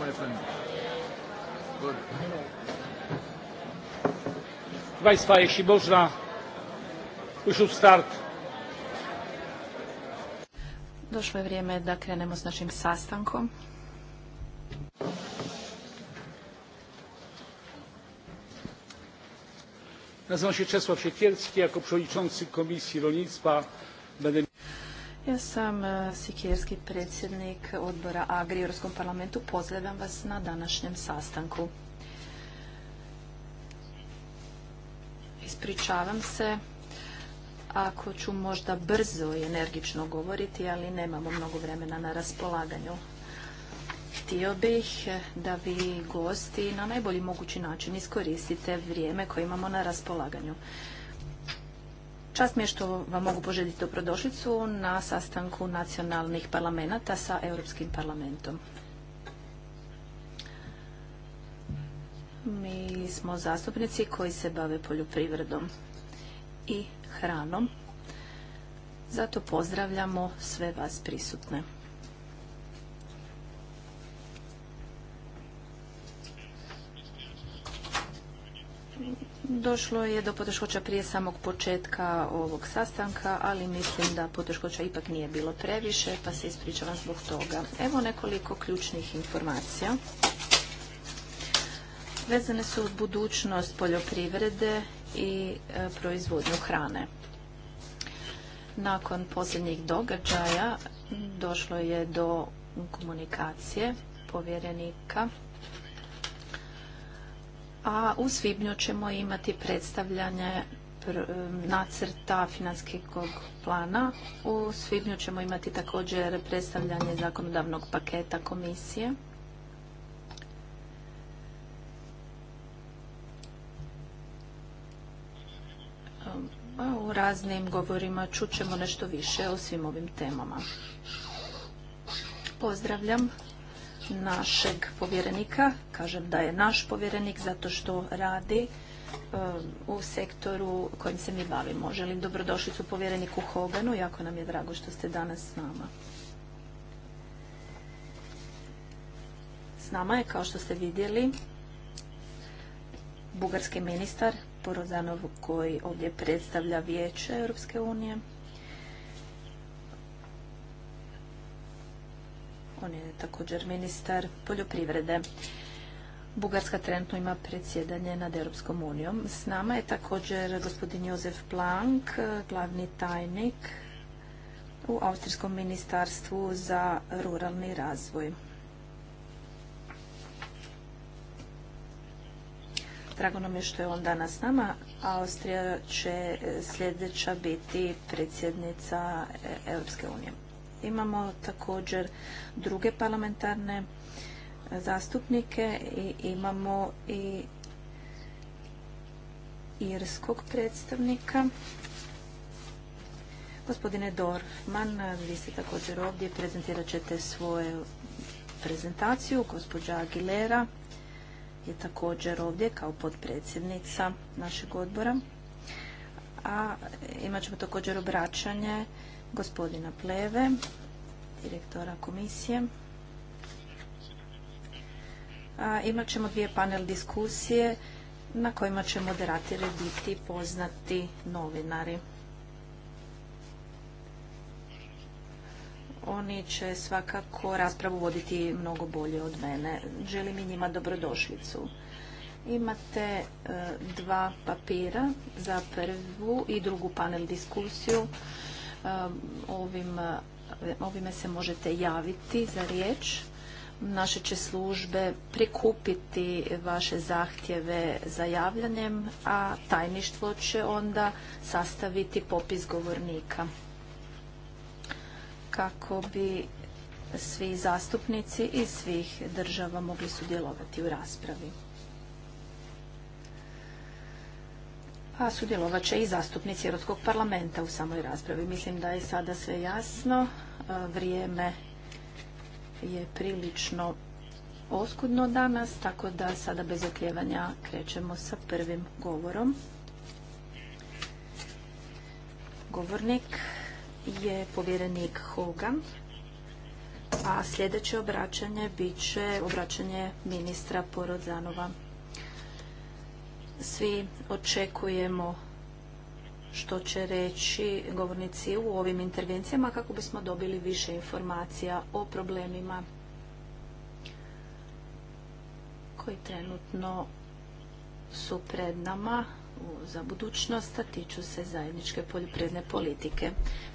my friend. Good. Proszę Państwa, jeśli można, we should start. Došlo je vrijeme da krenemo s našim sastankom. Nazywam się Czesław Siekierski, jako przewodniczący Komisji Rolnictwa będę ja sam e, Sikirski predsjednik odbora Agri u Europskom parlamentu. Pozdravljam vas na današnjem sastanku. Ispričavam se ako ću možda brzo i energično govoriti, ali nemamo mnogo vremena na raspolaganju. Htio bih e, da vi gosti na najbolji mogući način iskoristite vrijeme koje imamo na raspolaganju. Čast mi je što vam mogu poželjiti dobrodošlicu na sastanku nacionalnih parlamenta sa Europskim parlamentom. Mi smo zastupnici koji se bave poljoprivredom i hranom. Zato pozdravljamo sve vas prisutne. Došlo je do poteškoća prije samog početka ovog sastanka, ali mislim da poteškoća ipak nije bilo previše, pa se ispričavam zbog toga. Evo nekoliko ključnih informacija. Vezane su uz budućnost poljoprivrede i e, proizvodnju hrane. Nakon posljednjih događaja došlo je do komunikacije povjerenika a u svibnju ćemo imati predstavljanje nacrta financijskog plana. U svibnju ćemo imati također predstavljanje zakonodavnog paketa komisije. U raznim govorima čućemo nešto više o svim ovim temama. Pozdravljam našeg povjerenika. Kažem da je naš povjerenik zato što radi e, u sektoru kojim se mi bavimo. Želim dobrodošlicu povjereniku Hoganu, jako nam je drago što ste danas s nama. S nama je, kao što ste vidjeli, bugarski ministar Porozanov koji ovdje predstavlja Vijeće Europske unije. on je također ministar poljoprivrede. Bugarska trenutno ima predsjedanje nad Europskom unijom. S nama je također gospodin Jozef Plank, glavni tajnik u Austrijskom ministarstvu za ruralni razvoj. Drago nam je što je on danas s nama. Austrija će sljedeća biti predsjednica Europske unije. Imamo također druge parlamentarne e, zastupnike i imamo i irskog predstavnika. Gospodine Dorfman, vi ste također ovdje, prezentirat ćete svoju prezentaciju. Gospođa Aguilera je također ovdje kao podpredsjednica našeg odbora. A imat ćemo također obraćanje gospodina Pleve, direktora komisije. imat ćemo dvije panel diskusije na kojima će moderatori biti poznati novinari. Oni će svakako raspravu voditi mnogo bolje od mene. Želim i njima dobrodošlicu. Imate e, dva papira za prvu i drugu panel diskusiju. E, ovime se možete javiti za riječ. Naše će službe prikupiti vaše zahtjeve za javljanjem, a tajništvo će onda sastaviti popis govornika kako bi svi zastupnici iz svih država mogli sudjelovati u raspravi. a pa sudjelovat će i zastupnici Europskog parlamenta u samoj raspravi. Mislim da je sada sve jasno, e, vrijeme je prilično oskudno danas, tako da sada bez okljevanja krećemo sa prvim govorom. Govornik je povjerenik Hogan, a sljedeće obraćanje bit će obraćanje ministra Porodzanova. Svi očekujemo što će reći govornici u ovim intervencijama kako bismo dobili više informacija o problemima koji trenutno su pred nama za budućnost, a tiču se zajedničke poljoprivredne politike.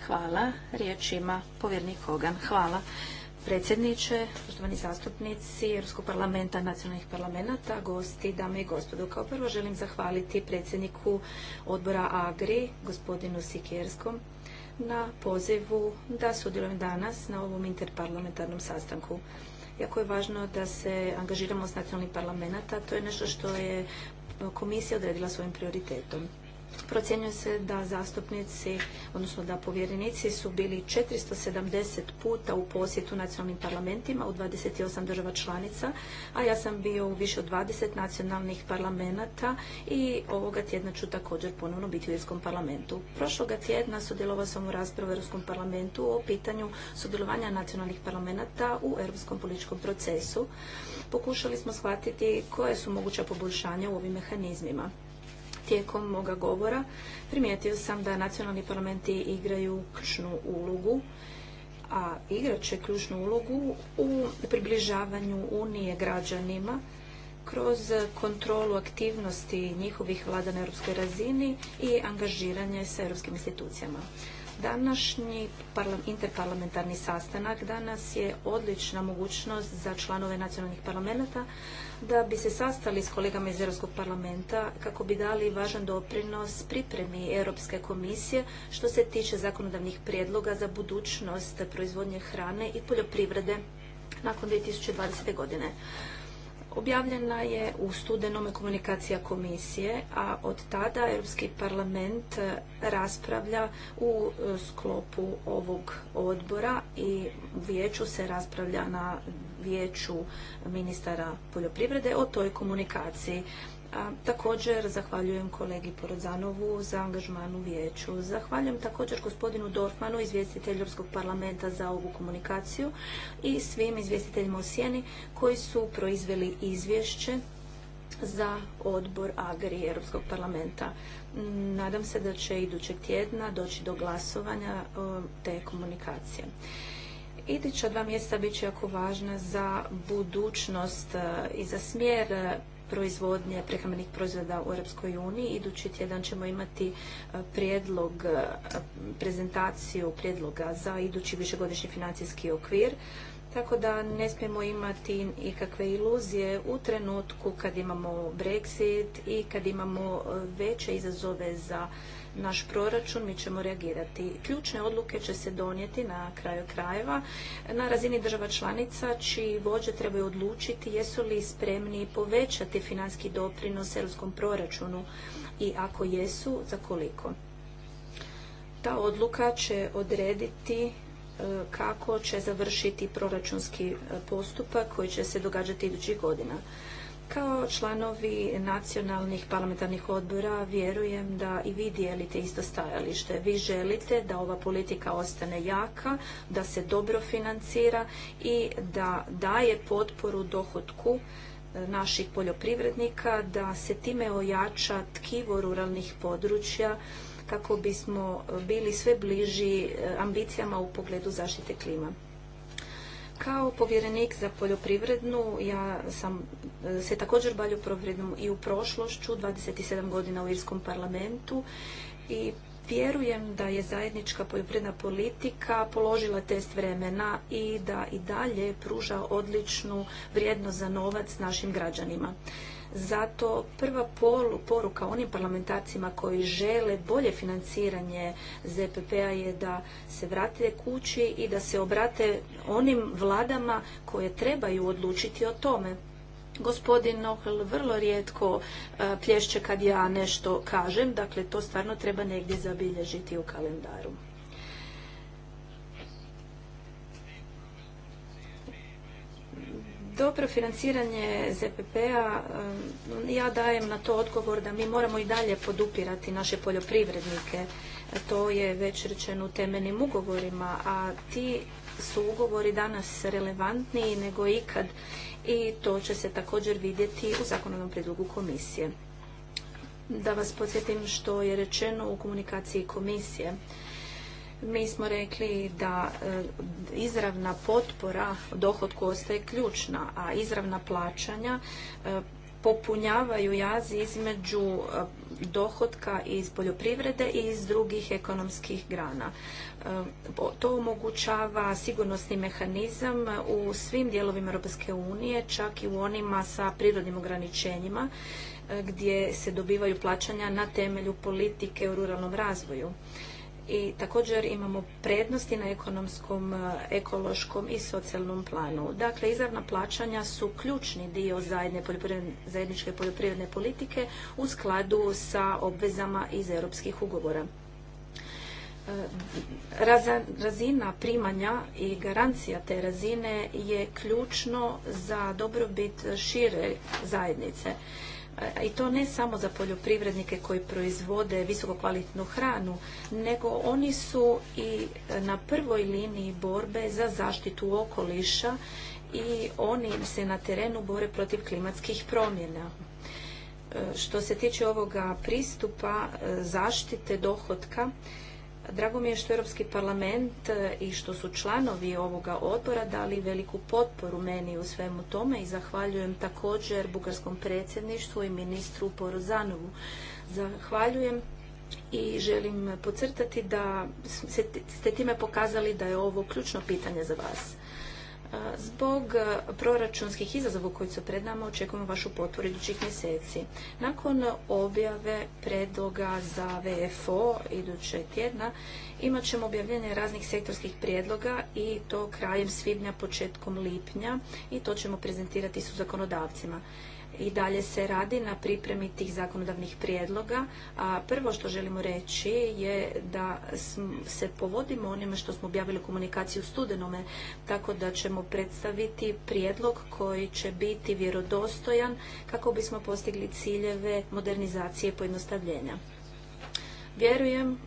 Hvala. Riječ ima povjernik Hogan. Hvala predsjedniče, poštovani zastupnici Europskog parlamenta, nacionalnih parlamenta, gosti, dame i gospodo. Kao prvo želim zahvaliti predsjedniku odbora AGRI, gospodinu Sikerskom, na pozivu da sudjelujem danas na ovom interparlamentarnom sastanku. Jako je važno da se angažiramo s nacionalnih parlamenta, to je nešto što je komisija odredila svojim prioritetom. Procjenjuje se da zastupnici, odnosno da povjerenici su bili 470 puta u posjetu nacionalnim parlamentima u 28 država članica, a ja sam bio u više od 20 nacionalnih parlamenta i ovoga tjedna ću također ponovno biti u Irskom parlamentu. Prošloga tjedna sudjelovao sam u raspravi u Europskom parlamentu o pitanju sudjelovanja nacionalnih parlamenta u europskom političkom procesu. Pokušali smo shvatiti koje su moguća poboljšanja u ovim mehanizmima. Tijekom moga govora primijetio sam da nacionalni parlamenti igraju ključnu ulogu, a igrat ključnu ulogu u približavanju Unije građanima kroz kontrolu aktivnosti njihovih vlada na europskoj razini i angažiranje sa europskim institucijama. Današnji interparlamentarni sastanak danas je odlična mogućnost za članove nacionalnih parlamenta da bi se sastali s kolegama iz Europskog parlamenta kako bi dali važan doprinos pripremi Europske komisije što se tiče zakonodavnih prijedloga za budućnost proizvodnje hrane i poljoprivrede nakon 2020. godine. Objavljena je u studenome komunikacija komisije, a od tada Europski parlament e, raspravlja u e, sklopu ovog odbora i vijeću se raspravlja na vijeću ministara poljoprivrede o toj komunikaciji također zahvaljujem kolegi Porozanovu za angažman u vijeću. Zahvaljujem također gospodinu Dorfmanu, izvjestitelju Europskog parlamenta za ovu komunikaciju i svim izvjestiteljima u Sjeni koji su proizveli izvješće za odbor Agri Europskog parlamenta. Nadam se da će idućeg tjedna doći do glasovanja te komunikacije. Idića dva mjesta bit će jako važna za budućnost e, i za smjer e, proizvodnje prehrambenih proizvoda u Europskoj uniji. Idući tjedan ćemo imati e, prijedlog, e, prezentaciju prijedloga za idući višegodišnji financijski okvir. Tako da ne smijemo imati ikakve iluzije u trenutku kad imamo Brexit i kad imamo e, veće izazove za naš proračun, mi ćemo reagirati. Ključne odluke će se donijeti na kraju krajeva na razini država članica čiji vođe trebaju odlučiti jesu li spremni povećati finanski doprinos europskom proračunu i ako jesu, za koliko. Ta odluka će odrediti e, kako će završiti proračunski e, postupak koji će se događati idućih godina. Kao članovi nacionalnih parlamentarnih odbora vjerujem da i vi dijelite isto stajalište. Vi želite da ova politika ostane jaka, da se dobro financira i da daje potporu dohodku e, naših poljoprivrednika, da se time ojača tkivo ruralnih područja kako bismo bili sve bliži e, ambicijama u pogledu zaštite klima. Kao povjerenik za poljoprivrednu, ja sam e, se također bavio poljoprivrednom i u prošlošću, 27 godina u Irskom parlamentu i vjerujem da je zajednička poljoprivredna politika položila test vremena i da i dalje pruža odličnu vrijednost za novac našim građanima. Zato prva poruka onim parlamentarcima koji žele bolje financiranje ZPP-a je da se vrate kući i da se obrate onim vladama koje trebaju odlučiti o tome. Gospodin Nohl vrlo rijetko e, plješće kad ja nešto kažem, dakle to stvarno treba negdje zabilježiti u kalendaru. Dobro financiranje ZPP-a, ja dajem na to odgovor da mi moramo i dalje podupirati naše poljoprivrednike. To je već rečeno u temeljnim ugovorima, a ti su ugovori danas relevantniji nego ikad i to će se također vidjeti u zakonovnom predlogu komisije. Da vas podsjetim što je rečeno u komunikaciji komisije mi smo rekli da e, izravna potpora dohodku ostaje ključna, a izravna plaćanja e, popunjavaju jaz između e, dohotka iz poljoprivrede i iz drugih ekonomskih grana. To omogućava sigurnosni mehanizam u svim dijelovima Europske unije, čak i u onima sa prirodnim ograničenjima gdje se dobivaju plaćanja na temelju politike u ruralnom razvoju i također imamo prednosti na ekonomskom, e, ekološkom i socijalnom planu. Dakle, izravna plaćanja su ključni dio zajedničke poljoprivredne politike u skladu sa obvezama iz europskih ugovora. E, razina primanja i garancija te razine je ključno za dobrobit šire zajednice i to ne samo za poljoprivrednike koji proizvode visokokvalitnu hranu, nego oni su i na prvoj liniji borbe za zaštitu okoliša i oni se na terenu bore protiv klimatskih promjena. E, što se tiče ovoga pristupa e, zaštite dohotka, Drago mi je što Europski parlament e, i što su članovi ovoga odbora dali veliku potporu meni u svemu tome i zahvaljujem također bugarskom predsjedništvu i ministru Porozanovu. Zahvaljujem i želim pocrtati da ste time pokazali da je ovo ključno pitanje za vas. Zbog proračunskih izazova koji su pred nama očekujemo vašu potporu idućih mjeseci. Nakon objave predloga za VFO iduće tjedna imat ćemo objavljenje raznih sektorskih prijedloga i to krajem svibnja, početkom lipnja i to ćemo prezentirati su zakonodavcima i dalje se radi na pripremi tih zakonodavnih prijedloga. A prvo što želimo reći je da se povodimo onime što smo objavili komunikaciju studenome, tako da ćemo predstaviti prijedlog koji će biti vjerodostojan kako bismo postigli ciljeve modernizacije i pojednostavljenja. Vjerujem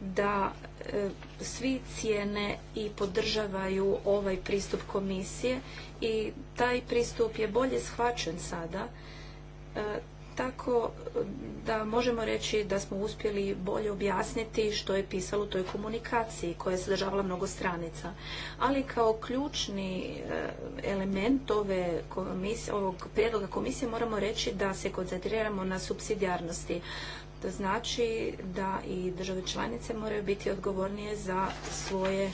da e, svi cijene i podržavaju ovaj pristup komisije i taj pristup je bolje shvaćen sada, e, tako e, da možemo reći da smo uspjeli bolje objasniti što je pisalo u toj komunikaciji koja je sadržavala mnogo stranica. Ali kao ključni e, element komisije, ovog prijedloga komisije moramo reći da se koncentriramo na subsidijarnosti. To znači da i države članice moraju biti odgovornije za svoje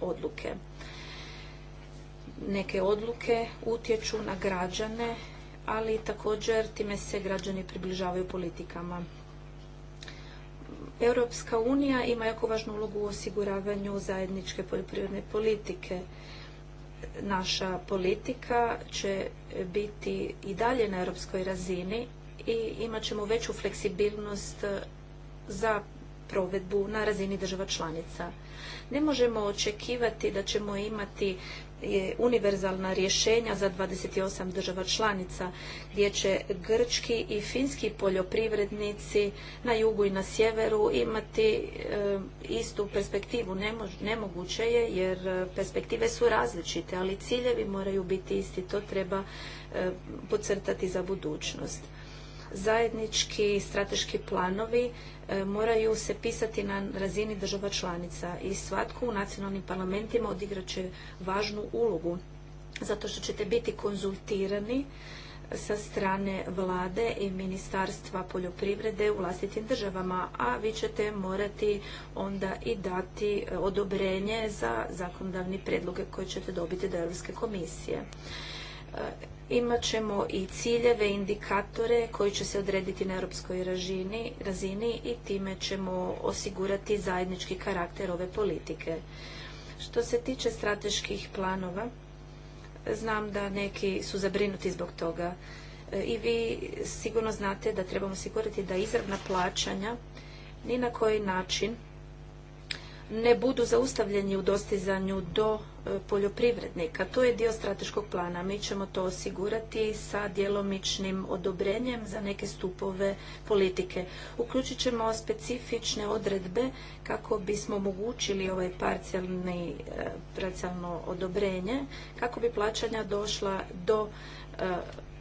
odluke neke odluke utječu na građane, ali također time se građani približavaju politikama. Europska unija ima jako važnu ulogu u osiguravanju zajedničke poljoprivredne politike. Naša politika će biti i dalje na europskoj razini i imat ćemo veću fleksibilnost za provedbu na razini država članica. Ne možemo očekivati da ćemo imati e, univerzalna rješenja za 28 država članica gdje će grčki i finski poljoprivrednici na jugu i na sjeveru imati e, istu perspektivu. nemoguće je jer e, perspektive su različite, ali ciljevi moraju biti isti. To treba e, podcrtati za budućnost. Zajednički strateški planovi E, moraju se pisati na razini država članica i svatko u nacionalnim parlamentima odigrat će važnu ulogu zato što ćete biti konzultirani sa strane vlade i ministarstva poljoprivrede u vlastitim državama, a vi ćete morati onda i dati odobrenje za zakonodavni predloge koje ćete dobiti od Europske komisije. E, Imat ćemo i ciljeve, indikatore koji će se odrediti na europskoj razini, razini i time ćemo osigurati zajednički karakter ove politike. Što se tiče strateških planova, znam da neki su zabrinuti zbog toga. E, I vi sigurno znate da trebamo osigurati da izravna plaćanja ni na koji način ne budu zaustavljeni u dostizanju do e, poljoprivrednika. To je dio strateškog plana. Mi ćemo to osigurati sa djelomičnim odobrenjem za neke stupove politike. Uključit ćemo specifične odredbe kako bismo omogućili ovaj parcijalni, e, parcijalno odobrenje, kako bi plaćanja došla do e,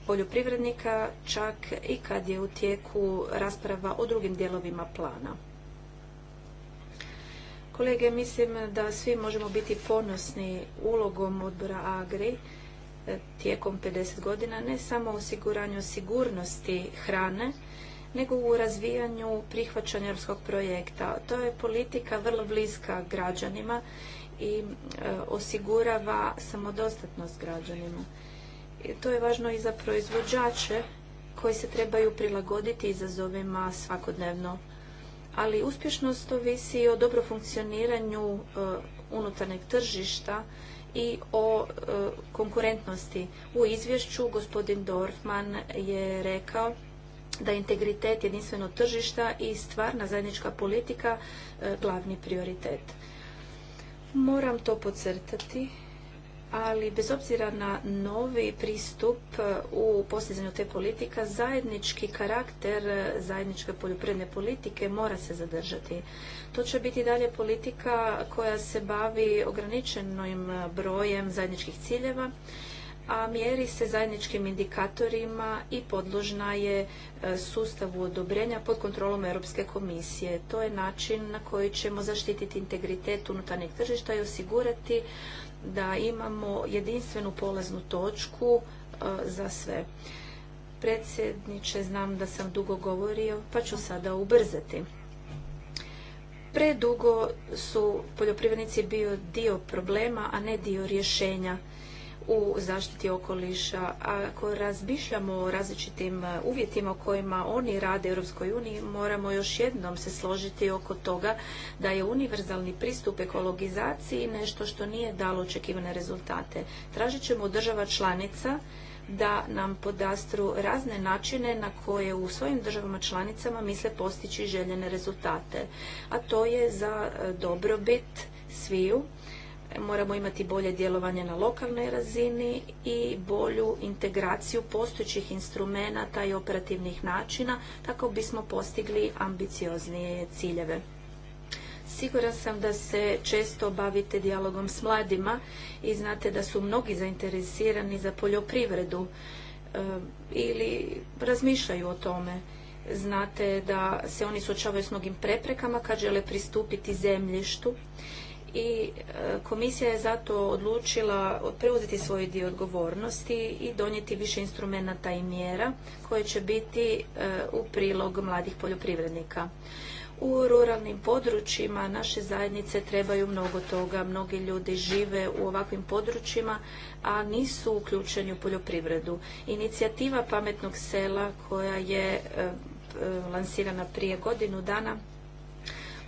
poljoprivrednika čak i kad je u tijeku rasprava o drugim dijelovima plana. Kolege, mislim da svi možemo biti ponosni ulogom odbora AGRI e, tijekom 50 godina, ne samo u osiguranju sigurnosti hrane, nego u razvijanju prihvaćanja europskog projekta. To je politika vrlo bliska građanima i e, osigurava samodostatnost građanima. to je važno i za proizvođače koji se trebaju prilagoditi izazovima svakodnevno ali uspješnost ovisi o dobro funkcioniranju e, unutarnjeg tržišta i o e, konkurentnosti. U izvješću gospodin Dorfman je rekao da je integritet jedinstvenog tržišta i stvarna zajednička politika e, glavni prioritet. Moram to podcrtati ali bez obzira na novi pristup e, u postizanju te politika, zajednički karakter e, zajedničke poljoprivredne politike mora se zadržati. To će biti dalje politika koja se bavi ograničenim e, brojem zajedničkih ciljeva, a mjeri se zajedničkim indikatorima i podložna je sustavu odobrenja pod kontrolom Europske komisije. To je način na koji ćemo zaštititi integritet unutarnjeg tržišta i osigurati da imamo jedinstvenu polaznu točku e, za sve. Predsjedniče, znam da sam dugo govorio, pa ću sada ubrzati. Predugo su poljoprivrednici bio dio problema, a ne dio rješenja u zaštiti okoliša. Ako razmišljamo o različitim e, uvjetima u kojima oni rade u Europskoj uniji, moramo još jednom se složiti oko toga da je univerzalni pristup ekologizaciji nešto što nije dalo očekivane rezultate. Tražit ćemo država članica da nam podastru razne načine na koje u svojim državama članicama misle postići željene rezultate. A to je za e, dobrobit sviju moramo imati bolje djelovanje na lokalnoj razini i bolju integraciju postojećih instrumenata i operativnih načina kako bismo postigli ambicioznije ciljeve. Siguran sam da se često bavite dijalogom s mladima i znate da su mnogi zainteresirani za poljoprivredu eh, ili razmišljaju o tome. Znate da se oni suočavaju s mnogim preprekama kad žele pristupiti zemljištu i e, komisija je zato odlučila preuzeti svoj dio odgovornosti i donijeti više instrumenata i mjera koje će biti e, u prilog mladih poljoprivrednika. U ruralnim područjima naše zajednice trebaju mnogo toga. Mnogi ljudi žive u ovakvim područjima, a nisu uključeni u poljoprivredu. Inicijativa pametnog sela koja je e, lansirana prije godinu dana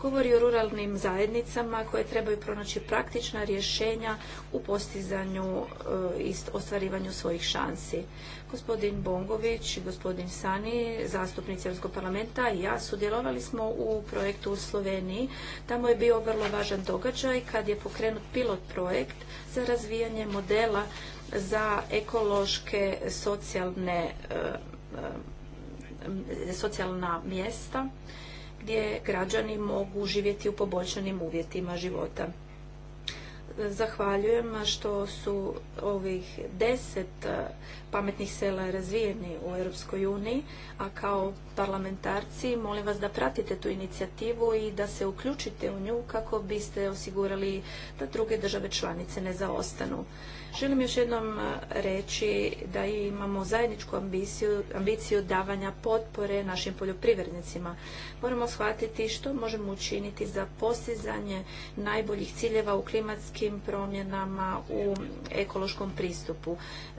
govori o ruralnim zajednicama koje trebaju pronaći praktična rješenja u postizanju e, i ostvarivanju svojih šansi. Gospodin Bongović i gospodin Sani, zastupnici Europskog parlamenta i ja sudjelovali smo u projektu u Sloveniji. Tamo je bio vrlo važan događaj kad je pokrenut pilot projekt za razvijanje modela za ekološke socijalne e, e, socijalna mjesta gdje građani mogu živjeti u poboljšanim uvjetima života. Zahvaljujem što su ovih deset pametnih sela razvijeni u Europskoj uniji, a kao parlamentarci molim vas da pratite tu inicijativu i da se uključite u nju kako biste osigurali da druge države članice ne zaostanu. Želim još jednom e, reći da imamo zajedničku ambiciju, davanja potpore našim poljoprivrednicima. Moramo shvatiti što možemo učiniti za postizanje najboljih ciljeva u klimatskim promjenama u ekološkom pristupu.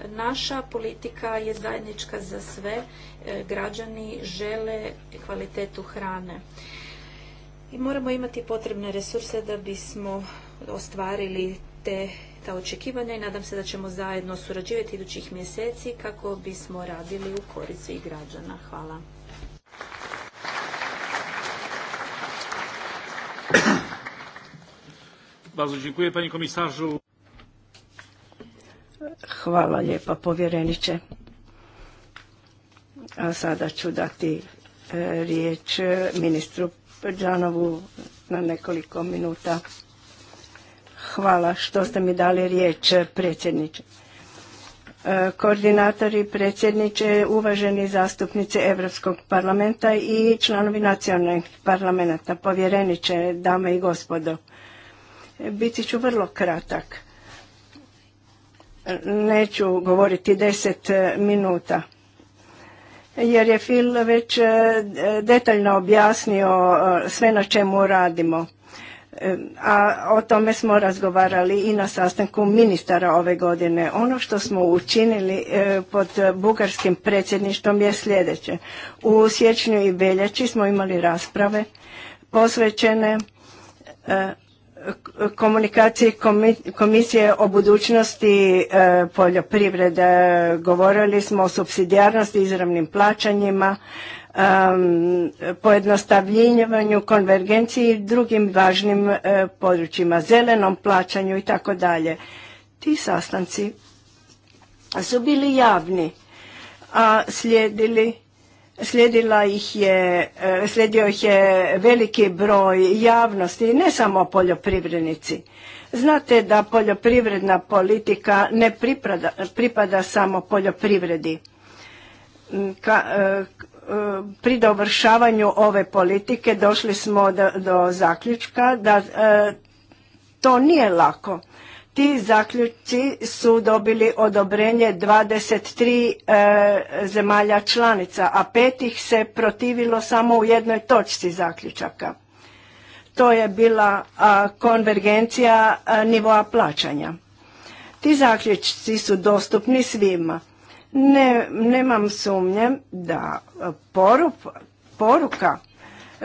Naša politika je zajednička za sve. E, građani žele kvalitetu hrane. I moramo imati potrebne resurse da bismo ostvarili te ta očekivanja i nadam se da ćemo zajedno surađivati idućih mjeseci kako bismo radili u korist svih građana. Hvala. Hvala lijepa povjereniče. A sada ću dati e, riječ ministru Prđanovu na nekoliko minuta. Hvala što ste mi dali riječ, predsjedniče. E, koordinatori, predsjedniče, uvaženi zastupnici Europskog parlamenta i članovi nacionalnih parlamenta, povjereniče, dame i gospodo. Biti ću vrlo kratak. Neću govoriti deset minuta jer je Fil već e, detaljno objasnio e, sve na čemu radimo a o tome smo razgovarali i na sastanku ministara ove godine. Ono što smo učinili e, pod bugarskim predsjedništvom je sljedeće. U siječnju i veljači smo imali rasprave posvećene e, komunikaciji komisije o budućnosti e, poljoprivrede. Govorili smo o subsidijarnosti, izravnim plaćanjima, Um, pojednostavljivanju, konvergenciji i drugim važnim uh, područjima, zelenom plaćanju i tako dalje. Ti sastanci su bili javni, a slijedili Slijedila ih je, uh, slijedio ih je veliki broj javnosti, ne samo poljoprivrednici. Znate da poljoprivredna politika ne pripada, pripada samo poljoprivredi. Ka, uh, E, pri dovršavanju ove politike došli smo do, do zaključka da e, to nije lako. Ti zaključci su dobili odobrenje 23 e, zemalja članica, a petih se protivilo samo u jednoj točci zaključaka. To je bila e, konvergencija nivoa plaćanja. Ti zaključci su dostupni svima ne, nemam sumnje da poruka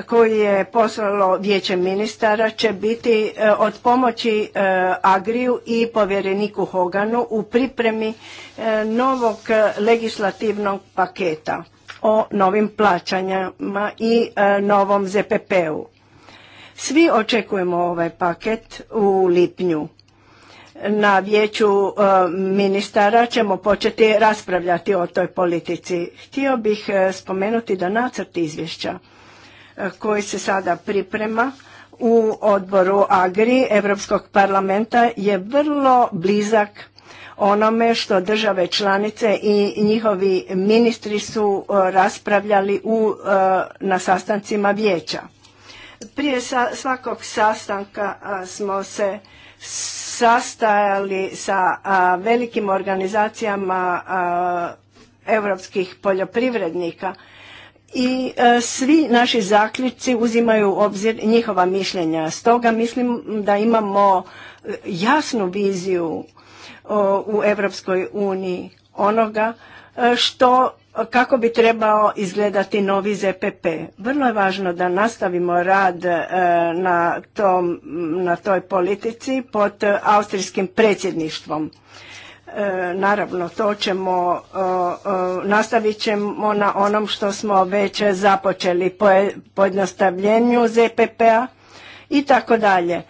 koju je poslalo vijeće ministara će biti e, od pomoći e, Agriju i povjereniku Hoganu u pripremi e, novog legislativnog paketa o novim plaćanjama i novom ZPP-u. Svi očekujemo ovaj paket u lipnju na vijeću e, ministara ćemo početi raspravljati o toj politici. Htio bih e, spomenuti da nacrt izvješća e, koji se sada priprema u odboru Agri Europskog parlamenta je vrlo blizak onome što države članice i njihovi ministri su raspravljali u, na sastancima vijeća. Prije svakog sastanka smo se sastajali sa velikim organizacijama europskih poljoprivrednika i e, svi naši zaključci uzimaju u obzir njihova mišljenja. Stoga mislim da imamo e, jasnu viziju u Europskoj uniji onoga e, što kako bi trebao izgledati novi ZPP. Vrlo je važno da nastavimo rad e, na, tom, na toj politici pod austrijskim predsjedništvom. E, naravno, to ćemo, nastavit ćemo na onom što smo već započeli, pojednostavljenju ZPP-a i tako dalje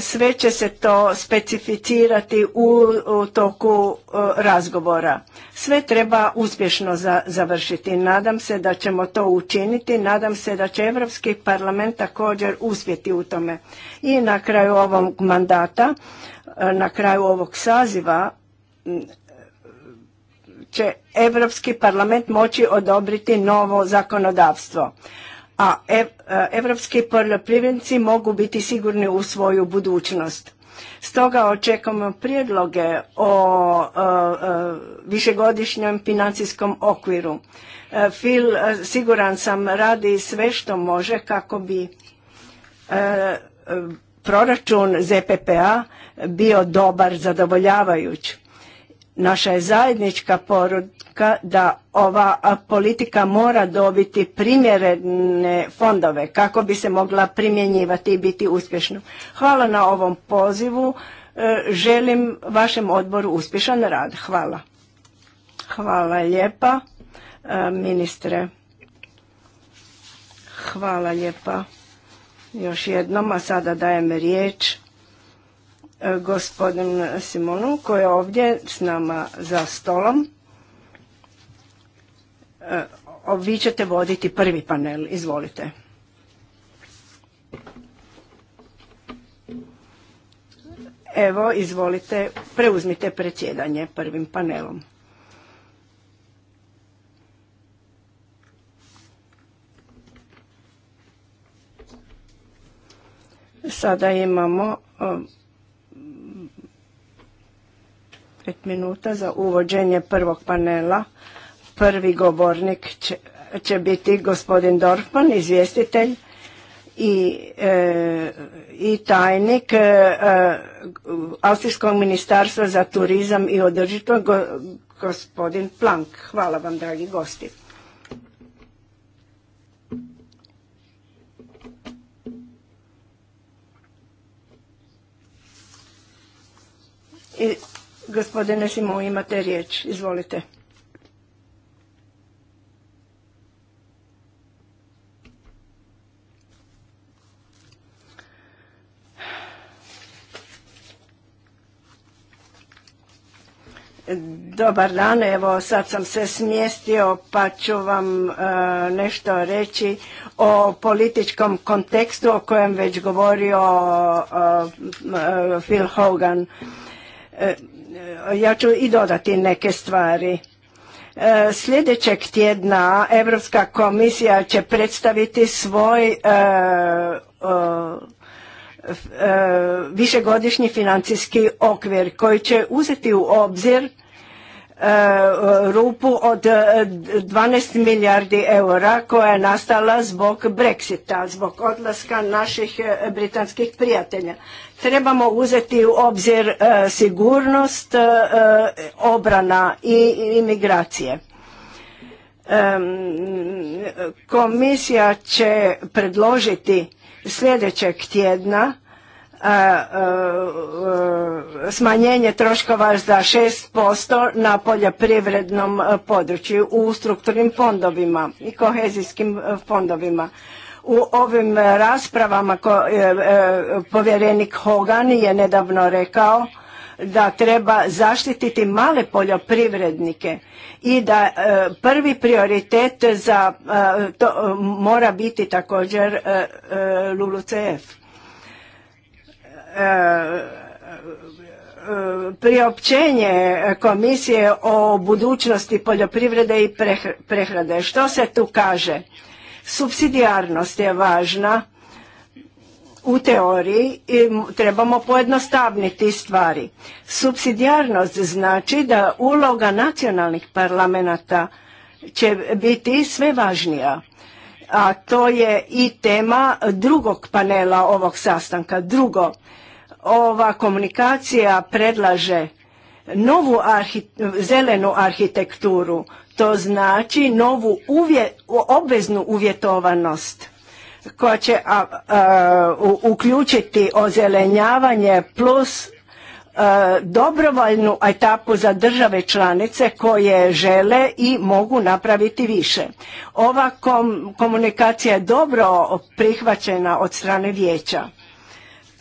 sve će se to specificirati u, toku e, razgovora. Sve treba uspješno završiti. Nadam se da ćemo to učiniti. Nadam se da će Europski parlament također uspjeti u tome. I na kraju ovog mandata, e, na kraju ovog saziva će Europski parlament moći odobriti novo zakonodavstvo a europski e, poljoprivrednici mogu biti sigurni u svoju budućnost. Stoga očekujemo prijedloge o e, e, višegodišnjem financijskom okviru. Fil, siguran sam, radi sve što može kako bi proračun ZPPA bio dobar, zadovoljavajući. Naša je zajednička poruka da ova politika mora dobiti primjerene fondove kako bi se mogla primjenjivati i biti uspješna. Hvala na ovom pozivu. E, želim vašem odboru uspješan rad. Hvala. Hvala lijepa, e, ministre. Hvala lijepa još jednom, a sada dajem riječ E, gospodin Simonu koji je ovdje s nama za stolom. E, vi ćete voditi prvi panel, izvolite. Evo, izvolite, preuzmite predsjedanje prvim panelom. Sada imamo pet minuta za uvođenje prvog panela. Prvi govornik će, biti gospodin Dorfman, izvjestitelj i, e, i tajnik e, e, Austrijskog ministarstva za turizam i održitvo gospodin Plank. Hvala vam, dragi gosti. I Gospodine Simo, imate riječ. Izvolite. Dobar dan, evo sad sam se smjestio pa ću vam e, nešto reći o političkom kontekstu o kojem već govorio e, e, Phil Hogan. E, ja ću i dodati neke stvari. E, sljedećeg tjedna Europska komisija će predstaviti svoj e, višegodišnji financijski okvir koji će uzeti u obzir rupu od 12 e, milijardi eura koja je nastala zbog Brexita, zbog odlaska naših e, britanskih prijatelja. Trebamo uzeti u obzir e, sigurnost, obrana i imigracije. Komisija će predložiti sljedećeg tjedna smanjenje troškova za 6% na poljoprivrednom području u strukturnim fondovima i kohezijskim fondovima. U ovim raspravama e, e, povjerenik Hogan je nedavno rekao da treba zaštititi male poljoprivrednike i da e, prvi prioritet za to mora biti također LULUCF priopćenje komisije o budućnosti poljoprivrede i prehrade. Što se tu kaže? Subsidijarnost je važna u teoriji i trebamo pojednostavniti stvari. Subsidijarnost znači da uloga nacionalnih parlamenta će biti sve važnija a to je i tema drugog panela ovog sastanka. Drugo, ova komunikacija predlaže novu zelenu arhitekturu, to znači novu uvje obveznu uvjetovanost koja će uključiti ozelenjavanje plus E, dobrovoljnu etapu za države članice koje žele i mogu napraviti više. Ova komunikacija je dobro prihvaćena od strane vijeća.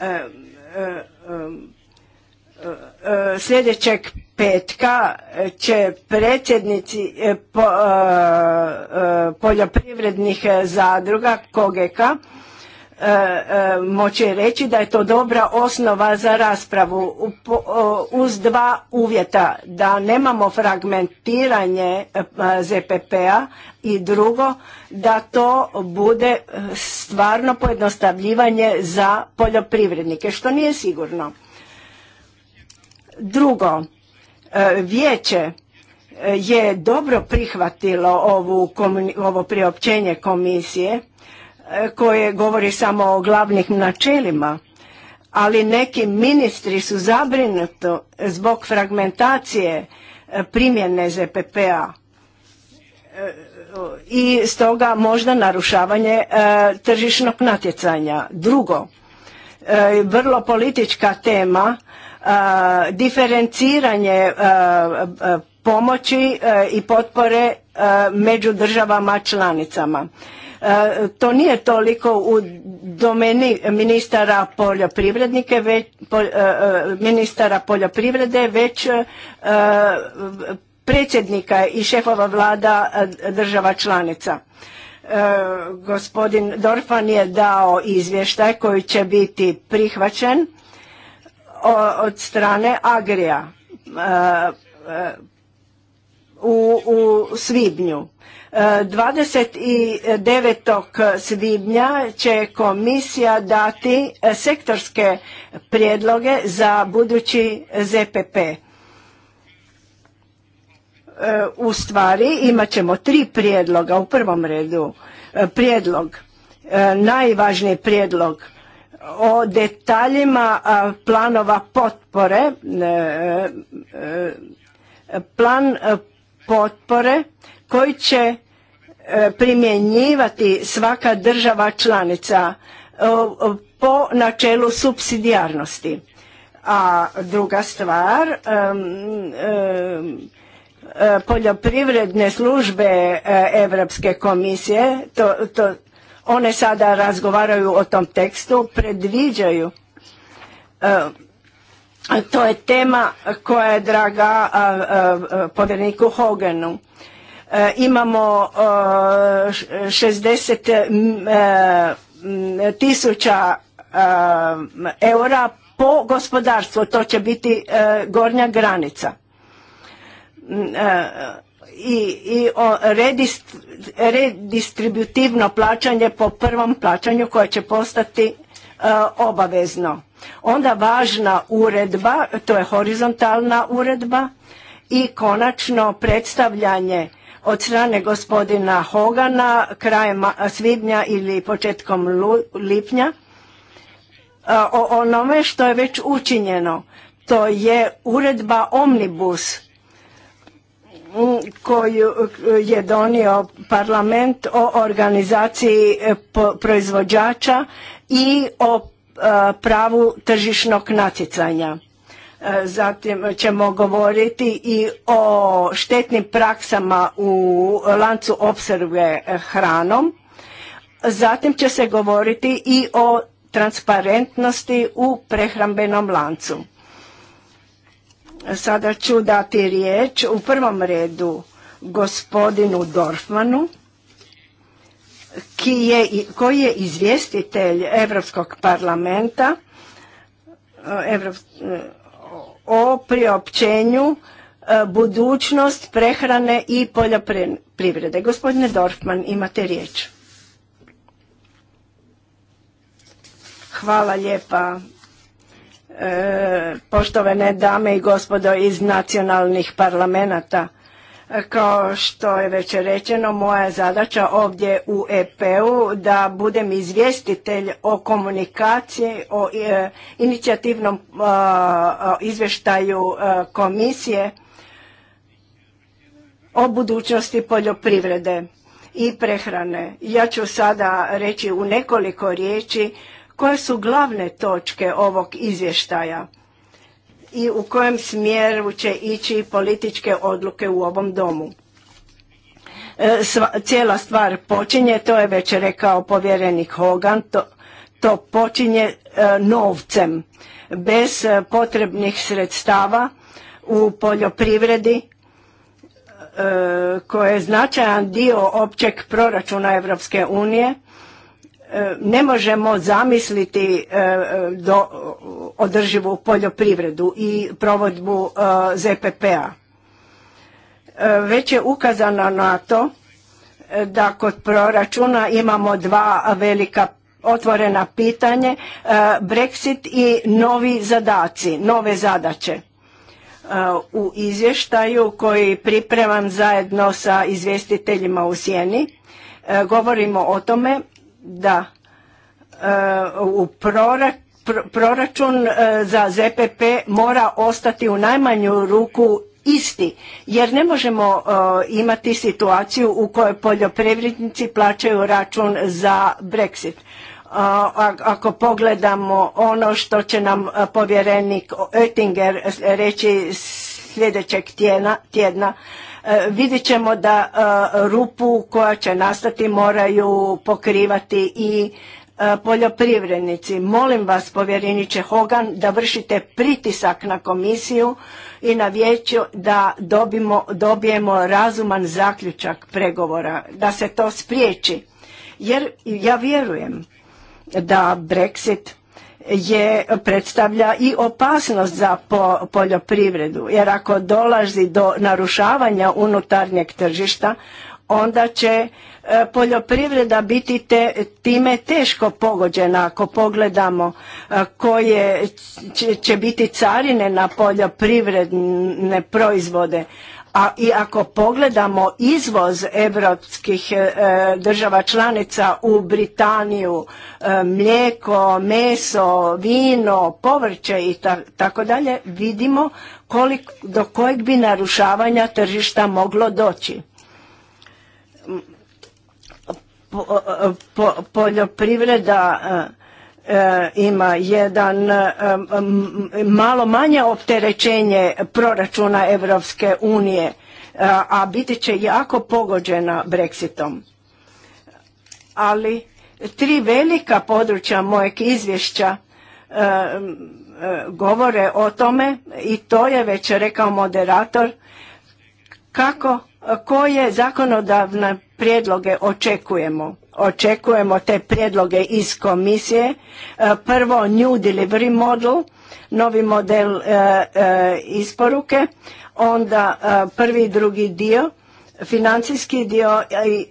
E, e, sljedećeg petka će predsjednici poljoprivrednih zadruga Kogeka E, e, moći reći da je to dobra osnova za raspravu uz dva uvjeta da nemamo fragmentiranje e, ZPP-a i drugo da to bude stvarno pojednostavljivanje za poljoprivrednike što nije sigurno. Drugo, vijeće je dobro prihvatilo ovo priopćenje komisije koje govori samo o glavnih načelima, ali neki ministri su zabrinuti zbog fragmentacije e, primjene ZPP-a e, i stoga možda narušavanje e, tržišnog natjecanja. Drugo, vrlo politička tema, diferenciranje pomoći i potpore među državama članicama E, to nije toliko u domeni ministara poljoprivrednike, već, e, e, ministara poljoprivrede, već predsjednika i šefova vlada država članica. Gospodin Dorfan je dao izvještaj koji će biti prihvaćen od strane Agrija u svibnju 29. svibnja će komisija dati e, sektorske prijedloge za budući ZPP. E, u stvari imat ćemo tri prijedloga u prvom redu. E, prijedlog, najvažniji prijedlog o detaljima planova potpore, plan potpore koji će e, primjenjivati svaka država članica po načelu subsidijarnosti. A druga stvar, e, poljoprivredne službe Europske komisije, one sada razgovaraju o tom tekstu, predviđaju e, to je tema koja je draga povjereniku Hoganu. Eh, imamo 60 eh, mm, eh, mm, tisuća eura po gospodarstvu, to će biti gornja granica. Mm, I, i o redistributivno plaćanje po prvom plaćanju koje će postati obavezno. Onda važna uredba, to je horizontalna uredba i konačno predstavljanje od strane gospodina Hogana krajem svibnja ili početkom lipnja o onome što je već učinjeno. To je uredba Omnibus koju je donio parlament o organizaciji e, proizvođača i o pravu tržišnog natjecanja. E, zatim ćemo govoriti i o štetnim praksama u lancu opskrbe e, hranom. Zatim će se govoriti i o transparentnosti u prehrambenom lancu. Sada ću dati riječ u prvom redu gospodinu Dorfmanu koji je, izvjestitelj Europskog parlamenta e, o priopćenju e, budućnost prehrane i poljoprivrede. Gospodine Dorfman, imate riječ. Hvala lijepa. poštovene poštovane dame i gospodo iz nacionalnih parlamenata. Kao što je već rečeno, moja zadaća ovdje u EPU da budem izvjestitelj o komunikaciji, o e, inicijativnom e, izvještaju e, komisije o budućnosti poljoprivrede i prehrane. Ja ću sada reći u nekoliko riječi koje su glavne točke ovog izvještaja i u kojem smjeru će ići političke odluke u ovom domu. E, cijela stvar počinje, to je već rekao povjerenik Hogan, to, počinje e, novcem. Bez e, potrebnih sredstava u poljoprivredi koje je značajan dio općeg proračuna Europske unije E, ne možemo zamisliti e, e, do održivu poljoprivredu i provodbu ZPP-a. Već je ukazano na to da kod proračuna imamo dva velika otvorena pitanje, Brexit i novi zadaci, nove zadaće. U izvještaju koji pripremam zajedno sa izvjestiteljima u Sjeni govorimo o tome da e, u proračun e, za ZPP mora ostati u najmanju ruku isti jer ne možemo e, imati situaciju u kojoj poljoprivrednici plaćaju račun za Brexit. Ako pogledamo ono što će nam povjerenik Oettinger reći sljedećeg tjedna E, vidjet ćemo da e, rupu koja će nastati moraju pokrivati i e, poljoprivrednici. Molim vas, povjereniče Hogan, da vršite pritisak na komisiju i na vijeću da dobijemo razuman zaključak pregovora, da se to spriječi. Jer ja vjerujem da Brexit je predstavlja i opasnost za poljoprivredu jer ako dolazi do narušavanja unutarnjeg tržišta onda će e, poljoprivreda biti te, time teško pogođena ako pogledamo e, koje će biti carine na poljoprivredne proizvode a i ako pogledamo izvoz evropskih e, država članica u Britaniju, e, mlijeko, meso, vino, povrće i tako dalje, vidimo kolik, do kojeg bi narušavanja tržišta moglo doći. E, poljoprivreda E, ima jedan e, malo manje opterećenje proračuna Europske unije, e, a biti će jako pogođena Brexitom. Ali tri velika područja mojeg izvješća govore o tome i to je već rekao moderator kako koje zakonodavne prijedloge očekujemo očekujemo te prijedloge iz komisije. E, prvo New Delivery Model, novi model e, e, isporuke, onda prvi i drugi dio, financijski dio i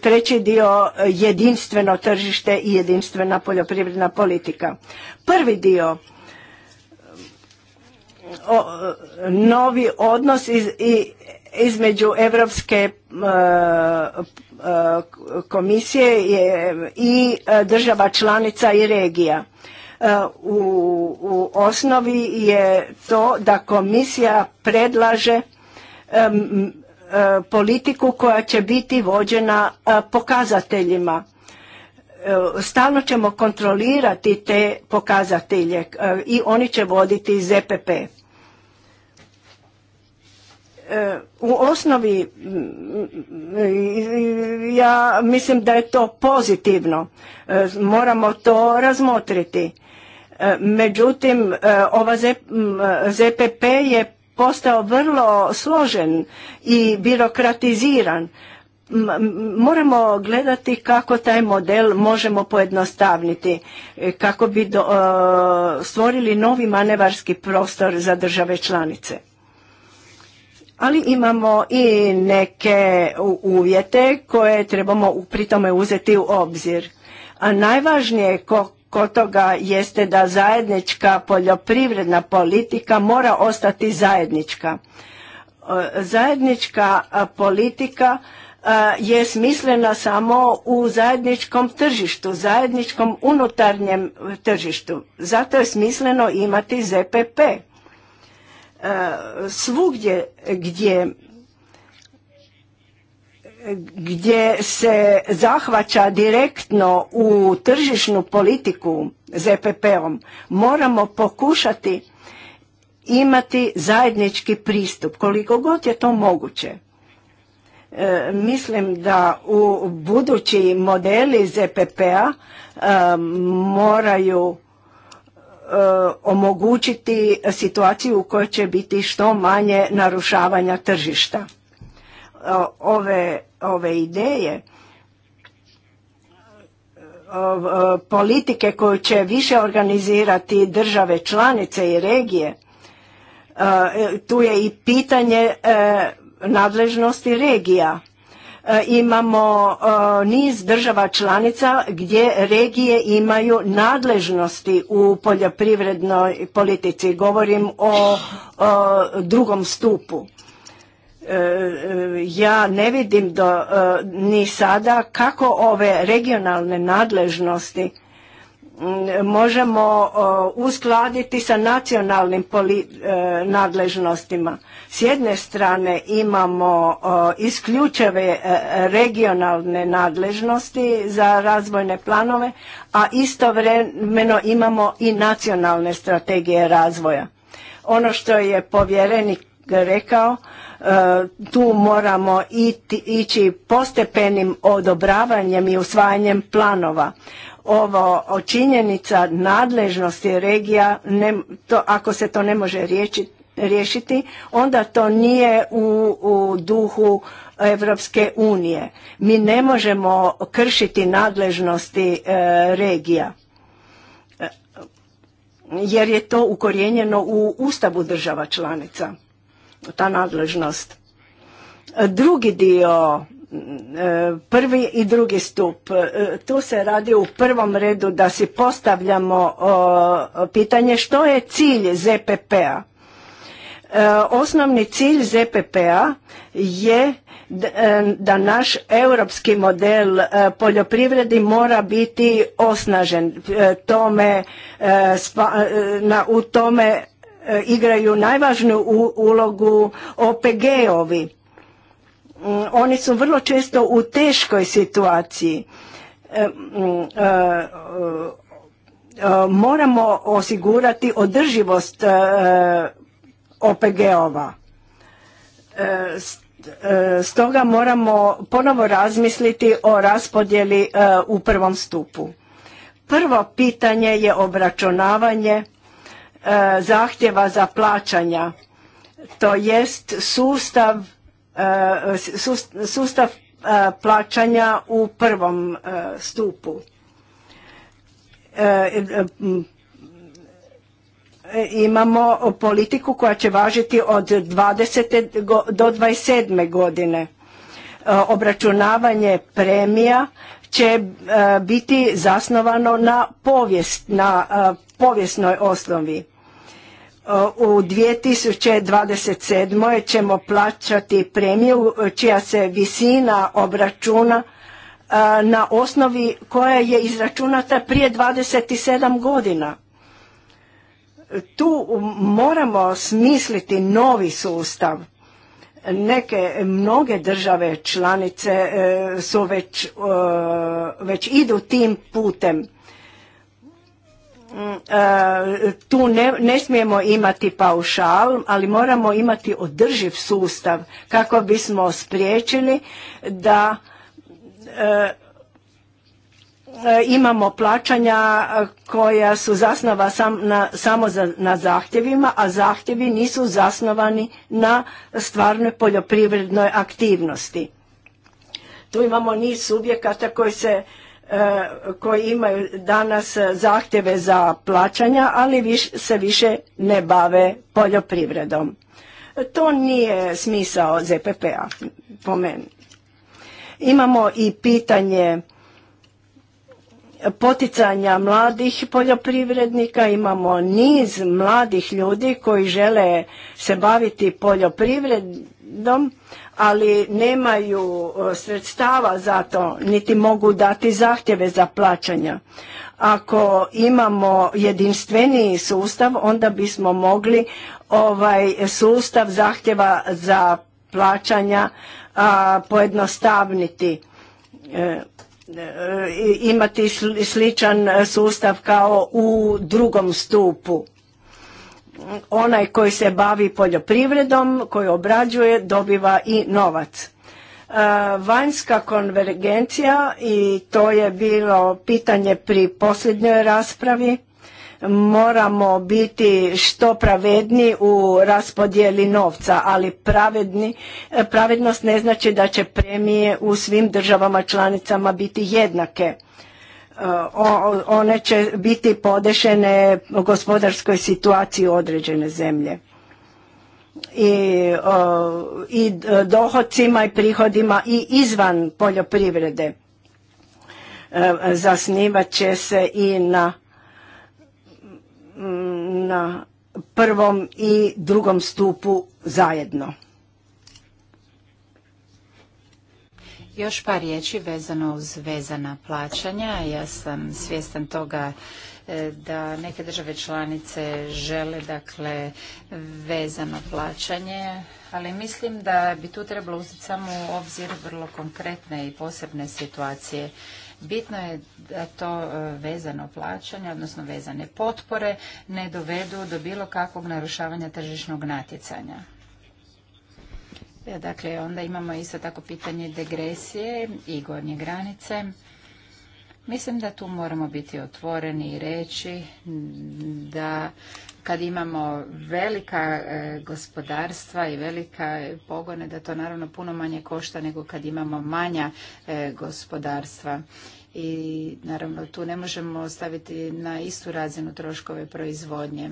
treći dio jedinstveno tržište i jedinstvena poljoprivredna politika. Prvi dio novi odnos i između Europske e, e, komisije i e, država članica i regija. U, osnovi je to da komisija predlaže politiku koja će biti vođena pokazateljima. Stalno ćemo kontrolirati te pokazatelje i oni će voditi ZPP. E, u osnovi ja mislim da je to pozitivno. E, moramo to razmotriti. E, međutim, ova ZPP je postao vrlo složen i birokratiziran. Moramo gledati kako taj model možemo pojednostavniti, kako bi stvorili novi manevarski prostor za države članice ali imamo i neke uvjete koje trebamo pri tome uzeti u obzir. A najvažnije kod toga jeste da zajednička poljoprivredna politika mora ostati zajednička. E, zajednička politika je smislena samo u zajedničkom tržištu, zajedničkom unutarnjem tržištu. Zato je smisleno imati ZPP E, svugdje gdje gdje se zahvaća direktno u tržišnu politiku ZPP-om, e moramo pokušati imati zajednički pristup, koliko god je to moguće. E, mislim da u budući modeli ZPP-a moraju E, omogućiti situaciju u kojoj će biti što manje narušavanja tržišta. E, ove, ove ideje e, politike koju će više organizirati države članice i regije tu je i pitanje nadležnosti regija E, imamo e, niz država članica gdje regije imaju nadležnosti u poljoprivrednoj politici. Govorim o drugom stupu. E, ja ne vidim ni sada kako ove regionalne nadležnosti možemo uskladiti sa nacionalnim e, nadležnostima. S jedne strane imamo isključeve e, regionalne nadležnosti za razvojne planove, a istovremeno imamo i nacionalne strategije razvoja. Ono što je povjerenik rekao, E, tu moramo ići postepenim odobravanjem i usvajanjem planova. Ovo činjenica nadležnosti regija, ne, to, ako se to ne može riješiti, onda to nije u, duhu Europske unije. Mi ne možemo kršiti nadležnosti e, regija, e, jer je to ukorijenjeno u ustavu država članica ta nadležnost. Drugi dio, mm, e, prvi i drugi stup, e, tu se radi u prvom redu da si postavljamo pitanje što je cilj ZPP-a. E, osnovni cilj ZPP-a je da naš europski model poljoprivredi mora biti osnažen tome, u tome E, igraju najvažniju ulogu OPG-ovi. Mm, oni su vrlo često u teškoj situaciji. E, mm, e, moramo osigurati održivost OPG-ova. Stoga moramo ponovo razmisliti o raspodjeli u prvom stupu. Prvo pitanje je obračunavanje E, zahtjeva za plaćanja, to jest sustav, e, sustav e, plaćanja u prvom stupu. Imamo politiku koja će važiti od 20. do 27. godine. Obračunavanje premija će biti zasnovano na na povijesnoj osnovi Uh, u 2027. ćemo plaćati premiju uh, čija se visina obračuna uh, na osnovi koja je izračunata prije 27 godina. Tu moramo smisliti novi sustav. Neke, mnoge države članice su već, već idu tim putem Mm, e, tu ne, ne smijemo imati paušal, ali moramo imati održiv sustav kako bismo spriječili da e, e, imamo plaćanja koja su zasnova sam, na, samo na zahtjevima, a zahtjevi nisu zasnovani na stvarnoj poljoprivrednoj aktivnosti. Tu imamo niz subjekata koji se E, koji imaju danas zahtjeve za plaćanja, ali se više ne bave poljoprivredom. To nije smisao ZPP-a, po meni. Imamo i pitanje poticanja mladih poljoprivrednika, imamo niz mladih ljudi koji žele se baviti poljoprivredom, ali nemaju e, sredstava za to, niti mogu dati zahtjeve za plaćanja. Ako imamo jedinstveniji sustav, onda bismo mogli ovaj sustav zahtjeva za plaćanja a, pojednostavniti. E, e, imati sličan sustav kao u drugom stupu onaj koji se bavi poljoprivredom, koji obrađuje, dobiva i novac. E, vanjska konvergencija i to je bilo pitanje pri posljednjoj raspravi. Moramo biti što pravedni u raspodjeli novca, ali pravedni, e, pravednost ne znači da će premije u svim državama članicama biti jednake one će biti podešene gospodarskoj situaciji određene zemlje i, i dohodcima i prihodima i izvan poljoprivrede. E, zasnivat će se i na, na prvom i drugom stupu zajedno. Još par riječi vezano uz vezana plaćanja. Ja sam svjestan toga e, da neke države članice žele dakle vezano plaćanje, ali mislim da bi tu trebalo uzeti samo u obzir vrlo konkretne i posebne situacije. Bitno je da to e, vezano plaćanje, odnosno vezane potpore, ne dovedu do bilo kakvog narušavanja tržišnog natjecanja. E, dakle, onda imamo isto tako pitanje degresije i gornje granice. Mislim da tu moramo biti otvoreni i reći da kad imamo velika e, gospodarstva i velika pogone, da to naravno puno manje košta nego kad imamo manja e, gospodarstva. I naravno tu ne možemo staviti na istu razinu troškove proizvodnje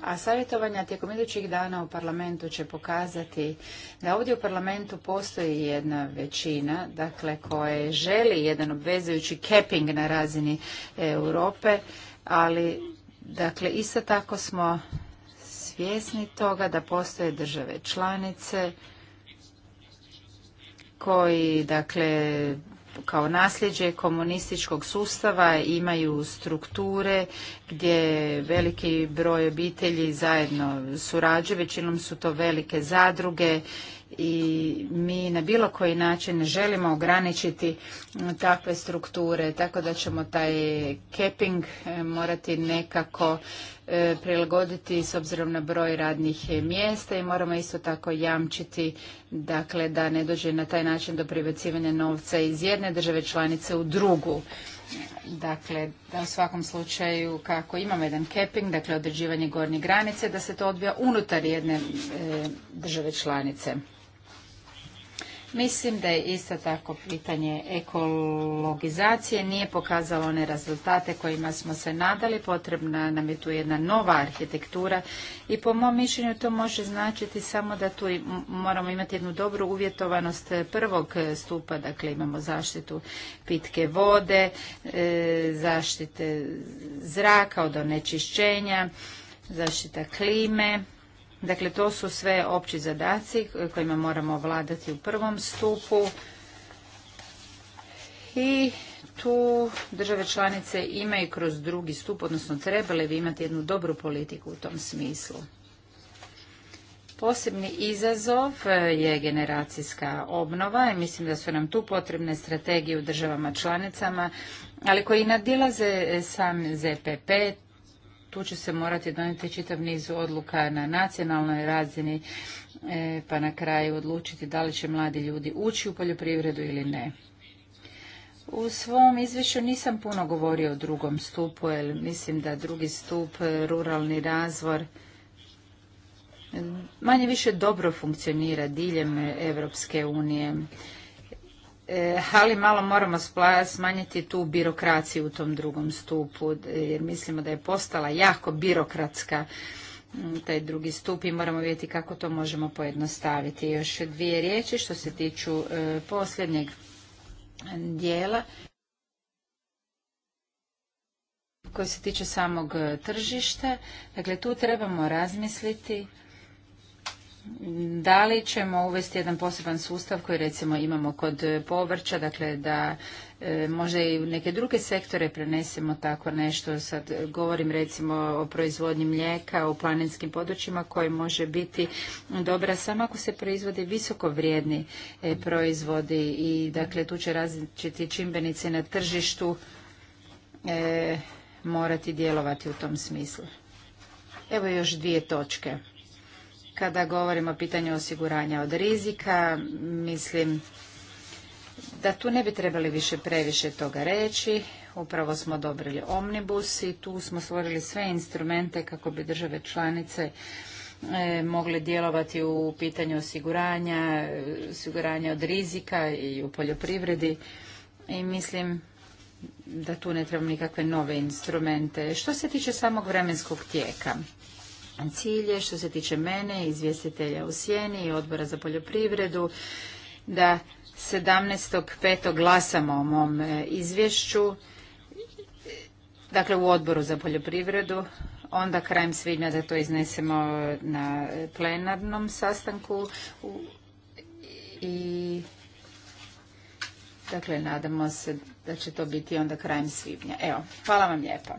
a savjetovanja tijekom idućih dana u parlamentu će pokazati da ovdje u parlamentu postoji jedna većina, dakle koja želi jedan obvezujući keping na razini Europe, ali dakle isto tako smo svjesni toga da postoje države članice koji dakle kao nasljeđe komunističkog sustava imaju strukture gdje veliki broj obitelji zajedno surađuje, većinom su to velike zadruge i mi na bilo koji način želimo ograničiti takve strukture, tako da ćemo taj keping e, morati nekako E, prilagoditi s obzirom na broj radnih mjesta i moramo isto tako jamčiti dakle da ne dođe na taj način do privacivanja novca iz jedne države članice u drugu. Dakle, da u svakom slučaju kako imamo jedan keping, dakle određivanje gornje granice, da se to odvija unutar jedne e, države članice. Mislim da je isto tako pitanje ekologizacije nije pokazalo one rezultate kojima smo se nadali. Potrebna nam je tu jedna nova arhitektura i po mom mišljenju to može značiti samo da tu moramo imati jednu dobru uvjetovanost prvog stupa. Dakle, imamo zaštitu pitke vode, e, zaštite zraka od onečišćenja, zaštita klime Dakle, to su sve opći zadaci kojima moramo vladati u prvom stupu. I tu države članice imaju kroz drugi stup, odnosno trebale bi imati jednu dobru politiku u tom smislu. Posebni izazov je generacijska obnova i mislim da su nam tu potrebne strategije u državama članicama, ali koji nadilaze sam ZPP, tu će se morati donijeti čitav niz odluka na nacionalnoj razini, e, pa na kraju odlučiti da li će mladi ljudi ući u poljoprivredu ili ne. U svom izvješću nisam puno govorio o drugom stupu, jer mislim da drugi stup, e, ruralni razvor, e, manje više dobro funkcionira diljem Evropske unije. E, ali malo moramo smanjiti tu birokraciju u tom drugom stupu, jer mislimo da je postala jako birokratska taj drugi stup i moramo vidjeti kako to možemo pojednostaviti. Još dvije riječi što se tiču e, posljednjeg dijela koji se tiče samog e, tržišta. Dakle, tu trebamo razmisliti da li ćemo uvesti jedan poseban sustav koji recimo imamo kod povrća, dakle da e, možda i u neke druge sektore prenesemo tako nešto. Sad govorim recimo o proizvodnji mlijeka, u planinskim područjima koji može biti dobra samo ako se proizvode visoko vrijedni e, proizvodi i dakle tu će različiti čimbenici na tržištu e, morati djelovati u tom smislu. Evo još dvije točke. Kada govorimo o pitanju osiguranja od rizika, mislim da tu ne bi trebali više previše toga reći. Upravo smo dobrili omnibus i tu smo stvorili sve instrumente kako bi države članice e, mogle djelovati u pitanju osiguranja, osiguranja od rizika i u poljoprivredi. I mislim da tu ne trebamo nikakve nove instrumente. Što se tiče samog vremenskog tijeka, cilje što se tiče mene, izvjestitelja u Sjeni i odbora za poljoprivredu, da 17.5. glasamo o mom e, izvješću, dakle u odboru za poljoprivredu, onda krajem svibnja da to iznesemo na plenarnom sastanku i dakle nadamo se da će to biti onda krajem svibnja. Evo, hvala vam lijepa.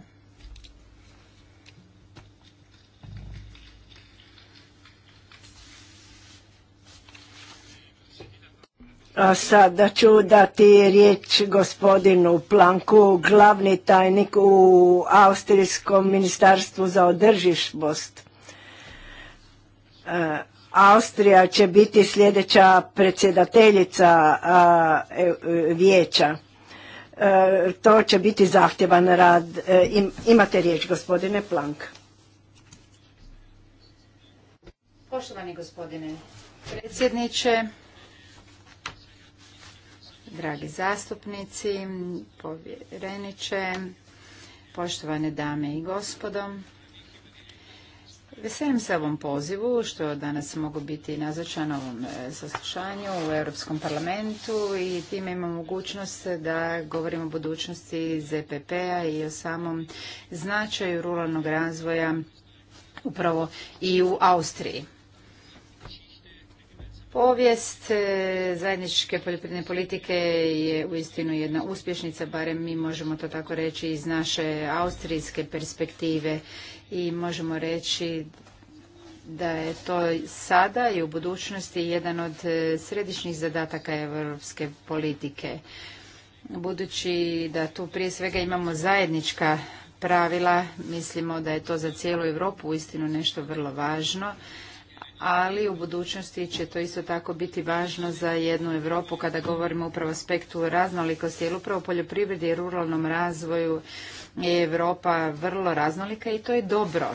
A sada ću dati riječ gospodinu Planku, glavni tajnik u Austrijskom ministarstvu za održivost. E, Austrija će biti sljedeća predsjedateljica e, vijeća. E, to će biti zahtjevan rad. imate riječ gospodine Plank. Poštovani gospodine predsjedniče, dragi zastupnici, povjereniče, poštovane dame i gospodo. Veselim se ovom pozivu što danas mogu biti nazočan ovom e, saslušanju u Europskom parlamentu i time imam mogućnost da govorim o budućnosti ZPP-a i o samom značaju ruralnog razvoja upravo i u Austriji. Povijest e, zajedničke poljoprivredne politike je uistinu jedna uspješnica, barem mi možemo to tako reći iz naše austrijske perspektive i možemo reći da je to sada i u budućnosti jedan od e, središnjih zadataka europske politike. Budući da tu prije svega imamo zajednička pravila, mislimo da je to za cijelu Europu uistinu nešto vrlo važno ali u budućnosti će to isto tako biti važno za jednu Europu kada govorimo upravo o aspektu raznolikosti, jer upravo poljoprivredi i ruralnom razvoju je Europa vrlo raznolika i to je dobro.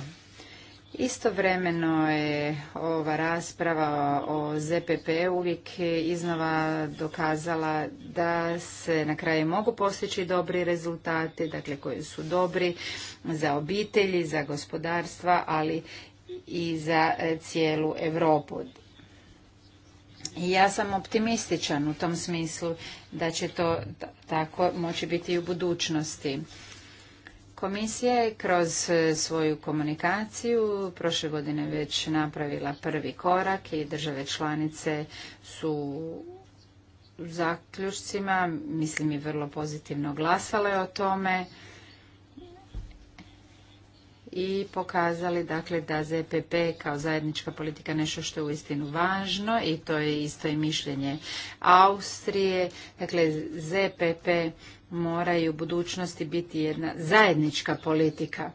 Istovremeno je ova rasprava o ZPP uvijek iznova dokazala da se na kraju mogu postići dobri rezultati, dakle koji su dobri za obitelji, za gospodarstva, ali i za e, cijelu Europu. Ja sam optimističan u tom smislu da će to tako moći biti i u budućnosti. Komisija je kroz e, svoju komunikaciju prošle godine već napravila prvi korak i države članice su zaključcima, mislim i vrlo pozitivno glasale o tome i pokazali dakle da ZPP kao zajednička politika nešto što je uistinu važno i to je isto i mišljenje Austrije. Dakle, ZPP moraju u budućnosti biti jedna zajednička politika.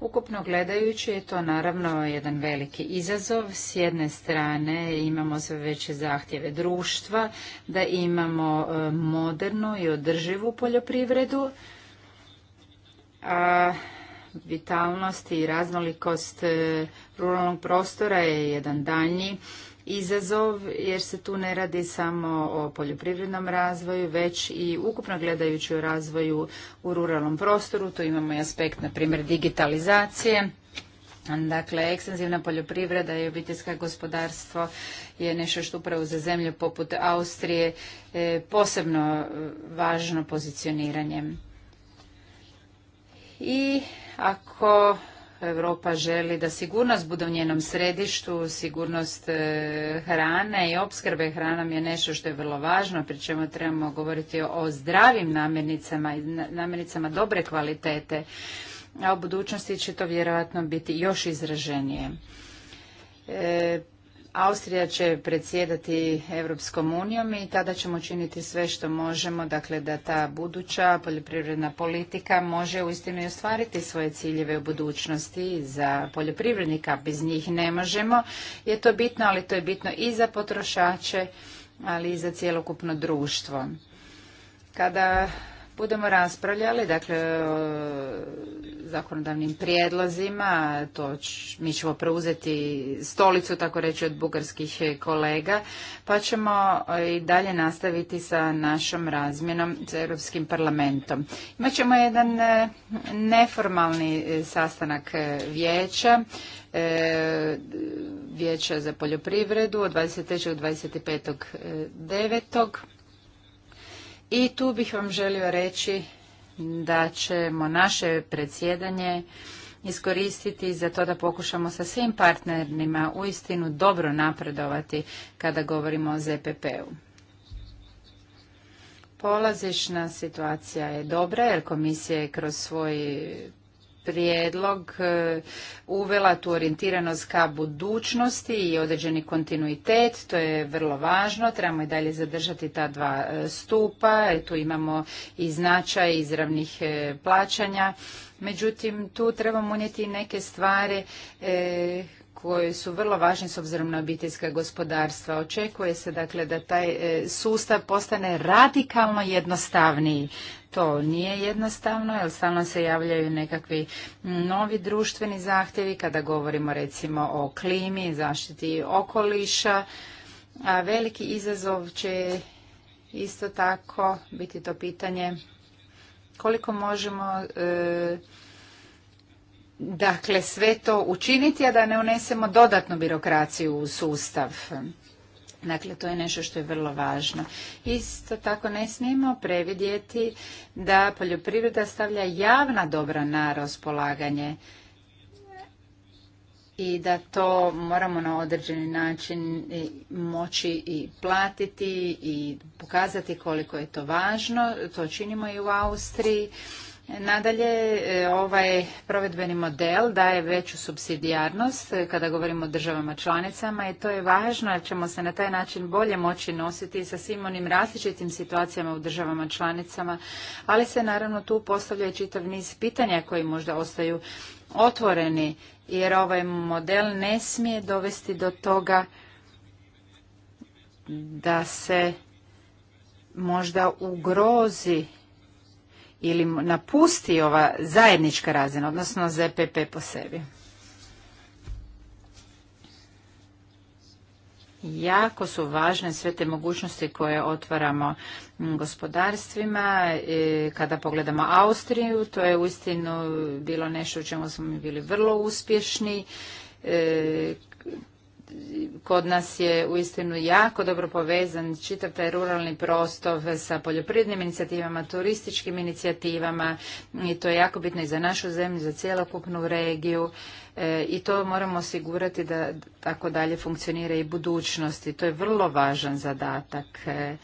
Ukupno gledajući je to naravno jedan veliki izazov. S jedne strane imamo sve veće zahtjeve društva, da imamo e, modernu i održivu poljoprivredu, a vitalnost i raznolikost e, ruralnog prostora je jedan daljnji izazov jer se tu ne radi samo o poljoprivrednom razvoju već i ukupno gledajući o razvoju u ruralnom prostoru. Tu imamo i aspekt na primjer digitalizacije. Dakle, ekstenzivna poljoprivreda i obiteljska gospodarstvo je nešto što upravo za zemlje poput Austrije e, posebno važno pozicioniranjem. I ako Europa želi da sigurnost bude u njenom središtu, sigurnost e, hrane i opskrbe hranom je nešto što je vrlo važno, pri čemu trebamo govoriti o zdravim namirnicama i namirnicama dobre kvalitete, a u budućnosti će to vjerojatno biti još izraženije. E, Austrija će predsjedati Europskom unijom i tada ćemo činiti sve što možemo, dakle da ta buduća poljoprivredna politika može uistinu i ostvariti svoje ciljeve u budućnosti za poljoprivrednika. Bez njih ne možemo, je to bitno, ali to je bitno i za potrošače, ali i za cjelokupno društvo. Kada budemo raspravljali dakle, o zakonodavnim prijedlozima. To mi ćemo preuzeti stolicu, tako reći, od bugarskih kolega, pa ćemo e, i dalje nastaviti sa našom razmjenom s Europskim parlamentom. Imaćemo jedan e, neformalni e, sastanak vijeća vijeća za poljoprivredu od 23. do 25. I tu bih vam želio reći da ćemo naše predsjedanje iskoristiti za to da pokušamo sa svim partnerima uistinu dobro napredovati kada govorimo o ZPP-u. Polazišna situacija je dobra jer komisija je kroz svoj prijedlog e, uvela tu orijentiranost ka budućnosti i određeni kontinuitet, to je vrlo važno, trebamo i dalje zadržati ta dva e, stupa, e, tu imamo i značaj izravnih plaćanja, međutim tu trebamo unijeti neke stvari koji su vrlo važni s obzirom na obiteljska gospodarstva. Očekuje se dakle da taj e, sustav postane radikalno jednostavniji. To nije jednostavno, jer stalno se javljaju nekakvi novi društveni zahtjevi kada govorimo recimo o klimi, zaštiti okoliša, a veliki izazov će isto tako biti to pitanje koliko možemo e, dakle sve to učiniti, a da ne unesemo dodatnu birokraciju u sustav. Dakle, to je nešto što je vrlo važno. Isto tako ne smijemo previdjeti da poljoprivreda stavlja javna dobra na raspolaganje i da to moramo na određeni način moći i platiti i pokazati koliko je to važno. To činimo i u Austriji. Nadalje, e, ovaj provedbeni model daje veću subsidijarnost e, kada govorimo o državama članicama i to je važno jer ćemo se na taj način bolje moći nositi sa svim onim različitim situacijama u državama članicama, ali se naravno tu postavlja i čitav niz pitanja koji možda ostaju otvoreni jer ovaj model ne smije dovesti do toga da se možda ugrozi ili napusti ova zajednička razina, odnosno ZPP po sebi. Jako su važne sve te mogućnosti koje otvaramo gospodarstvima. E, kada pogledamo Austriju, to je uistinu bilo nešto u čemu smo mi bili vrlo uspješni e, kod nas je uistinu jako dobro povezan čitav taj ruralni prostor sa poljoprivrednim inicijativama, turističkim inicijativama i to je jako bitno i za našu zemlju, za cjelokupnu regiju e, i to moramo osigurati da tako dalje funkcionira i budućnost i To je vrlo važan zadatak e,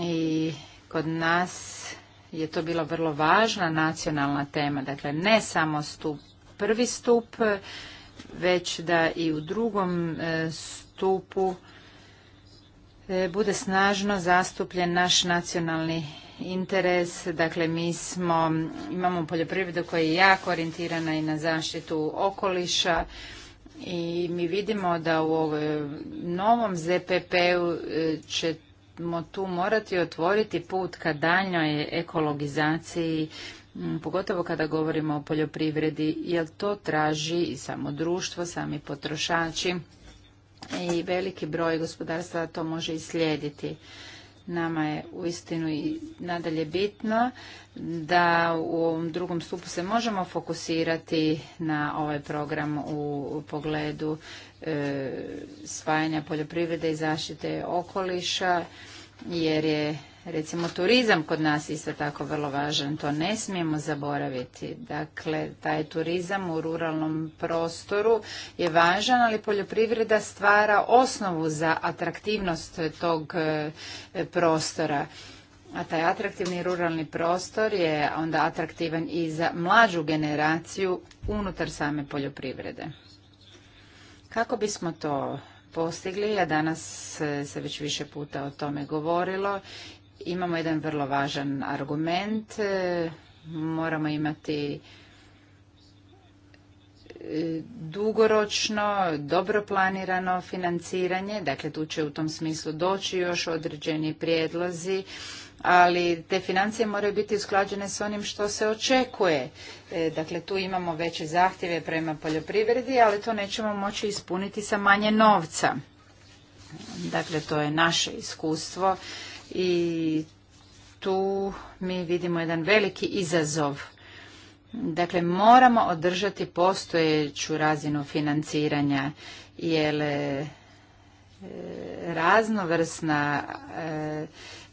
i kod nas je to bila vrlo važna nacionalna tema, dakle ne samo stup, prvi stup, već da i u drugom e, stupu e, bude snažno zastupljen naš nacionalni interes. Dakle, mi smo, imamo poljoprivredu koja je jako orijentirana i na zaštitu okoliša i mi vidimo da u ovom novom ZPP-u e, ćemo tu morati otvoriti put ka daljnjoj ekologizaciji Mm, pogotovo kada govorimo o poljoprivredi, jer to traži i samo društvo, sami potrošači i veliki broj gospodarstva to može i slijediti. Nama je uistinu i nadalje bitno da u ovom drugom stupu se možemo fokusirati na ovaj program u pogledu e, svajanja poljoprivrede i zaštite okoliša jer je Recimo turizam kod nas isto tako vrlo važan, to ne smijemo zaboraviti. Dakle, taj turizam u ruralnom prostoru je važan, ali poljoprivreda stvara osnovu za atraktivnost tog e, prostora. A taj atraktivni ruralni prostor je onda atraktivan i za mlađu generaciju unutar same poljoprivrede. Kako bismo to postigli, a danas e, se već više puta o tome govorilo imamo jedan vrlo važan argument. E, moramo imati e, dugoročno, dobro planirano financiranje, dakle tu će u tom smislu doći još određeni prijedlozi, ali te financije moraju biti usklađene s onim što se očekuje. E, dakle, tu imamo veće zahtjeve prema poljoprivredi, ali to nećemo moći ispuniti sa manje novca. Dakle, to je naše iskustvo i tu mi vidimo jedan veliki izazov. Dakle, moramo održati postojeću razinu financiranja, jer e, raznovrsna e,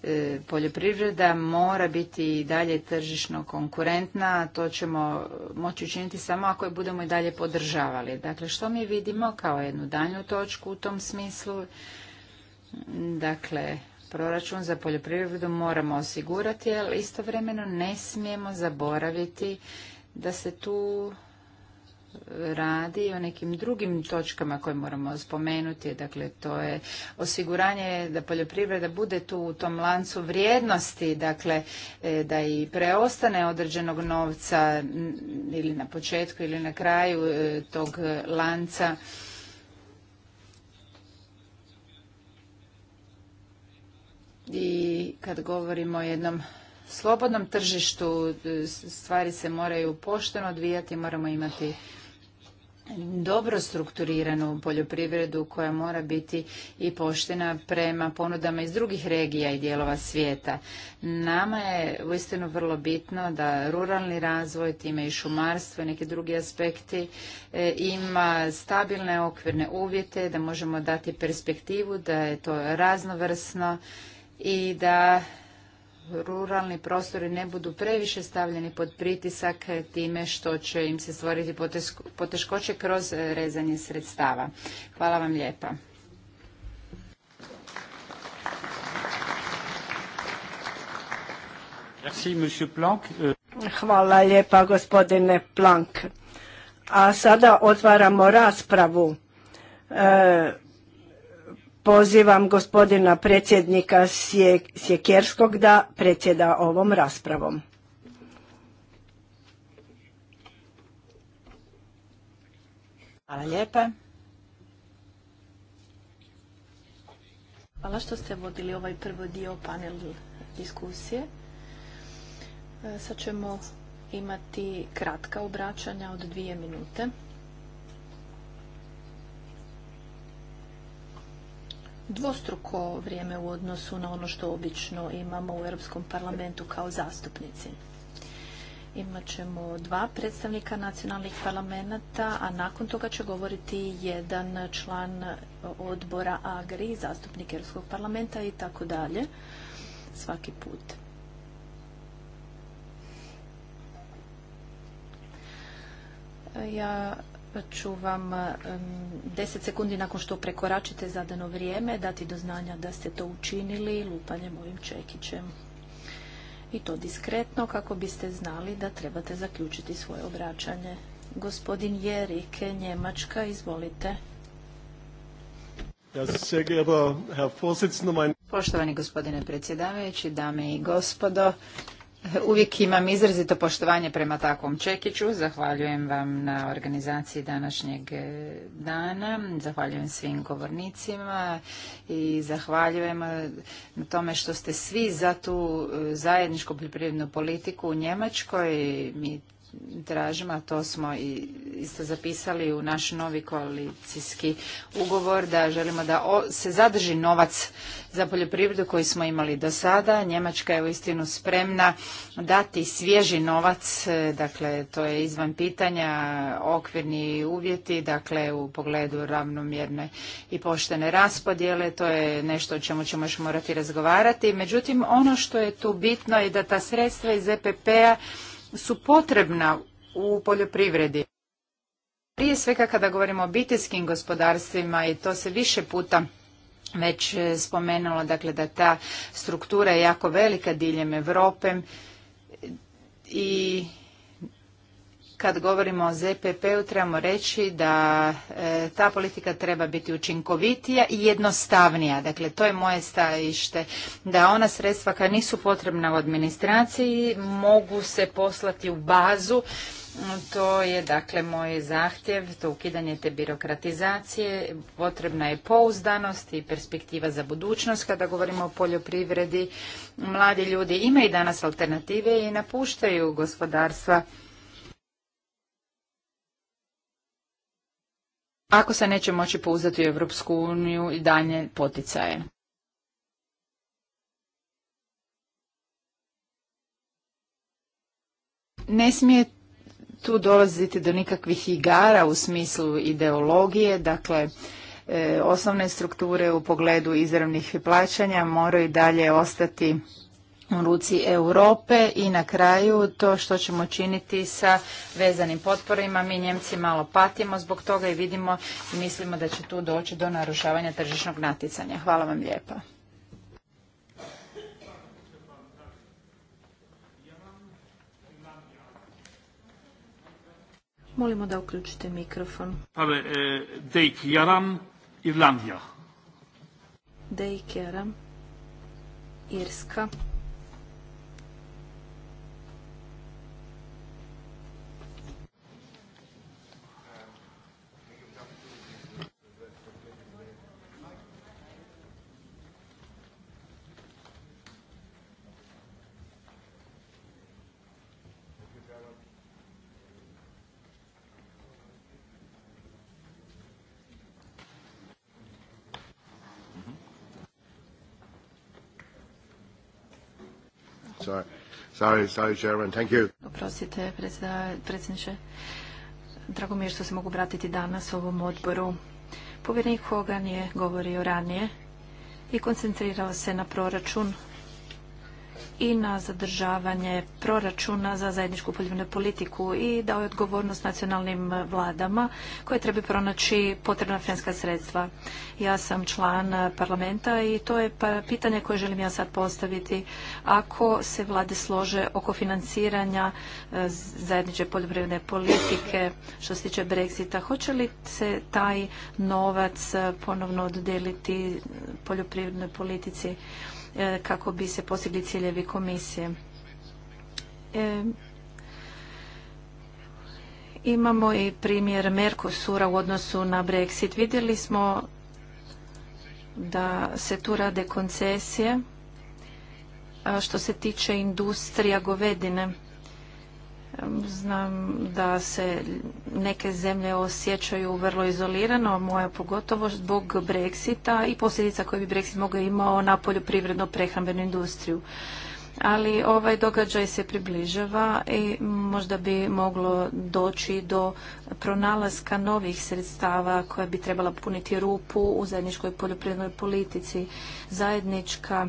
e, poljoprivreda mora biti i dalje tržišno konkurentna, to ćemo moći učiniti samo ako je budemo i dalje podržavali. Dakle, što mi vidimo kao jednu danju točku u tom smislu? Dakle, proračun za poljoprivredu moramo osigurati, ali istovremeno ne smijemo zaboraviti da se tu radi o nekim drugim točkama koje moramo spomenuti. Dakle, to je osiguranje da poljoprivreda bude tu u tom lancu vrijednosti, dakle, e, da i preostane određenog novca ili na početku ili na kraju e, tog lanca i kad govorimo o jednom slobodnom tržištu stvari se moraju pošteno odvijati, moramo imati dobro strukturiranu poljoprivredu koja mora biti i poštena prema ponudama iz drugih regija i dijelova svijeta. Nama je uistinu vrlo bitno da ruralni razvoj, time i šumarstvo i neki drugi aspekti e, ima stabilne okvirne uvjete, da možemo dati perspektivu, da je to raznovrsno i da ruralni prostori ne budu previše stavljeni pod pritisak time što će im se stvoriti poteškoće kroz rezanje sredstava. Hvala vam lijepa. Euh, Hvala lijepa gospodine Plank. A sada otvaramo raspravu. E, pozivam gospodina predsjednika Sjekerskog da predsjeda ovom raspravom. Hvala lijepa. Hvala što ste vodili ovaj prvi dio panel diskusije. E, sad ćemo imati kratka obraćanja od dvije minute. dvostruko vrijeme u odnosu na ono što obično imamo u Europskom parlamentu kao zastupnici. Imat ćemo dva predstavnika nacionalnih parlamenta, a nakon toga će govoriti jedan član odbora AGRI, zastupnik Europskog parlamenta i tako dalje, svaki put. Ja pa ću vam deset sekundi nakon što prekoračite zadano vrijeme dati do znanja da ste to učinili lupanjem ovim čekićem. I to diskretno kako biste znali da trebate zaključiti svoje obraćanje. Gospodin Jerike, Njemačka, izvolite. Poštovani gospodine predsjedavajući, dame i gospodo, Uvijek imam izrazito poštovanje prema takvom Čekiću. Zahvaljujem vam na organizaciji današnjeg e, dana. Zahvaljujem svim govornicima i zahvaljujem e, na tome što ste svi za tu e, zajedničku poljoprivrednu politiku u Njemačkoj. Mi tražimo, a to smo i isto zapisali u naš novi koalicijski ugovor, da želimo da se zadrži novac za poljoprivredu koji smo imali do sada. Njemačka je uistinu spremna dati svježi novac, e, dakle to je izvan pitanja, okvirni uvjeti, dakle u pogledu ravnomjerne i poštene raspodjele, to je nešto o čemu ćemo još morati razgovarati. Međutim, ono što je tu bitno je da ta sredstva iz EPP-a su potrebna u poljoprivredi. Prije svega kada govorimo o obiteljskim gospodarstvima i to se više puta već e, spomenulo, dakle da ta struktura je jako velika diljem Europe i kad govorimo o ZPP-u trebamo reći da e, ta politika treba biti učinkovitija i jednostavnija. Dakle, to je moje stajište da ona sredstva koja nisu potrebna u administraciji mogu se poslati u bazu. To je dakle moj zahtjev, to ukidanje te birokratizacije, potrebna je pouzdanost i perspektiva za budućnost kada govorimo o poljoprivredi. Mladi ljudi imaju danas alternative i napuštaju gospodarstva ako se neće moći pouzati u Europsku uniju i dalje poticaje. Ne smije tu dolaziti do nikakvih igara u smislu ideologije, dakle e, osnovne strukture u pogledu izravnih plaćanja moraju dalje ostati u ruci Europe i na kraju to što ćemo činiti sa vezanim potporima. Mi Njemci malo patimo zbog toga i vidimo i mislimo da će tu doći do narušavanja tržišnog naticanja Hvala vam lijepa. Molimo da uključite mikrofon. E, Dejk Jaram, Irlandija. Dejk Jaram, Irska. sorry. Oprostite, predsjedniče. Drago mi je što se mogu vratiti danas u ovom odboru. Povjerenik Hogan je govorio ranije i koncentrirao se na proračun i na zadržavanje proračuna za zajedničku poljoprivrednu politiku i dao je odgovornost nacionalnim vladama koje treba pronaći potrebna financijska sredstva. Ja sam član parlamenta i to je pa pitanje koje želim ja sad postaviti. Ako se vlade slože oko financiranja e, zajedničke poljoprivredne politike što se tiče Brexita, hoće li se taj novac ponovno oddeliti poljoprivrednoj politici? E, kako bi se postigli ciljevi komisije. E, imamo i primjer Mercosura u odnosu na Brexit. Vidjeli smo da se tu rade koncesije što se tiče industrija govedine Znam da se neke zemlje osjećaju vrlo izolirano, moja pogotovo zbog Brexita i posljedica koje bi Brexit mogao imao na poljoprivredno prehrambenu industriju. Ali ovaj događaj se približava i možda bi moglo doći do pronalaska novih sredstava koja bi trebala puniti rupu u zajedničkoj poljoprivrednoj politici. Zajednička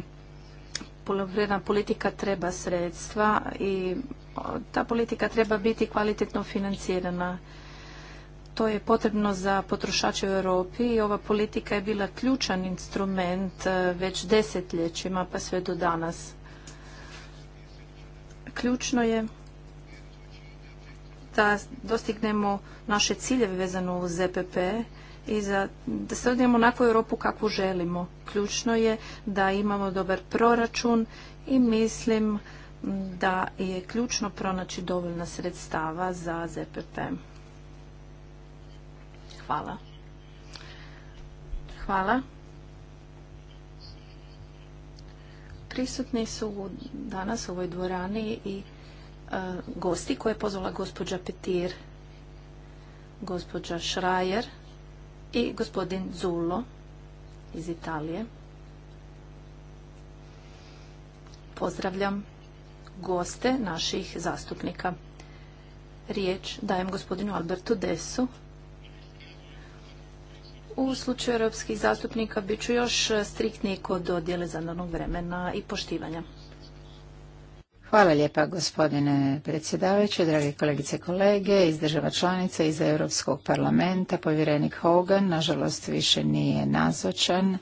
poljoprivredna politika treba sredstva i ta politika treba biti kvalitetno financirana. To je potrebno za potrošače u Europi i ova politika je bila ključan instrument e, već desetljećima pa sve do danas. Ključno je da dostignemo naše ciljeve vezano uz ZPP e i za, da stvarimo onakvu Europu kakvu želimo. Ključno je da imamo dobar proračun i mislim da je ključno pronaći dovoljna sredstava za ZPP. Hvala. Hvala. Prisutni su danas u ovoj dvorani i e, gosti koje je pozvala gospođa Petir, gospođa Šrajer i gospodin Zullo iz Italije. Pozdravljam goste naših zastupnika. Riječ dajem gospodinu Albertu Desu. U slučaju europskih zastupnika bit ću još striktniji kod dodjele zadanog vremena i poštivanja. Hvala lijepa gospodine predsjedavajući, drage kolegice i kolege iz država članica, iz Europskog parlamenta. Povjerenik Hogan, nažalost, više nije nazočan.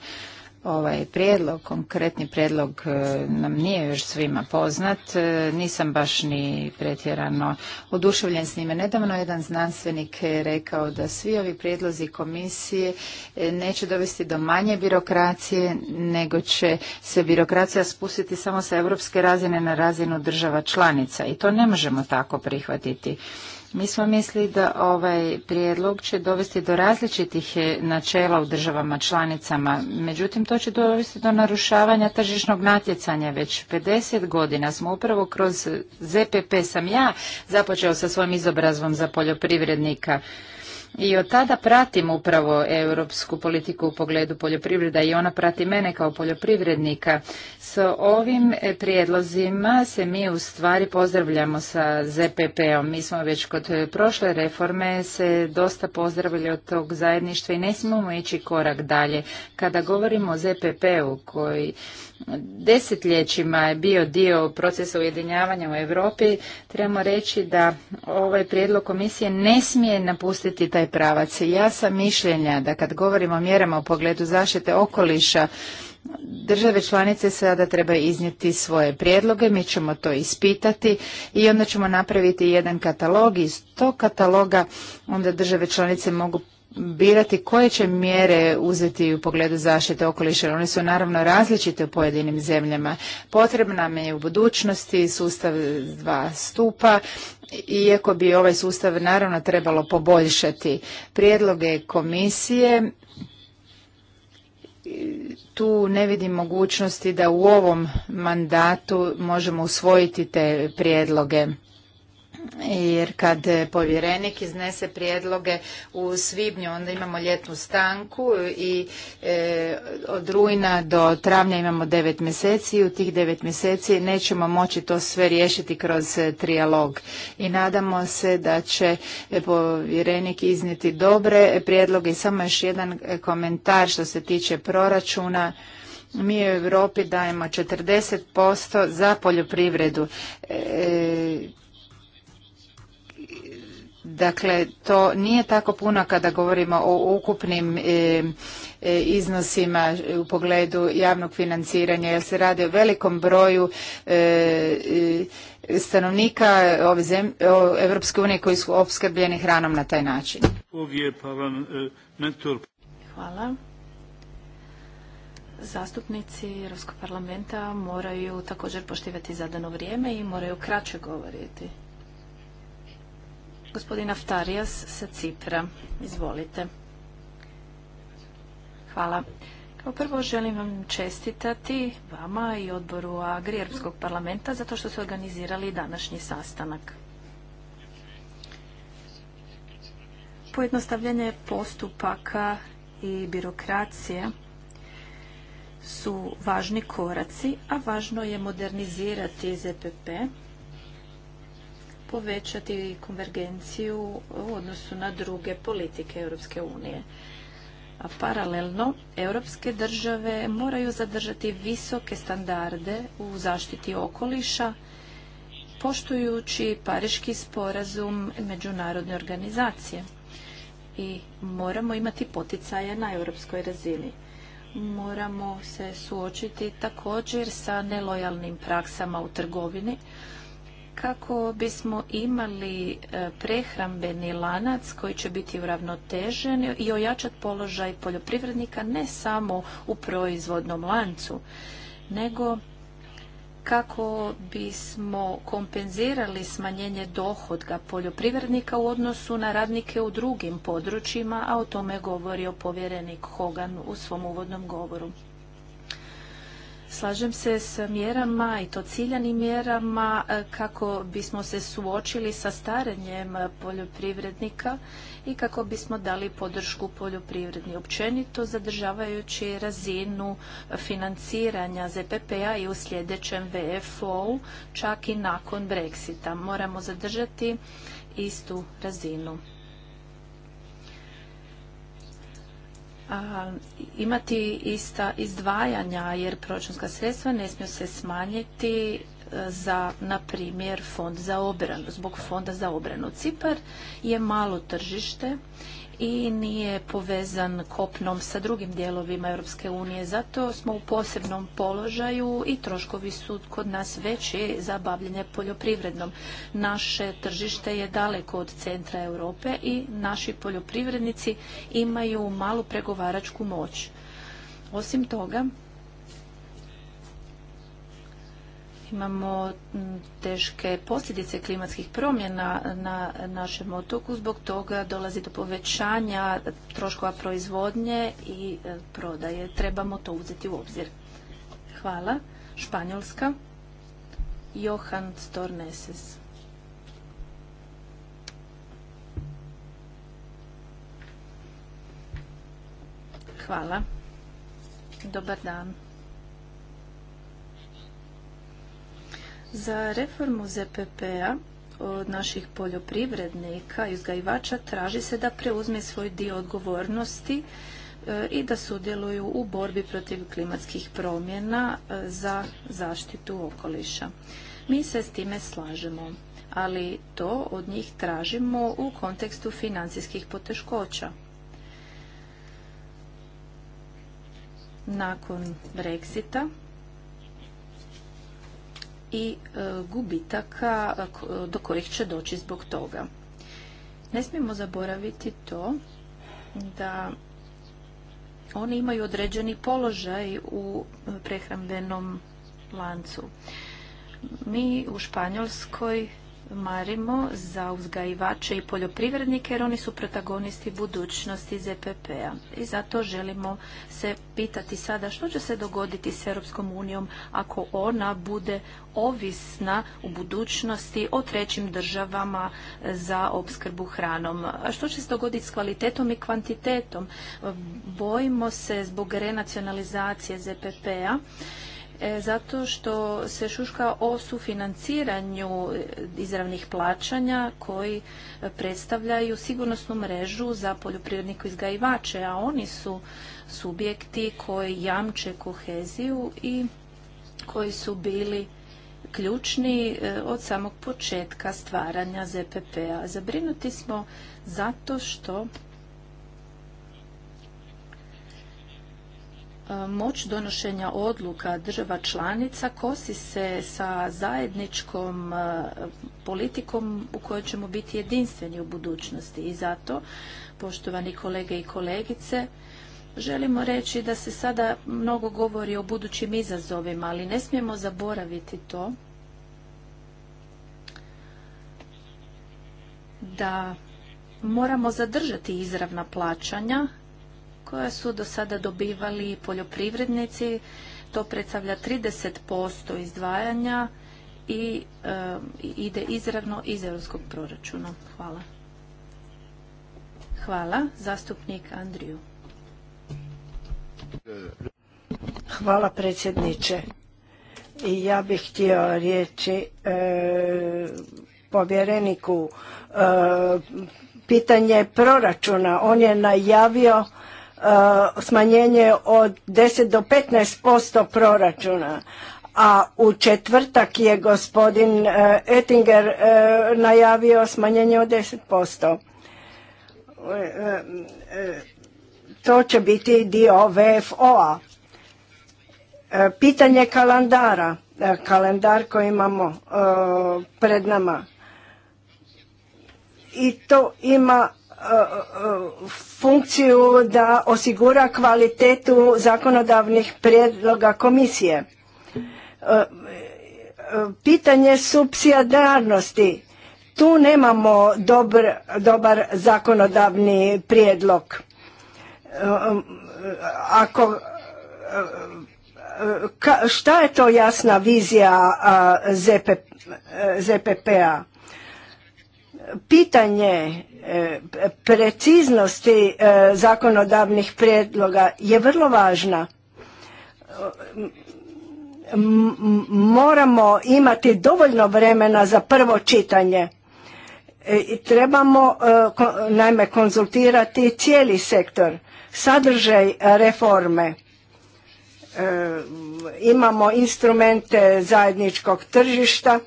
Ovaj prijedlog, konkretni prijedlog e, nam nije još svima poznat, e, nisam baš ni pretjerano oduševljen s njime. Nedavno jedan znanstvenik rekao da svi ovi prijedlozi komisije e, neće dovesti do manje birokracije, nego će se birokracija spustiti samo sa europske razine na razinu država članica i to ne možemo tako prihvatiti. Mi smo mislili da ovaj prijedlog će dovesti do različitih e, načela u državama članicama, međutim to će dovesti do narušavanja tržišnog natjecanja. Već 50 godina smo upravo kroz ZPP sam ja započeo sa svojim izobrazvom za poljoprivrednika i od tada pratim upravo europsku politiku u pogledu poljoprivreda i ona prati mene kao poljoprivrednika. S ovim prijedlozima se mi u stvari pozdravljamo sa ZPP-om. Mi smo već kod prošle reforme se dosta pozdravili od tog zajedništva i ne smijemo ići korak dalje. Kada govorimo o ZPP-u koji desetljećima je bio dio procesa ujedinjavanja u Europi, trebamo reći da ovaj prijedlog komisije ne smije napustiti taj pravac. Ja sam mišljenja da kad govorimo o mjerama u pogledu zaštite okoliša, Države članice sada treba iznijeti svoje prijedloge, mi ćemo to ispitati i onda ćemo napraviti jedan katalog. Iz tog kataloga onda države članice mogu birati koje će mjere uzeti u pogledu zaštite okoliša. One su naravno različite u pojedinim zemljama. Potrebna nam je u budućnosti sustav dva stupa, iako bi ovaj sustav naravno trebalo poboljšati. Prijedloge komisije tu ne vidim mogućnosti da u ovom mandatu možemo usvojiti te prijedloge jer kad eh, povjerenik iznese prijedloge u svibnju onda imamo ljetnu stanku i eh, od rujna do travnja imamo devet mjeseci i u tih devet mjeseci nećemo moći to sve riješiti kroz eh, trijalog i nadamo se da će povjerenik iznijeti dobre prijedloge i samo još jedan komentar što se tiče proračuna mi u Europi dajemo 40% za poljoprivredu. Dakle, to nije tako puno kada govorimo o ukupnim e, e, iznosima u pogledu javnog financiranja, jer se radi o velikom broju e, stanovnika ove zemlje, Evropske unije koji su opskrbljeni hranom na taj način. Hvala. Zastupnici Europskog parlamenta moraju također poštivati zadano vrijeme i moraju kraće govoriti gospodin Aftarijas sa Cipra. Izvolite. Hvala. Kao prvo želim vam čestitati vama i odboru Agri parlamenta zato što su organizirali današnji sastanak. Pojednostavljanje postupaka i birokracije su važni koraci, a važno je modernizirati ZPP povećati konvergenciju u odnosu na druge politike Europske unije. A paralelno, europske države moraju zadržati visoke standarde u zaštiti okoliša, poštujući Pariški sporazum međunarodne organizacije. I moramo imati poticaje na europskoj razini. Moramo se suočiti također sa nelojalnim praksama u trgovini, kako bismo imali e, prehrambeni lanac koji će biti uravnotežen i ojačat položaj poljoprivrednika ne samo u proizvodnom lancu, nego kako bismo kompenzirali smanjenje dohodga poljoprivrednika u odnosu na radnike u drugim područjima, a o tome govorio povjerenik Hogan u svom uvodnom govoru. Slažem se s mjerama i to ciljanim mjerama e, kako bismo se suočili sa starenjem poljoprivrednika i kako bismo dali podršku poljoprivredni općenito zadržavajući razinu financiranja ZPP-a i u sljedećem VFO-u čak i nakon Brexita. Moramo zadržati istu razinu. imati ista izdvajanja jer proračunska sredstva ne smiju se smanjiti za, na primjer, fond za obranu, zbog fonda za obranu. Cipar je malo tržište i nije povezan kopnom sa drugim dijelovima Europske unije. Zato smo u posebnom položaju i troškovi su kod nas veći za bavljenje poljoprivrednom. Naše tržište je daleko od centra Europe i naši poljoprivrednici imaju malu pregovaračku moć. Osim toga, imamo teške posljedice klimatskih promjena na našem otoku, zbog toga dolazi do povećanja troškova proizvodnje i e, prodaje. Trebamo to uzeti u obzir. Hvala. Španjolska. Johan Storneses. Hvala. Dobar dan. Za reformu ZPP-a od naših poljoprivrednika i uzgajivača traži se da preuzme svoj dio odgovornosti e, i da sudjeluju u borbi protiv klimatskih promjena e, za zaštitu okoliša. Mi se s time slažemo, ali to od njih tražimo u kontekstu financijskih poteškoća. Nakon Brexita i e, gubitaka e, do kojih će doći zbog toga. Ne smijemo zaboraviti to da oni imaju određeni položaj u e, prehrambenom lancu. Mi u Španjolskoj marimo za uzgajivače i poljoprivrednike jer oni su protagonisti budućnosti ZPP-a. I zato želimo se pitati sada što će se dogoditi s Europskom unijom ako ona bude ovisna u budućnosti o trećim državama za opskrbu hranom. što će se dogoditi s kvalitetom i kvantitetom? Bojimo se zbog renacionalizacije ZPP-a E, zato što se šuška o sufinanciranju e, izravnih plaćanja koji e, predstavljaju sigurnosnu mrežu za poljoprivredniku izgajivače, a oni su subjekti koji jamče koheziju i koji su bili ključni od samog početka stvaranja ZPP-a. Zabrinuti smo zato što E, moć donošenja odluka država članica kosi se sa zajedničkom e, politikom u kojoj ćemo biti jedinstveni u budućnosti. I zato, poštovani kolege i kolegice, želimo reći da se sada mnogo govori o budućim izazovima, ali ne smijemo zaboraviti to da moramo zadržati izravna plaćanja koja su do sada dobivali poljoprivrednici. To predstavlja 30% izdvajanja i ide izravno iz europskog proračuna. Hvala. Hvala. Zastupnik Andriju. Hvala predsjedniče. I ja bih htio riječi e, povjereniku e, pitanje proračuna. On je najavio Uh, smanjenje od 10 do 15% proračuna. A u četvrtak je gospodin uh, Ettinger uh, najavio smanjenje od 10%. To će biti dio VFO-a. Pitanje kalendara, kalendar koji imamo pred nama. I to ima funkciju da osigura kvalitetu zakonodavnih prijedloga komisije. E, pitanje supsijarnosti. Tu nemamo dobar, dobar zakonodavni prijedlog. E, ako e, šta je to jasna vizija ZP, ZPP-a? Pitanje preciznosti e, zakonodavnih prijedloga je vrlo važna. Moramo imati dovoljno vremena za prvo čitanje. E, trebamo e, naime konzultirati cijeli sektor, sadržaj reforme. Imamo instrumente zajedničkog tržišta,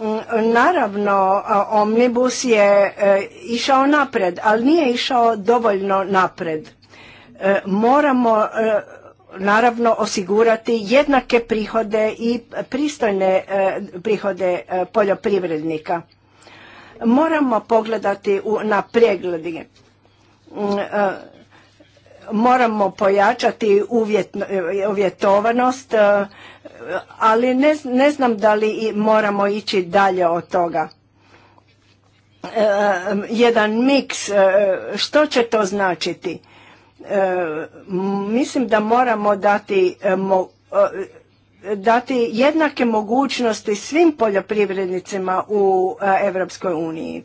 Mm, naravno, Omnibus je e, išao napred, ali nije išao dovoljno napred. E, moramo e, naravno osigurati jednake prihode i pristojne prihode poljoprivrednika. Moramo pogledati na pregledi mm, moramo pojačati uvjetovanost, e, ali ne, znam da li moramo ići dalje od toga. E, jedan miks, e, što će to značiti? Mislim da moramo dati dati jednake mogućnosti svim poljoprivrednicima u Europskoj uniji.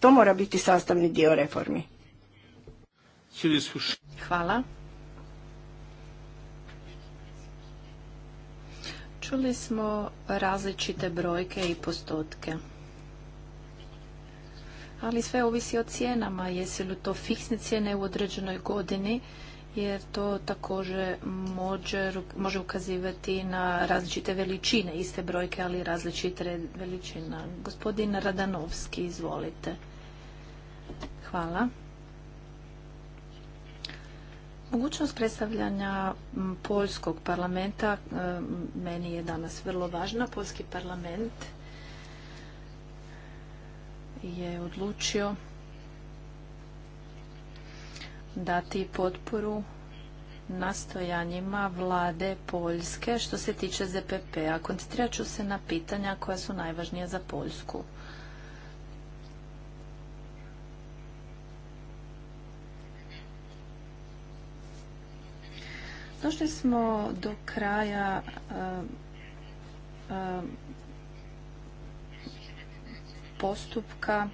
To mora biti sastavni dio reformi. Hvala. Čuli smo različite brojke i postotke. Ali sve ovisi o cijenama. Jesu li to fiksne cijene u određenoj godini? Jer to također može, može ukazivati na različite veličine. Iste brojke, ali različite veličine. Gospodin Radanovski, izvolite. Hvala. Mogućnost predstavljanja Poljskog parlamenta meni je danas vrlo važna. Poljski parlament je odlučio dati potporu nastojanjima vlade Poljske što se tiče ZPP-a. Koncentrirat ću se na pitanja koja su najvažnija za Poljsku. Došli smo do kraja eh, eh, postupka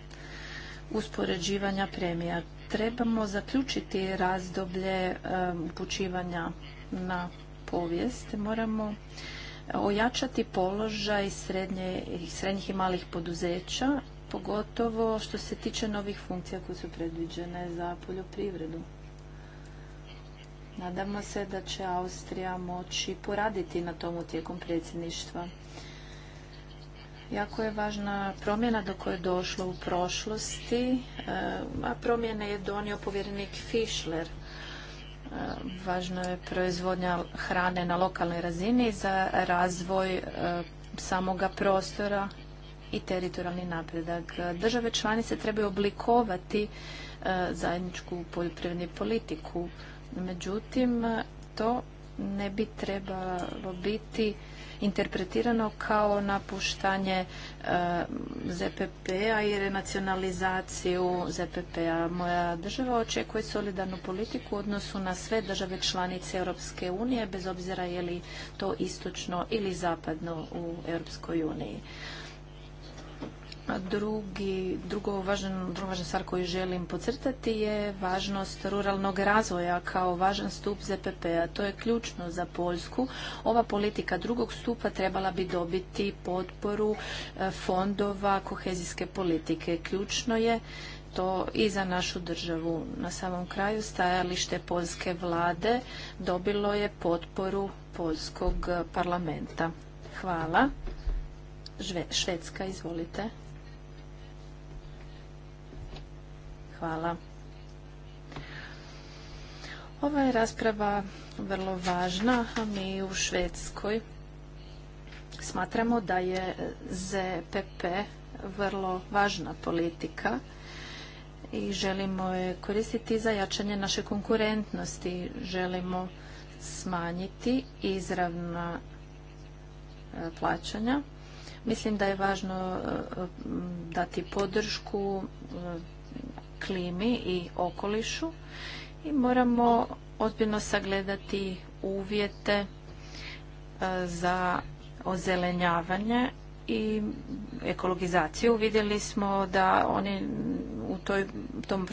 uspoređivanja premija. Trebamo zaključiti razdoblje eh, upućivanja na povijest. Moramo ojačati položaj srednje, srednjih i malih poduzeća, pogotovo što se tiče novih funkcija koje su predviđene za poljoprivredu. Nadamo se da će Austrija moći poraditi na tomu tijekom predsjedništva. Jako je važna promjena do koje je došlo u prošlosti, e, a promjene je donio povjerenik Fischler. E, važno je proizvodnja hrane na lokalnoj razini za razvoj e, samoga prostora i teritorijalni napredak. Države članice trebaju oblikovati zajedničku poljoprivrednu politiku Međutim, to ne bi trebalo biti interpretirano kao napuštanje eh, ZPP-a i renacionalizaciju ZPP-a. Moja država očekuje solidarnu politiku u odnosu na sve države članice Europske unije, bez obzira je li to istočno ili zapadno u Europskoj uniji. Drugi, drugo važan, druga stvar koju želim podcrtati je važnost ruralnog razvoja kao važan stup ZPP-a. To je ključno za Poljsku. Ova politika drugog stupa trebala bi dobiti potporu e, fondova kohezijske politike. Ključno je to i za našu državu. Na samom kraju stajalište poljske vlade dobilo je potporu poljskog parlamenta. Hvala. švedska, izvolite. Hvala. Ova je rasprava vrlo važna, mi u Švedskoj smatramo da je ZPP vrlo važna politika i želimo je koristiti za jačanje naše konkurentnosti. Želimo smanjiti izravna e, plaćanja. Mislim da je važno e, dati podršku e, klimi i okolišu i moramo ozbiljno sagledati uvjete e, za ozelenjavanje i ekologizaciju. Vidjeli smo da oni u toj, tom,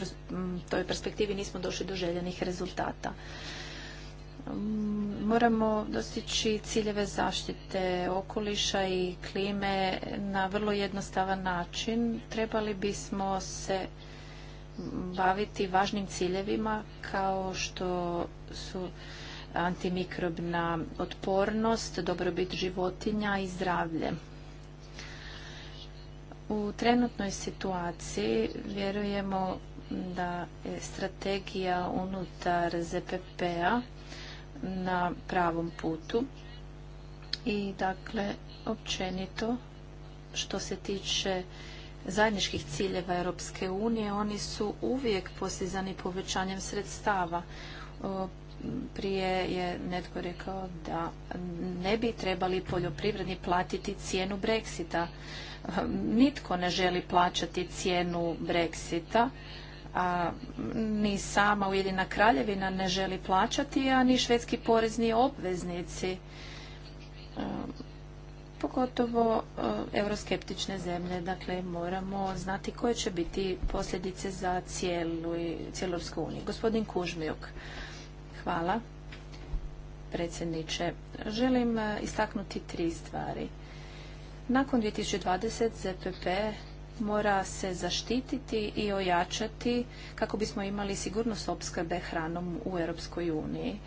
toj perspektivi nismo došli do željenih rezultata. Mm, moramo dostići ciljeve zaštite okoliša i klime na vrlo jednostavan način. Trebali bismo se baviti važnim ciljevima kao što su antimikrobna otpornost, dobrobit životinja i zdravlje. U trenutnoj situaciji vjerujemo da je strategija unutar ZPP-a na pravom putu i dakle općenito što se tiče zajedničkih ciljeva Europske unije, oni su uvijek postizani povećanjem sredstava. Prije je netko rekao da ne bi trebali poljoprivredni platiti cijenu Brexita. Nitko ne želi plaćati cijenu Brexita, a ni sama Ujedina Kraljevina ne želi plaćati, a ni švedski porezni obveznici pogotovo e, euroskeptične zemlje. Dakle, moramo znati koje će biti posljedice za cijelu, Europsku uniju. Gospodin Kužmijuk, hvala predsjedniče. Želim e, istaknuti tri stvari. Nakon 2020 ZPP mora se zaštititi i ojačati kako bismo imali sigurnost opskrbe hranom u Europskoj uniji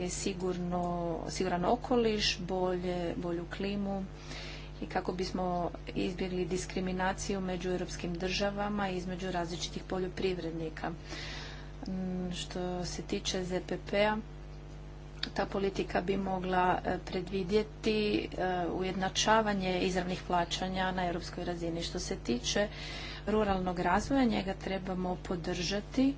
je sigurno, siguran okoliš, bolje, bolju klimu i kako bismo izbjegli diskriminaciju među europskim državama i između različitih poljoprivrednika. Mm, što se tiče ZPP-a, ta politika bi mogla e, predvidjeti e, ujednačavanje izravnih plaćanja na europskoj razini. Što se tiče ruralnog razvoja, njega trebamo podržati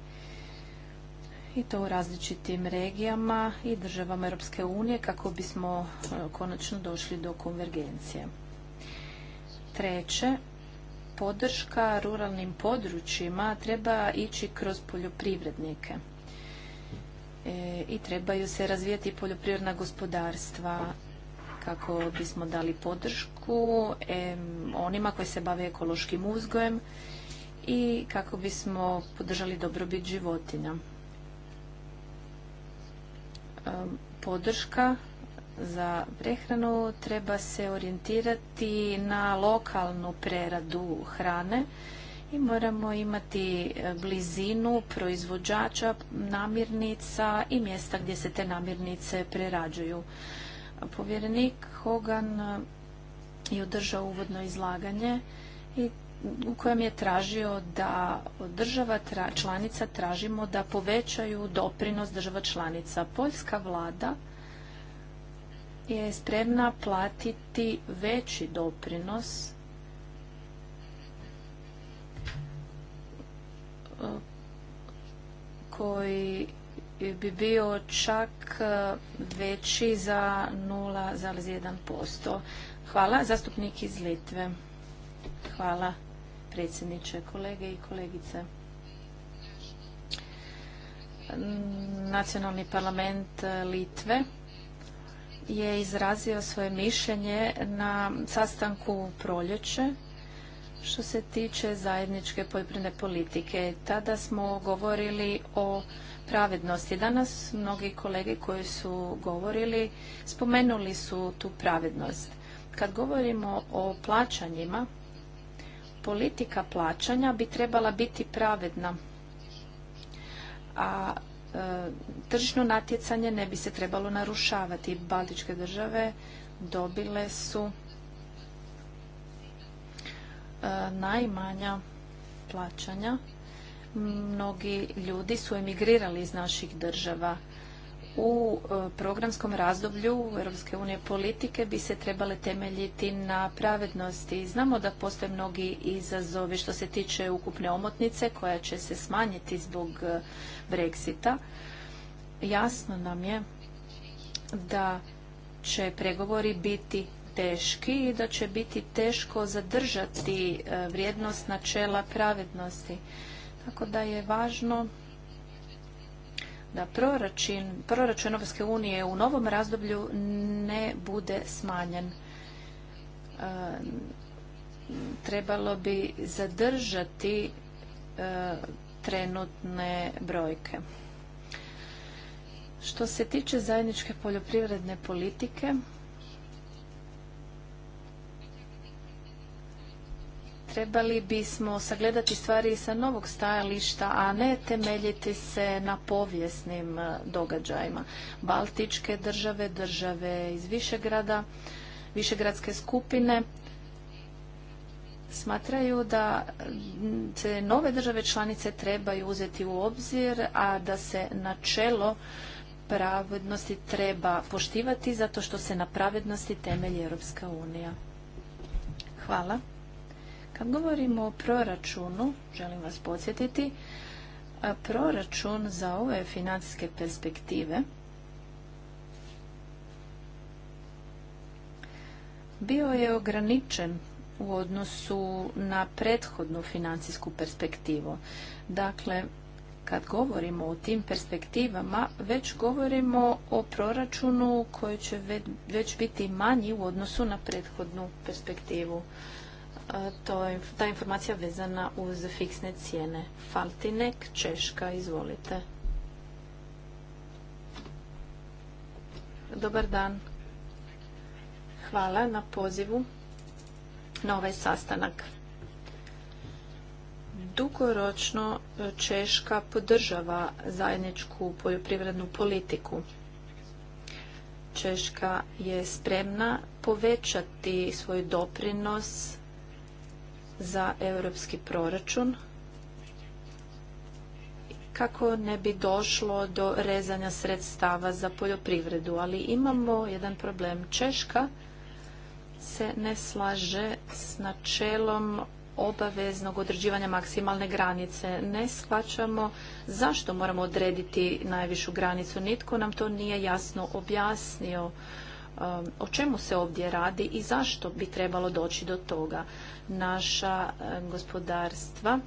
i to u različitim regijama i državama Europske unije kako bismo e, konačno došli do konvergencije. Treće, podrška ruralnim područjima treba ići kroz poljoprivrednike e, i trebaju se razvijati poljoprivredna gospodarstva kako bismo dali podršku onima koji se bave ekološkim uzgojem i kako bismo podržali dobrobit životinja podrška za prehranu treba se orijentirati na lokalnu preradu hrane i moramo imati e, blizinu proizvođača namirnica i mjesta gdje se te namirnice prerađuju. Povjerenik Hogan e, je održao uvodno izlaganje i u kojem je tražio da država članica tražimo da povećaju doprinos država članica. Poljska vlada je spremna platiti veći doprinos eh, koji bi bio čak eh, veći za 0,1%. Hvala. Zastupnik iz Litve. Hvala predsjedniče, kolege i kolegice. Nacionalni parlament Litve je izrazio svoje mišljenje na sastanku proljeće što se tiče zajedničke poljoprivredne politike. Tada smo govorili o pravednosti. Danas mnogi kolege koji su govorili spomenuli su tu pravednost. Kad govorimo o plaćanjima, politika plaćanja bi trebala biti pravedna, a e, natjecanje ne bi se trebalo narušavati. Baltičke države dobile su e, najmanja plaćanja. Mnogi ljudi su emigrirali iz naših država u e, programskom razdoblju Europske unije politike bi se trebale temeljiti na pravednosti. Znamo da postoje mnogi izazovi što se tiče ukupne omotnice koja će se smanjiti zbog e, Brexita. Jasno nam je da će pregovori biti teški i da će biti teško zadržati e, vrijednost načela pravednosti. Tako da je važno da proračun, proračun unije u novom razdoblju ne bude smanjen. E, trebalo bi zadržati e, trenutne brojke. Što se tiče zajedničke poljoprivredne politike, Trebali bismo sagledati stvari sa novog stajališta, a ne temeljiti se na povijesnim e, događajima. Baltičke države, države iz Višegrada, Višegradske skupine smatraju da se nove države članice trebaju uzeti u obzir, a da se načelo pravednosti treba poštivati zato što se na pravednosti temelji Europska unija. Hvala. Kad govorimo o proračunu, želim vas podsjetiti, proračun za ove financijske perspektive bio je ograničen u odnosu na prethodnu financijsku perspektivu. Dakle, kad govorimo o tim perspektivama, već govorimo o proračunu koji će već biti manji u odnosu na prethodnu perspektivu je ta informacija vezana uz fiksne cijene. Faltinek, Češka, izvolite. Dobar dan. Hvala na pozivu na ovaj sastanak. Dugoročno e, Češka podržava zajedničku poljoprivrednu politiku. Češka je spremna povećati svoj doprinos za europski proračun kako ne bi došlo do rezanja sredstava za poljoprivredu. Ali imamo jedan problem. Češka se ne slaže s načelom obaveznog određivanja maksimalne granice. Ne shvaćamo zašto moramo odrediti najvišu granicu. Nitko nam to nije jasno objasnio. Um, o čemu se ovdje radi i zašto bi trebalo doći do toga. Naša um, gospodarstva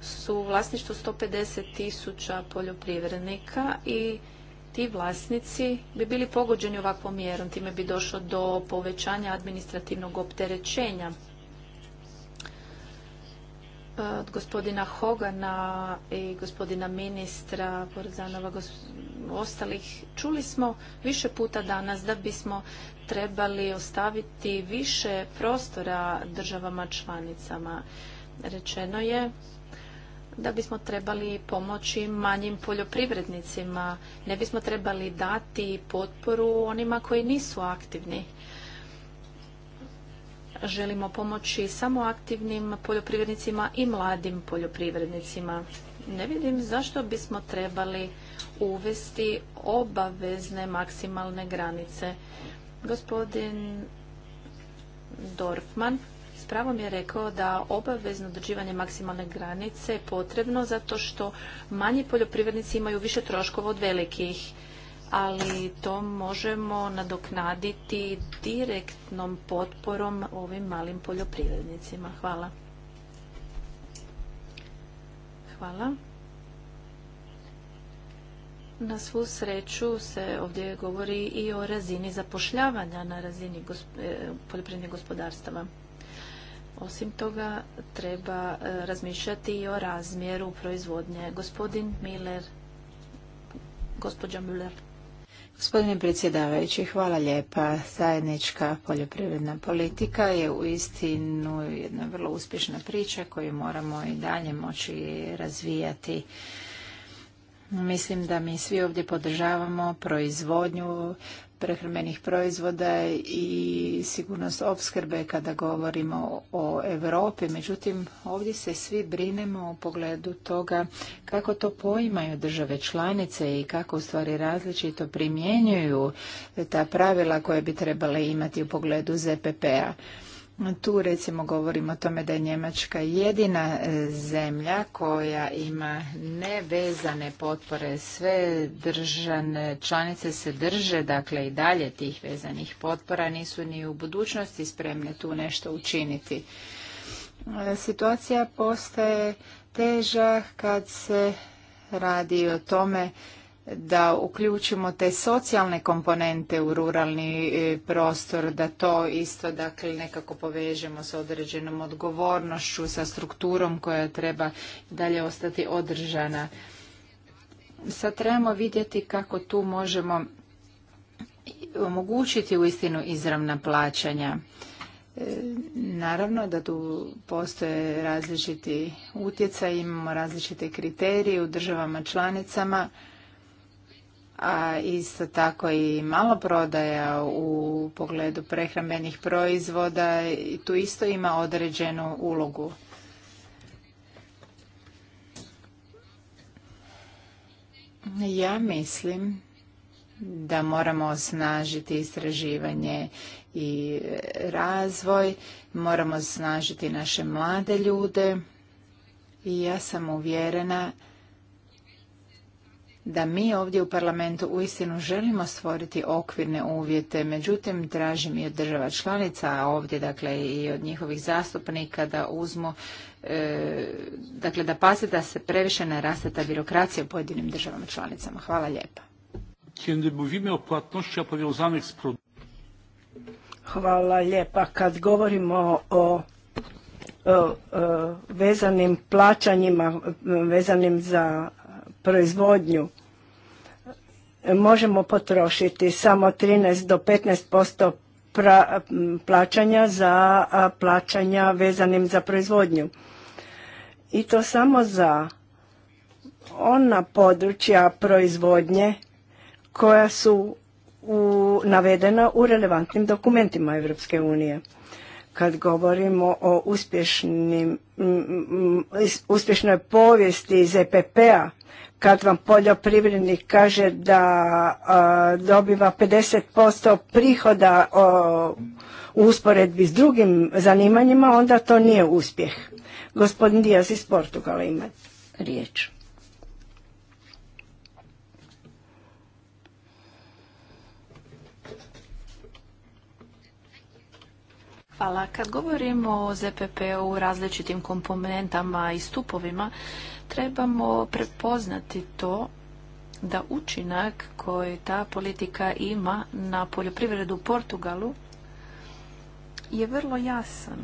su u vlasništvu 150 tisuća poljoprivrednika i ti vlasnici bi bili pogođeni ovakvom mjerom. Time bi došlo do povećanja administrativnog opterećenja E, od gospodina Hogana i gospodina ministra Borzanova, ostalih, čuli smo više puta danas da bismo trebali ostaviti više prostora državama članicama. Rečeno je da bismo trebali pomoći manjim poljoprivrednicima, ne bismo trebali dati potporu onima koji nisu aktivni želimo pomoći samo aktivnim poljoprivrednicima i mladim poljoprivrednicima. Ne vidim zašto bismo trebali uvesti obavezne maksimalne granice. Gospodin Dorfman s pravom je rekao da obavezno određivanje maksimalne granice je potrebno zato što manji poljoprivrednici imaju više troškova od velikih ali to možemo nadoknaditi direktnom potporom ovim malim poljoprivrednicima. Hvala. Hvala. Na svu sreću se ovdje govori i o razini zapošljavanja na razini e, poljoprivrednih gospodarstava. Osim toga, treba e, razmišljati i o razmjeru proizvodnje. Gospodin Miller, gospođa Müller. Gospodine predsjedavajući, hvala lijepa. Zajednička poljoprivredna politika je u istinu jedna vrlo uspješna priča koju moramo i dalje moći razvijati. Mislim da mi svi ovdje podržavamo proizvodnju prehrambenih proizvoda i sigurnost opskrbe kada govorimo o Europi. Međutim, ovdje se svi brinemo u pogledu toga kako to poimaju države članice i kako u stvari različito primjenjuju ta pravila koje bi trebale imati u pogledu ZPP-a. Tu recimo govorimo o tome da je Njemačka jedina e, zemlja koja ima nevezane potpore. Sve držane članice se drže, dakle i dalje tih vezanih potpora nisu ni u budućnosti spremne tu nešto učiniti. E, situacija postaje teža kad se radi o tome da uključimo te socijalne komponente u ruralni e, prostor, da to isto dakle nekako povežemo s određenom odgovornošću, sa strukturom koja treba dalje ostati održana. Sad trebamo vidjeti kako tu možemo omogućiti uistinu izravna plaćanja. E, naravno da tu postoje različiti utjecaj, imamo različite kriterije u državama članicama a isto tako i malo prodaja u pogledu prehrambenih proizvoda i tu isto ima određenu ulogu. Ja mislim da moramo osnažiti istraživanje i razvoj, moramo osnažiti naše mlade ljude i ja sam uvjerena da mi ovdje u parlamentu uistinu želimo stvoriti okvirne uvjete, međutim tražim i od država članica, a ovdje dakle i od njihovih zastupnika da uzmu, e, dakle da pase da se previše ne birokracija u pojedinim državama članicama. Hvala lijepa. Hvala lijepa. Kad govorimo o vezanim plaćanjima, vezanim za proizvodnju možemo potrošiti samo 13 do 15% posto plaćanja za plaćanja vezanim za proizvodnju. I to samo za ona područja proizvodnje koja su navedena u relevantnim dokumentima Europske unije. Kad govorimo o uspješnim, uspješnoj povijesti ZPP-a, kad vam poljoprivrednik kaže da dobiva 50% prihoda u usporedbi s drugim zanimanjima, onda to nije uspjeh. Gospodin Dijas iz Portugala ima riječ. Hvala. Kad govorimo o ZPP-u različitim komponentama i stupovima, trebamo prepoznati to da učinak koji ta politika ima na poljoprivredu u Portugalu je vrlo jasan.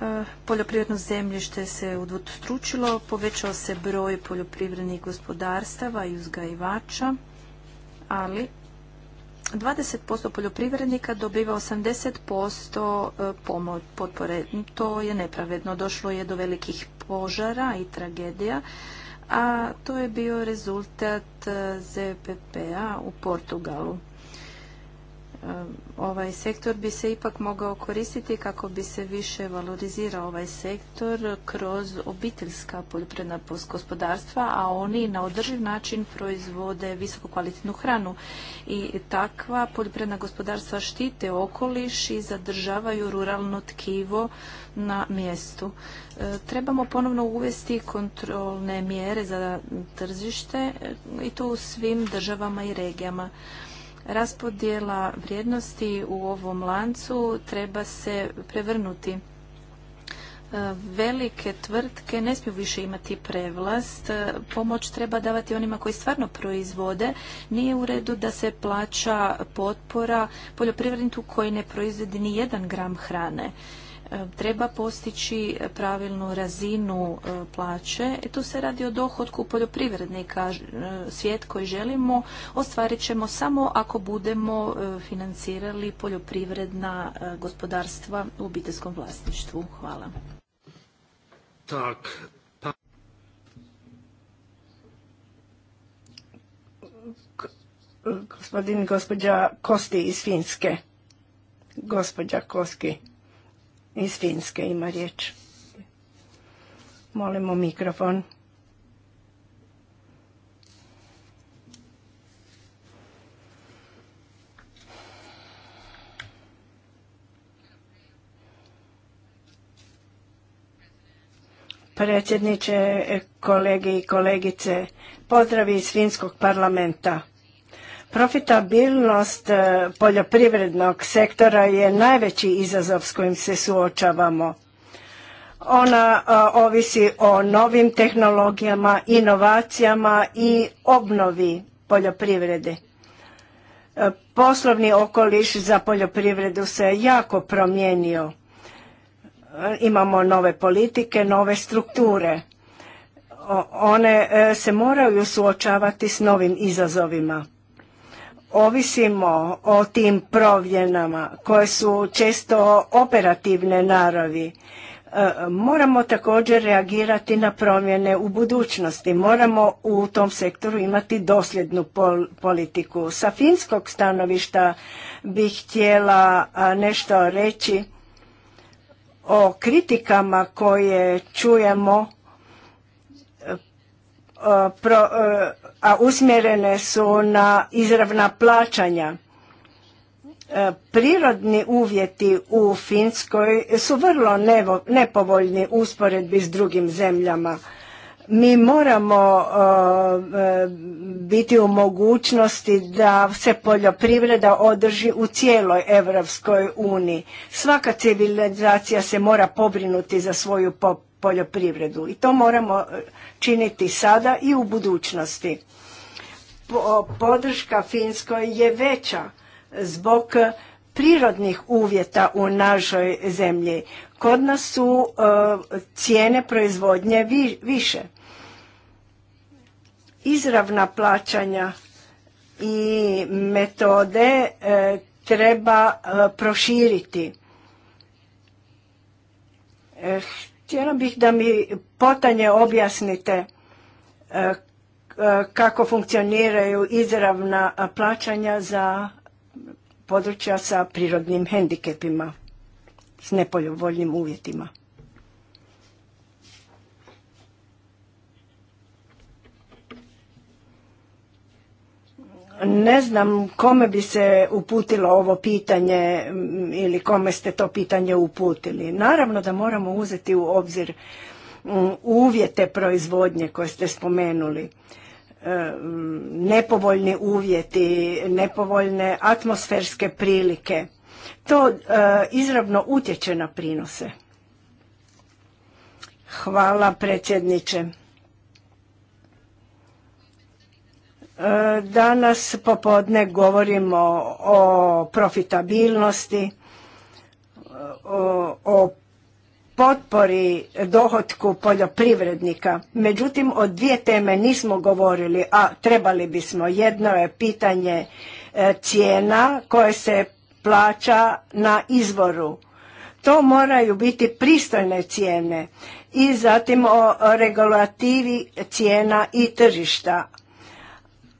E, poljoprivredno zemljište se udvostručilo, povećao se broj poljoprivrednih gospodarstava i uzgajivača, ali 20% poljoprivrednika dobiva 80% e, pomoć, potpore. To je nepravedno. Došlo je do velikih požara i tragedija, a to je bio rezultat e, ZPP-a u Portugalu. Um, ovaj sektor bi se ipak mogao koristiti kako bi se više valorizirao ovaj sektor kroz obiteljska poljoprivredna gospodarstva, a oni na održiv način proizvode kvalitetnu hranu. I takva poljoprivredna gospodarstva štite okoliš i zadržavaju ruralno tkivo na mjestu. E, trebamo ponovno uvesti kontrolne mjere za tržište e, i to u svim državama i regijama raspodjela vrijednosti u ovom lancu treba se prevrnuti. E, velike tvrtke ne smiju više imati prevlast. E, pomoć treba davati onima koji stvarno proizvode. Nije u redu da se plaća potpora poljoprivredniku koji ne proizvodi ni jedan gram hrane. E, treba postići pravilnu razinu e, plaće. e tu se radi o dohodku poljoprivrednika. E, svijet koji želimo ostvarit ćemo samo ako budemo financirali poljoprivredna gospodarstva u obiteljskom vlasništvu. Hvala. Tak. Pa- gospođa Kosti iz Finske. Gospođa Koski iz Finske ima riječ. Molimo mikrofon. Predsjedniče, kolege i kolegice, pozdravi iz Finskog parlamenta. Profitabilnost e, poljoprivrednog sektora je najveći izazov s kojim se suočavamo. Ona e, ovisi o novim tehnologijama, inovacijama i obnovi poljoprivrede. E, poslovni okoliš za poljoprivredu se jako promijenio. Imamo nove politike, nove strukture. One se moraju suočavati s novim izazovima ovisimo o tim provjenama koje su često operativne naravi. E, moramo također reagirati na promjene u budućnosti. Moramo u tom sektoru imati dosljednu politiku. Sa finskog stanovišta bih htjela nešto reći o kritikama koje čujemo e, e, a usmjerene su na izravna plaćanja. E, prirodni uvjeti u Finskoj su vrlo nepovoljni usporedbi s drugim zemljama. Mi moramo e, e, biti u mogućnosti da se poljoprivreda održi u cijeloj Europskoj uniji. Svaka civilizacija se mora pobrinuti za svoju poljoprivredu i to moramo e, činiti sada i u budućnosti. Podrška Finskoj je veća zbog prirodnih uvjeta u našoj zemlji. Kod nas su e, cijene proizvodnje više. Izravna plaćanja i metode e, treba proširiti. Htjela bih da mi potanje objasnite e, e, kako funkcioniraju izravna plaćanja za područja sa prirodnim hendikepima, s nepovoljnim uvjetima. Ne znam kome bi se uputilo ovo pitanje mm, ili kome ste to pitanje uputili. Naravno da moramo uzeti u obzir mm, uvjete proizvodnje koje ste spomenuli. E, mm, nepovoljni uvjeti, nepovoljne atmosferske prilike. To e, izravno utječe na prinose. Hvala predsjedniče. E, danas popodne govorimo o profitabilnosti, o, potpori dohotku poljoprivrednika. Međutim, o dvije teme nismo govorili, a trebali bismo. Jedno je pitanje e, cijena koje se plaća na izvoru. To moraju biti pristojne cijene i zatim o regulativi cijena i tržišta.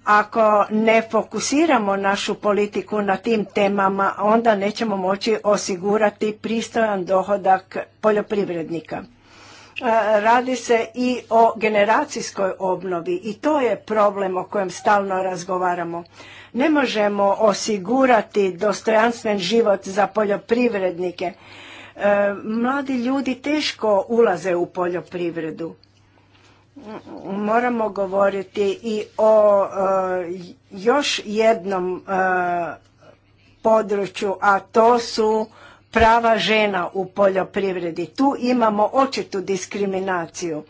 Ako ne fokusiramo našu politiku na tim temama, onda nećemo moći osigurati pristojan dohodak poljoprivrednika. E, radi se i o generacijskoj obnovi i to je problem o kojem stalno razgovaramo. Ne možemo osigurati dostojanstven život za poljoprivrednike. E, mladi ljudi teško ulaze u poljoprivredu moramo govoriti i o e, još jednom e, području, a to su prava žena u poljoprivredi. Tu imamo očitu diskriminaciju.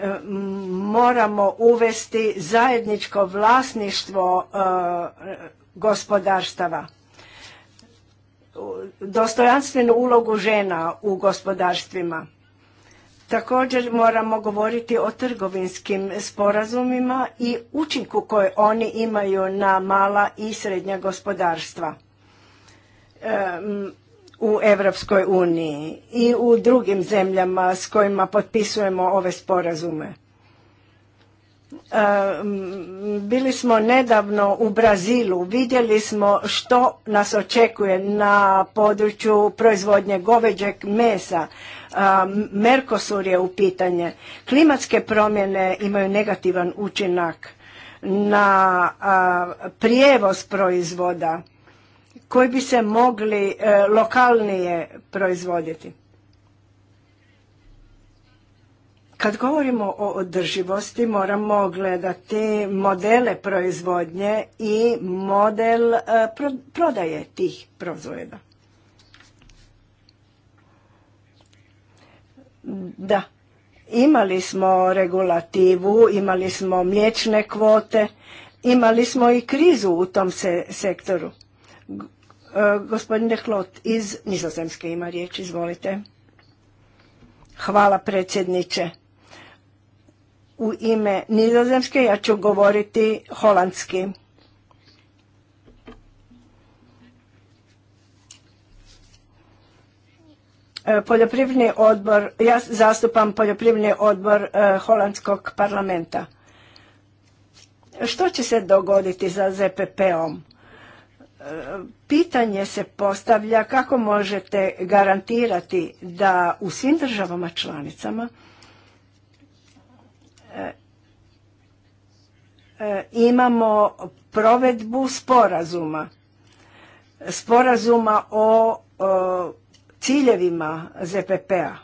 E, moramo uvesti zajedničko vlasništvo gospodarstava. Dostojanstvenu ulogu žena u gospodarstvima Također moramo govoriti o trgovinskim sporazumima i učinku koje oni imaju na mala i srednja gospodarstva u Europskoj uniji i u drugim zemljama s kojima potpisujemo ove sporazume. Bili smo nedavno u Brazilu, vidjeli smo što nas očekuje na području proizvodnje goveđeg mesa. Merkosur je u pitanje. Klimatske promjene imaju negativan učinak na prijevoz proizvoda koji bi se mogli e, lokalnije proizvoditi. Kad govorimo o održivosti moramo gledati modele proizvodnje i model e, prodaje tih proizvoda. Da, imali smo regulativu, imali smo mliječne kvote, imali smo i krizu u tom sektoru. E, gospodine Hlot iz Nizozemske ima riječ, izvolite. Hvala predsjedniče u ime nizozemske, ja ću govoriti holandski. E, poljoprivredni odbor, ja zastupam poljoprivredni odbor e, holandskog parlamenta. Što će se dogoditi za ZPP-om? E, pitanje se postavlja kako možete garantirati da u svim državama članicama E, imamo provedbu sporazuma. Sporazuma o, ciljevima ZPP-a.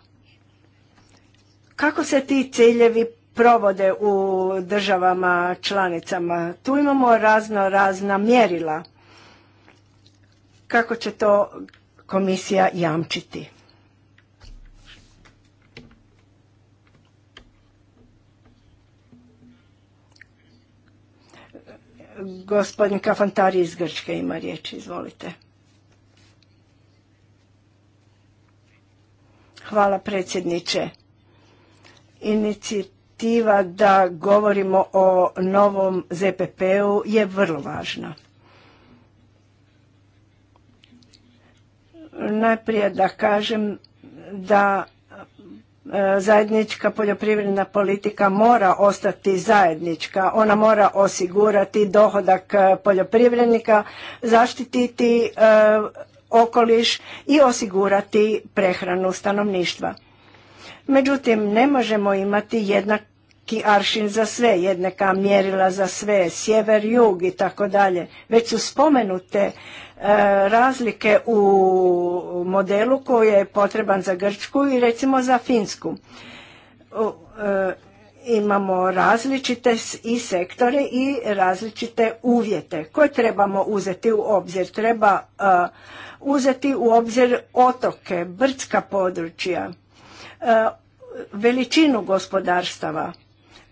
Kako se ti ciljevi provode u državama članicama? Tu imamo razno razna mjerila. Kako će to komisija jamčiti? Gospodin Kafantari iz Grčke ima riječ, izvolite. Hvala predsjedniče. Inicijativa da govorimo o novom ZPP-u je vrlo važna. Najprije da kažem da E, zajednička poljoprivredna politika mora ostati zajednička, ona mora osigurati dohodak e, poljoprivrednika, zaštititi e, okoliš i osigurati prehranu stanovništva. Međutim, ne možemo imati jednak aršin za sve, jednaka mjerila za sve, sjever, jug i tako dalje. Već su spomenute e, razlike u modelu koji je potreban za Grčku i recimo za Finsku. E, imamo različite i sektore i različite uvjete koje trebamo uzeti u obzir. Treba e, uzeti u obzir otoke, brdska područja, veličinu gospodarstava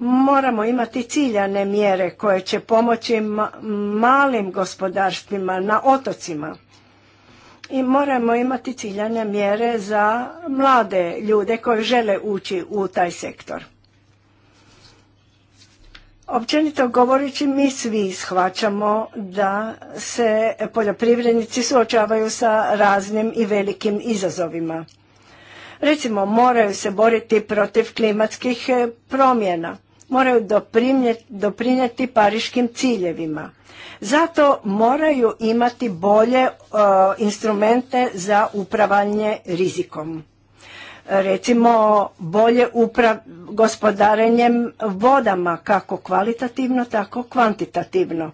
Moramo imati ciljane mjere koje će pomoći malim gospodarstvima na otocima. I moramo imati ciljane mjere za mlade ljude koji žele ući u taj sektor. Općenito govoreći mi svi shvaćamo da se poljoprivrednici suočavaju sa raznim i velikim izazovima. Recimo moraju se boriti protiv klimatskih eh, promjena moraju doprinijeti pariškim ciljevima. Zato moraju imati bolje e, instrumente za upravanje rizikom. Recimo bolje gospodarenjem vodama kako kvalitativno tako kvantitativno.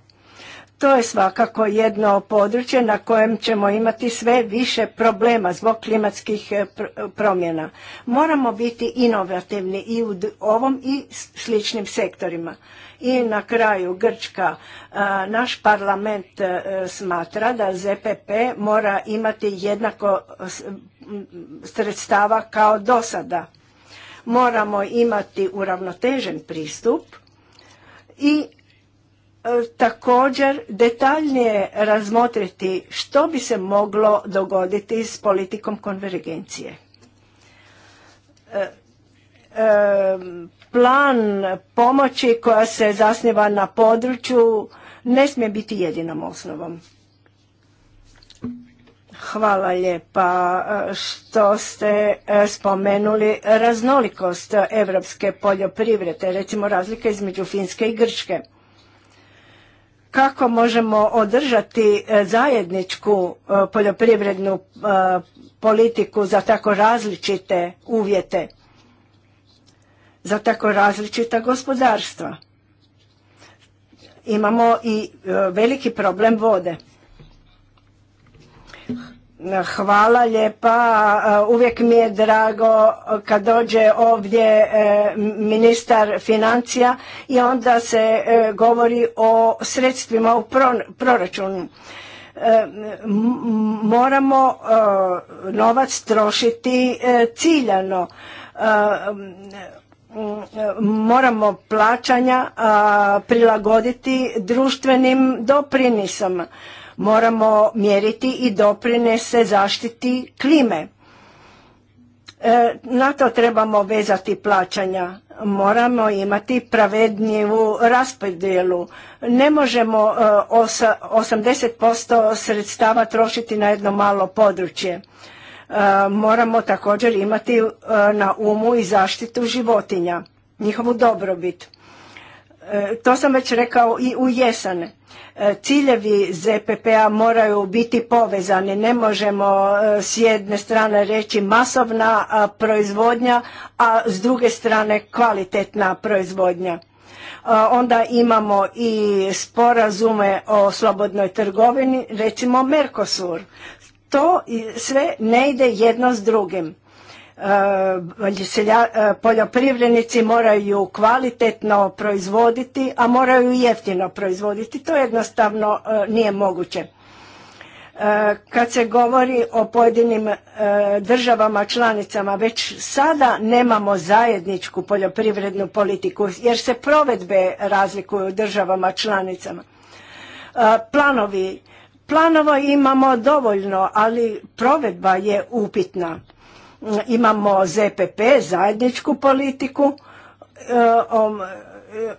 To je svakako jedno područje na kojem ćemo imati sve više problema zbog klimatskih e, promjena. Moramo biti inovativni i u ovom i sličnim sektorima. I na kraju Grčka, e, naš parlament e, smatra da ZPP mora imati jednako sredstava kao do sada. Moramo imati uravnotežen pristup i također detaljnije razmotriti što bi se moglo dogoditi s politikom konvergencije. E, e, plan pomoći koja se zasniva na području ne smije biti jedinom osnovom. Hvala lijepa e, što ste spomenuli raznolikost evropske poljoprivrede, recimo razlike između Finske i Grčke kako možemo održati e, zajedničku e, poljoprivrednu e, politiku za tako različite uvjete, za tako različita gospodarstva. Imamo i veliki problem vode. Hvala lijepa. Uvijek mi je drago kad dođe ovdje e, ministar financija i onda se e, govori o sredstvima u proračunu. E, moramo novac trošiti ciljano. Moramo plaćanja prilagoditi društvenim doprinisama Moramo mjeriti i doprinese zaštiti klime. E, na to trebamo vezati plaćanja. Moramo imati pravedniju raspodjelu. Ne možemo 80% e, sredstava trošiti na jedno malo područje. E, moramo također imati na umu i zaštitu životinja, njihovu dobrobit. E, to sam već rekao i u jesen. E, ciljevi ZPP-a moraju biti povezani. Ne možemo e, s jedne strane reći masovna proizvodnja, a s druge strane kvalitetna proizvodnja. Onda imamo i sporazume o slobodnoj trgovini, recimo Mercosur. To sve ne ide jedno s drugim E, e, poljoprivrednici moraju kvalitetno proizvoditi, a moraju jeftino proizvoditi. To jednostavno e, nije moguće. Kad se govori o pojedinim državama članicama, već sada nemamo zajedničku poljoprivrednu politiku jer se provedbe razlikuju državama članicama. Planovi, planova imamo dovoljno, ali provedba je upitna Imamo ZPP, zajedničku politiku. E, e,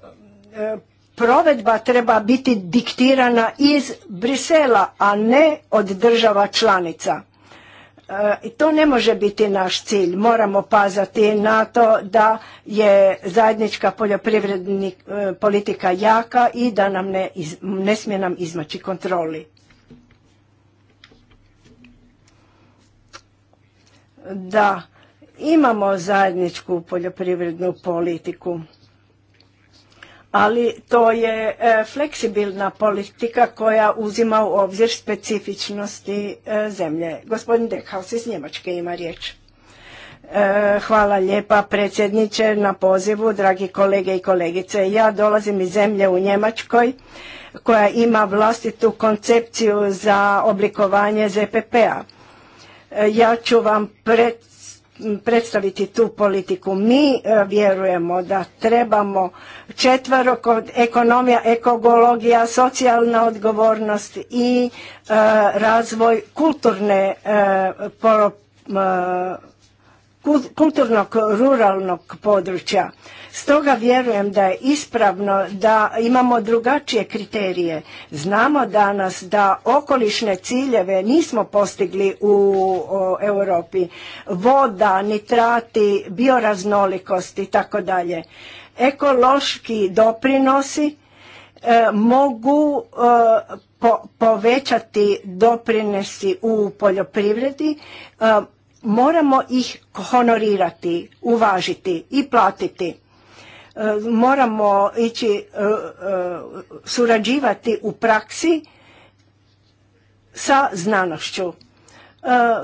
e, provedba treba biti diktirana iz Brisela, a ne od država članica. I to ne može biti naš cilj. Moramo pazati na to da je zajednička poljoprivredna politika jaka i da nam ne, ne smije nam izmaći kontroli. da imamo zajedničku poljoprivrednu politiku ali to je e, fleksibilna politika koja uzima u obzir specifičnosti e, zemlje. Gospodin Dekhaus iz Njemačke ima riječ. E, hvala lijepa predsjedniče na pozivu, dragi kolege i kolegice. Ja dolazim iz zemlje u Njemačkoj koja ima vlastitu koncepciju za oblikovanje ZPP-a E, ja ću vam predstaviti tu politiku. Mi e, vjerujemo da trebamo četvaro kod ekonomija, ekologija, socijalna odgovornost i e, razvoj kulturne politike kulturnog ruralnog područja. Stoga vjerujem da je ispravno da imamo drugačije kriterije. Znamo danas da okolišne ciljeve nismo postigli u Europi. Voda, nitrati, bioraznolikost i tako dalje. Ekološki doprinosi e, mogu e, povećati doprinesi u poljoprivredi, e, moramo ih honorirati, uvažiti i platiti. E, moramo ići e, e, surađivati u praksi sa znanošću.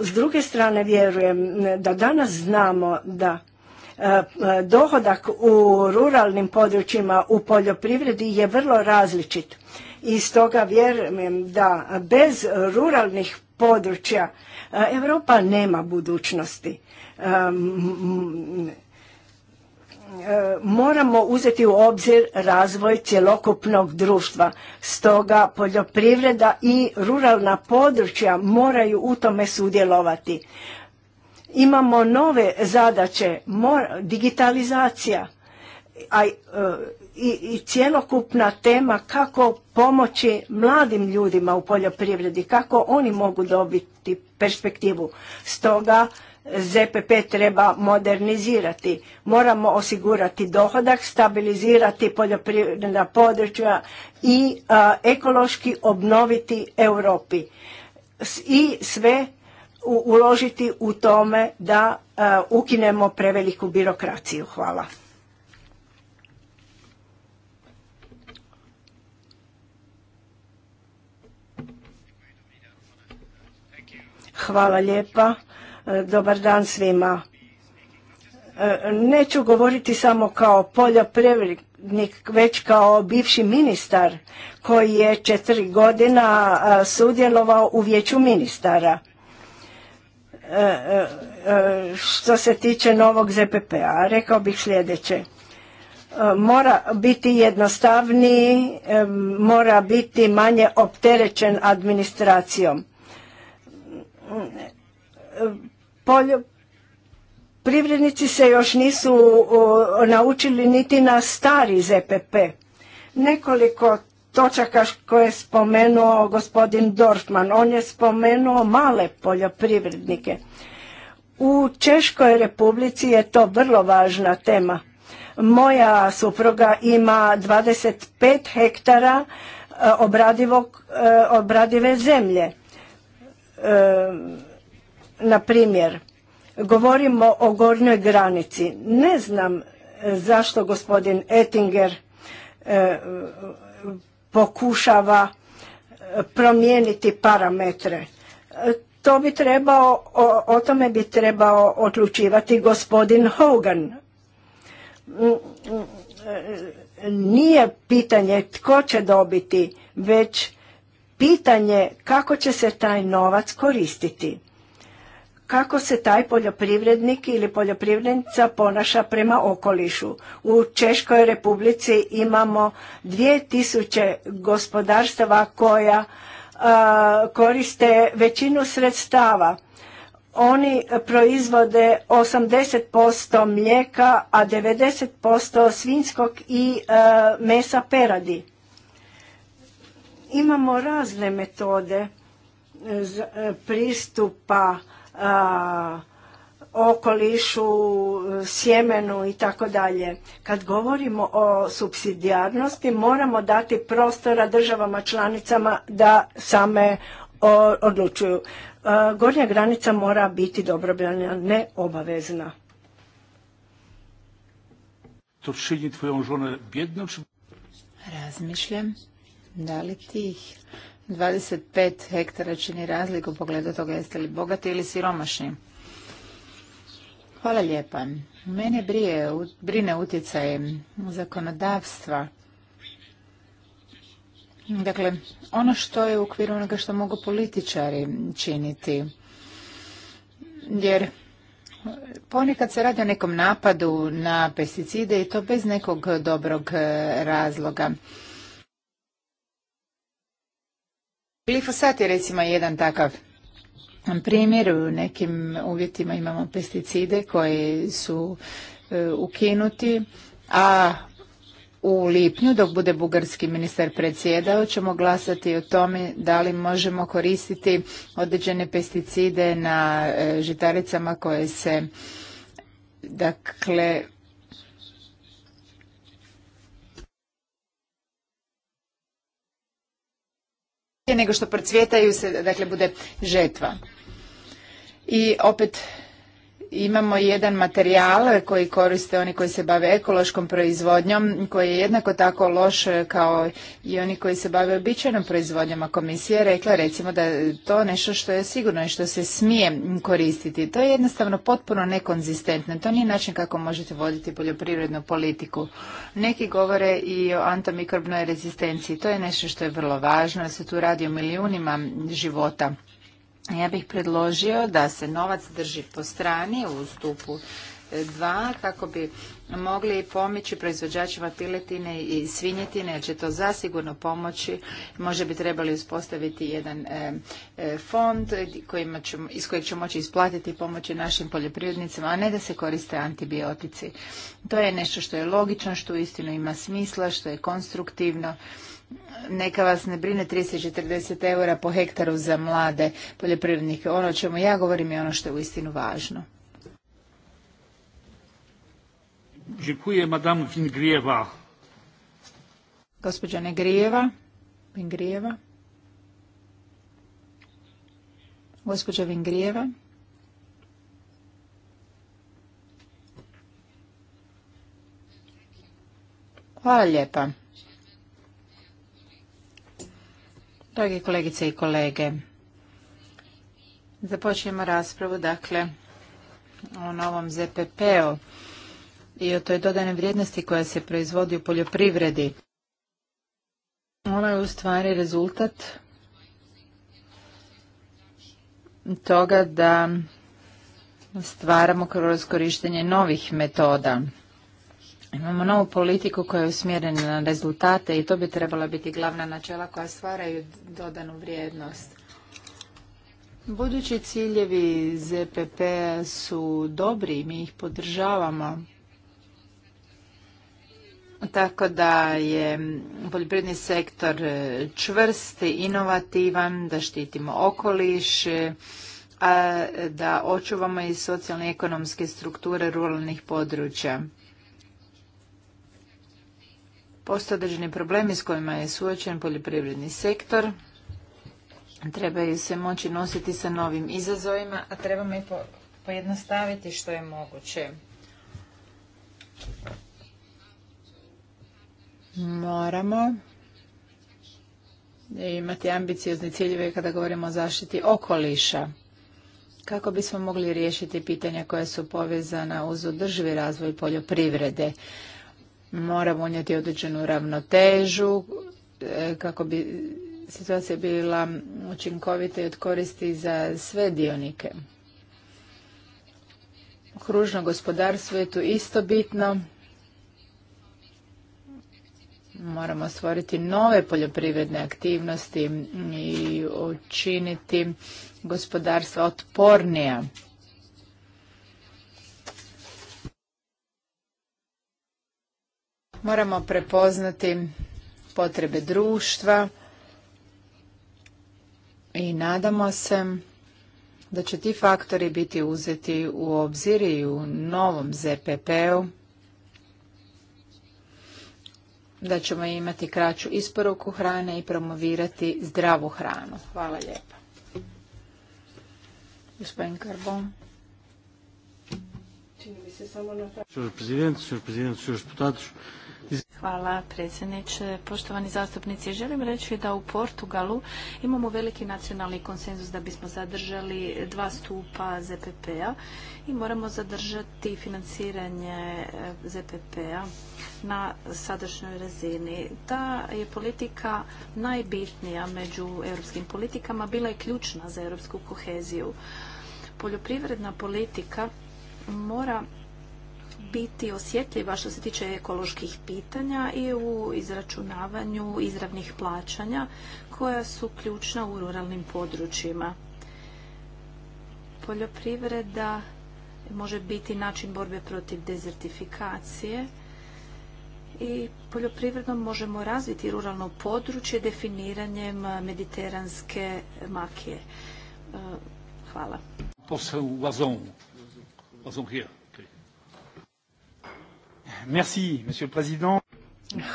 S druge strane vjerujem da danas znamo da dohodak u ruralnim područjima u poljoprivredi je vrlo različit. I stoga vjerujem da bez ruralnih područja Europa nema budućnosti. Moramo uzeti u obzir razvoj cjelokupnog društva. Stoga poljoprivreda i ruralna područja moraju u tome sudjelovati. Imamo nove zadaće, digitalizacija, a e, i, i cjelokupna tema kako pomoći mladim ljudima u poljoprivredi, kako oni mogu dobiti perspektivu. Stoga ZPP treba modernizirati. Moramo osigurati dohodak, stabilizirati poljoprivredna područja i ekološki obnoviti Europi. I sve uložiti u tome da ukinemo preveliku birokraciju. Hvala. Hvala lijepa. E, dobar dan svima. E, neću govoriti samo kao poljoprivrednik, već kao bivši ministar koji je četiri godina e, sudjelovao u vijeću ministara. Što se tiče novog ZPP-a, rekao bih sljedeće mora biti jednostavniji, mora biti manje opterećen administracijom. Poljoprivrednici se još nisu naučili niti na stari ZPP. Nekoliko točaka koje je spomenuo gospodin Dorfman. On je spomenuo male poljoprivrednike. U Češkoj republici je to vrlo važna tema. Moja supruga ima 25 hektara e, obradivog, e, obradive zemlje na primjer, govorimo o gornjoj granici. Ne znam e, zašto gospodin Ettinger e, pokušava e, promijeniti parametre. To bi trebao, o, o tome bi trebao odlučivati gospodin Hogan. Mm, mm, nije pitanje tko će dobiti, već pitanje kako će se taj novac koristiti. Kako se taj poljoprivrednik ili poljoprivrednica ponaša prema okolišu. U Češkoj republici imamo 2000 gospodarstava koja koriste većinu sredstava. Oni proizvode 80% mlijeka, a 90% svinskog i mesa peradi Imamo razne metode e, e, pristupa okolišu, sjemenu i tako dalje. Kad govorimo o subsidijarnosti moramo dati prostora državama članicama da same odlučuju. E, gornja granica mora biti dobrovoljna, ne obavezna. To čini tvojom Razmišljam da li tih 25 hektara čini razliku u pogledu toga jeste li bogati ili siromašni? Hvala lijepa. Mene brije, brine utjecaj zakonodavstva. Dakle, ono što je u okviru onoga što mogu političari činiti. Jer Ponekad se radi o nekom napadu na pesticide i to bez nekog dobrog razloga. Glifosat je recimo jedan takav primjer. U nekim uvjetima imamo pesticide koji su e, ukinuti, a u lipnju dok bude bugarski ministar predsjedao ćemo glasati o tome da li možemo koristiti određene pesticide na e, žitaricama koje se dakle nego što procvjetaju se, dakle, bude žetva. I opet imamo jedan materijal koji koriste oni koji se bave ekološkom proizvodnjom, koji je jednako tako loš kao i oni koji se bave običajnom proizvodnjom. A komisija je rekla recimo da to nešto što je sigurno i što se smije koristiti. To je jednostavno potpuno nekonzistentno. To nije način kako možete voditi poljoprivrednu politiku. Neki govore i o antomikrobnoj rezistenciji. To je nešto što je vrlo važno. Se tu radi o milijunima života ja bih predložio da se novac drži po strani u stupu 2 kako bi mogli pomoći proizvođačima piletine i svinjetine, jer će to zasigurno pomoći. Može bi trebali uspostaviti jedan e, e, fond iz kojeg ćemo moći isplatiti pomoći našim poljoprivrednicima, a ne da se koriste antibiotici. To je nešto što je logično, što uistinu ima smisla, što je konstruktivno neka vas ne brine 340 eura po hektaru za mlade poljoprivrednike. Ono o čemu ja govorim je ono što je uistinu važno. Dziękuję, madame Vingrijeva. Gospođa Vingrijeva. Gospođa Vingrijeva. Hvala lijepa. Dragi kolegice i kolege, započnemo raspravu dakle o novom ZPP-u i o toj dodane vrijednosti koja se proizvodi u poljoprivredi. ona je u stvari rezultat toga da stvaramo kroz korištenje novih metoda. Imamo novu politiku koja je usmjerena na rezultate i to bi trebala biti glavna načela koja stvaraju dodanu vrijednost. Budući ciljevi ZPP p-a su dobri i mi ih podržavamo. Tako da je poljoprivredni sektor e, čvrst, inovativan, da štitimo okoliš, e, a da očuvamo i socijalne i ekonomske strukture ruralnih područja. Postoje određeni problemi s kojima je suočen poljoprivredni sektor. Trebaju se moći nositi sa novim izazovima, a trebamo i pojednostaviti što je moguće moramo imati ambiciozne ciljeve kada govorimo o zaštiti okoliša kako bismo mogli riješiti pitanja koja su povezana uz održivi razvoj poljoprivrede. Moramo unijeti određenu ravnotežu e, kako bi situacija bila učinkovita i od koristi za sve dionike. Kružno gospodarstvo je tu isto bitno moramo stvoriti nove poljoprivredne aktivnosti i učiniti gospodarstva otpornija. Moramo prepoznati potrebe društva i nadamo se da će ti faktori biti uzeti u obzir i u novom ZPP-u da ćemo imati kraću isporuku hrane i promovirati zdravu hranu. Hvala lijepa. Gospodin Karbon. Hvala predsjedniče. Poštovani zastupnici, želim reći da u Portugalu imamo veliki nacionalni konsenzus da bismo zadržali dva stupa ZPP-a i moramo zadržati financiranje eh, ZPP-a na sadašnjoj razini. Ta je politika najbitnija među europskim politikama, bila je ključna za europsku koheziju. Poljoprivredna politika mora biti osjetljiva što se tiče ekoloških pitanja i u izračunavanju izravnih plaćanja koja su ključna u ruralnim područjima. Poljoprivreda može biti način borbe protiv dezertifikacije i poljoprivredom možemo razviti ruralno područje definiranjem e, mediteranske makije. E, hvala.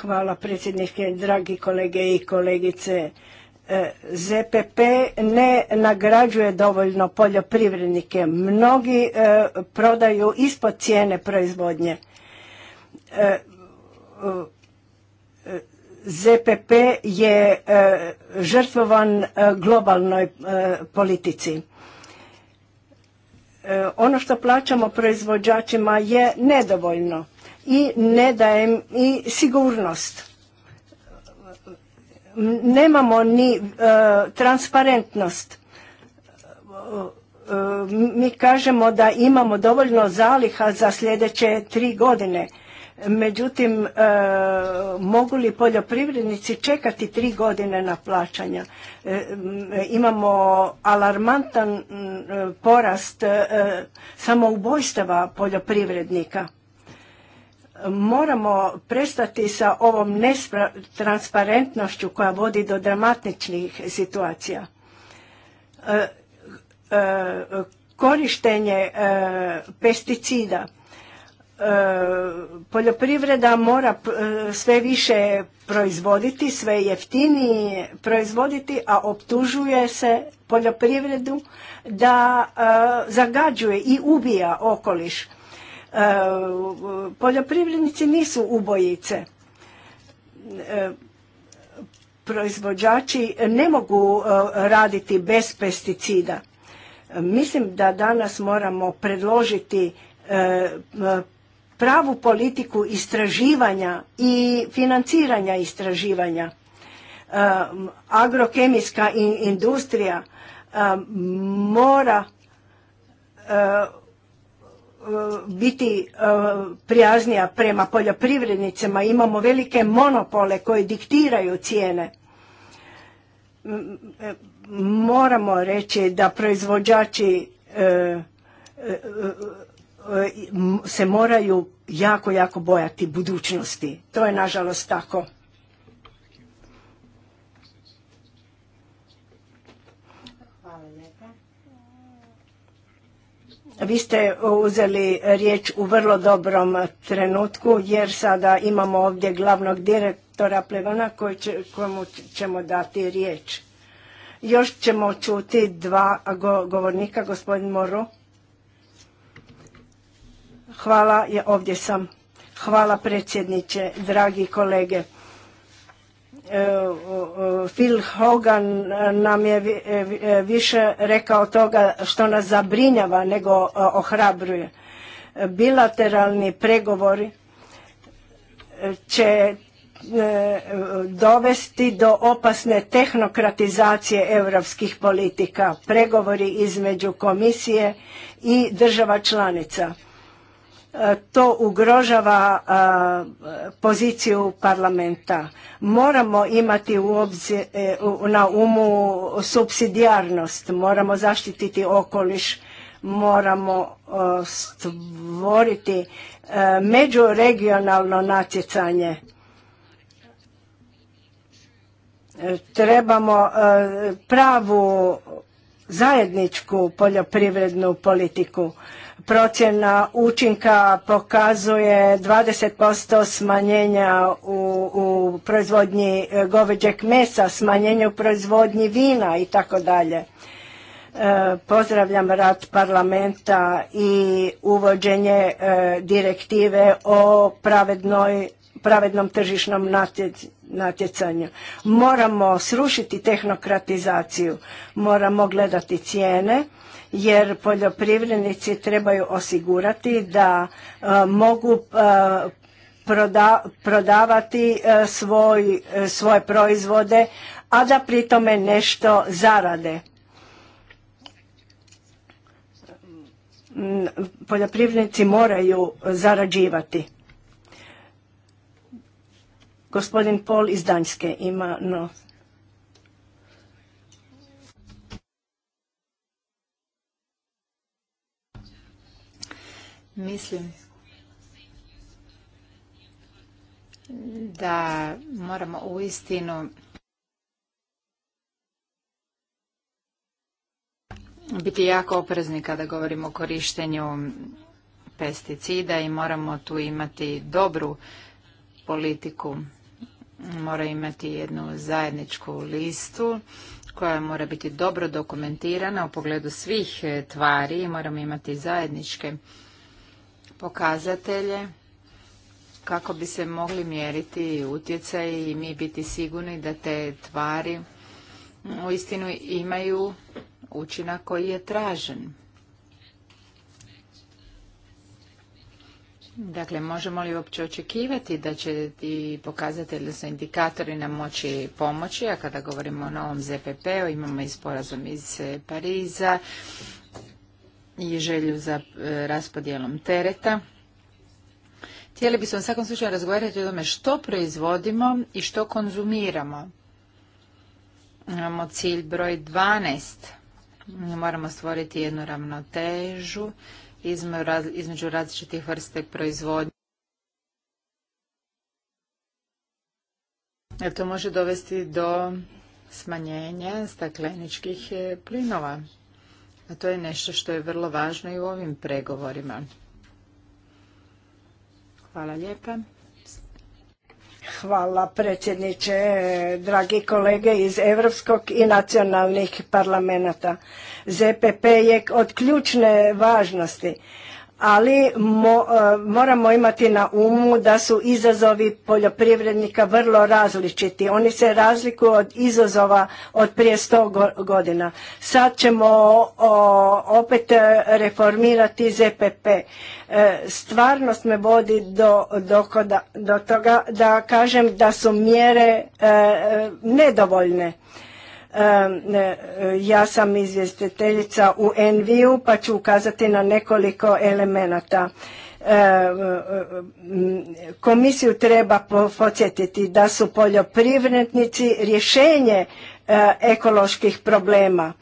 Hvala predsjednike, dragi kolege i kolegice. E, ZPP ne nagrađuje dovoljno poljoprivrednike. Mnogi prodaju ispod cijene proizvodnje. ZPP je e, žrtvovan e, globalnoj e, politici. Ono što plaćamo proizvođačima je nedovoljno i ne dajem i sigurnost. Nemamo ni transparentnost mi kažemo da imamo dovoljno zaliha za sljedeće tri godine. Međutim, e, mogu li poljoprivrednici čekati tri godine na plaćanja? E, imamo alarmantan porast e, samoubojstava poljoprivrednika. Moramo prestati sa ovom netransparentnošću koja vodi do dramatičnih situacija. Korištenje pesticida E, poljoprivreda mora e, sve više proizvoditi, sve jeftinije proizvoditi, a optužuje se poljoprivredu da e, zagađuje i ubija okoliš. Poljoprivrednici nisu ubojice. Proizvođači ne mogu raditi bez pesticida. Mislim da danas moramo predložiti pravu politiku istraživanja i financiranja istraživanja. E, agrokemijska industrija e, mora e, biti prijaznija prema poljoprivrednicima. Imamo velike monopole koje diktiraju cijene. Moramo reći da proizvođači E, se moraju jako, jako bojati budućnosti. To je nažalost tako. Vi ste uzeli riječ u vrlo dobrom trenutku jer sada imamo ovdje glavnog direktora Plevana koji kojemu ćemo dati riječ. Još ćemo čuti dva govornika, gospodin Moru. Hvala, ja ovdje sam. Hvala predsjedniče, dragi kolege. E, Phil Hogan nam je e, e, više rekao toga što nas zabrinjava nego ohrabruje. Bilateralni pregovori će dovesti do opasne tehnokratizacije europskih politika, pregovori između komisije i država članica to ugrožava poziciju parlamenta. Moramo imati u obzir, e, na umu subsidijarnost, moramo zaštititi okoliš, moramo stvoriti e, međuregionalno natjecanje. E, trebamo pravu zajedničku poljoprivrednu politiku procjena učinka pokazuje 20% smanjenja u, proizvodnji e, goveđeg mesa, smanjenje u proizvodnji vina i tako dalje. E, pozdravljam rad parlamenta i uvođenje e, direktive o pravednoj, pravednom tržišnom natjecanju. Moramo srušiti tehnokratizaciju, moramo gledati cijene, jer poljoprivrednici trebaju osigurati da e, mogu e, prodavati e, svoje proizvode, a da pri tome nešto zarade. Mm, poljoprivrednici moraju zarađivati. Gospodin Pol iz Danjske ima no, Mislim da moramo u istinu biti jako oprezni kada govorimo o korištenju pesticida i moramo tu imati dobru politiku. Mora imati jednu zajedničku listu koja mora biti dobro dokumentirana u pogledu svih tvari. i Moramo imati zajedničke pokazatelje kako bi se mogli mjeriti utjecaj i mi biti sigurni da te tvari uistinu imaju učinak koji je tražen. Dakle, možemo li uopće očekivati da će ti pokazatelji, sa indikatori nam moći pomoći, a kada govorimo o novom ZPP-u, imamo i sporazum iz Pariza, i želju za e, raspodjelom tereta. Htjeli bismo u svakom slučaju razgovarati o tome što proizvodimo i što konzumiramo. Imamo cilj broj 12. Moramo stvoriti jednu ravnotežu između različitih vrste proizvodnje. to može dovesti do smanjenja stakleničkih e, plinova. A to je nešto što je vrlo važno i u ovim pregovorima. Hvala lijepa. Hvala predsjedniče, dragi kolege iz Europskog i nacionalnih parlamenta. ZPP je od ključne važnosti ali e, moramo imati na umu da su izazovi poljoprivrednika vrlo različiti. Oni se razlikuju od izazova od prije sto godina. Sad ćemo o, opet reformirati ZPP. E, stvarnost me vodi do, do, do toga da kažem da su mjere e, nedovoljne. Ja sam izvjestiteljica u Enviju pa ću ukazati na nekoliko elemenata. Mm, komisiju treba podsjetiti da su poljoprivrednici rješenje eh, ekoloških problema.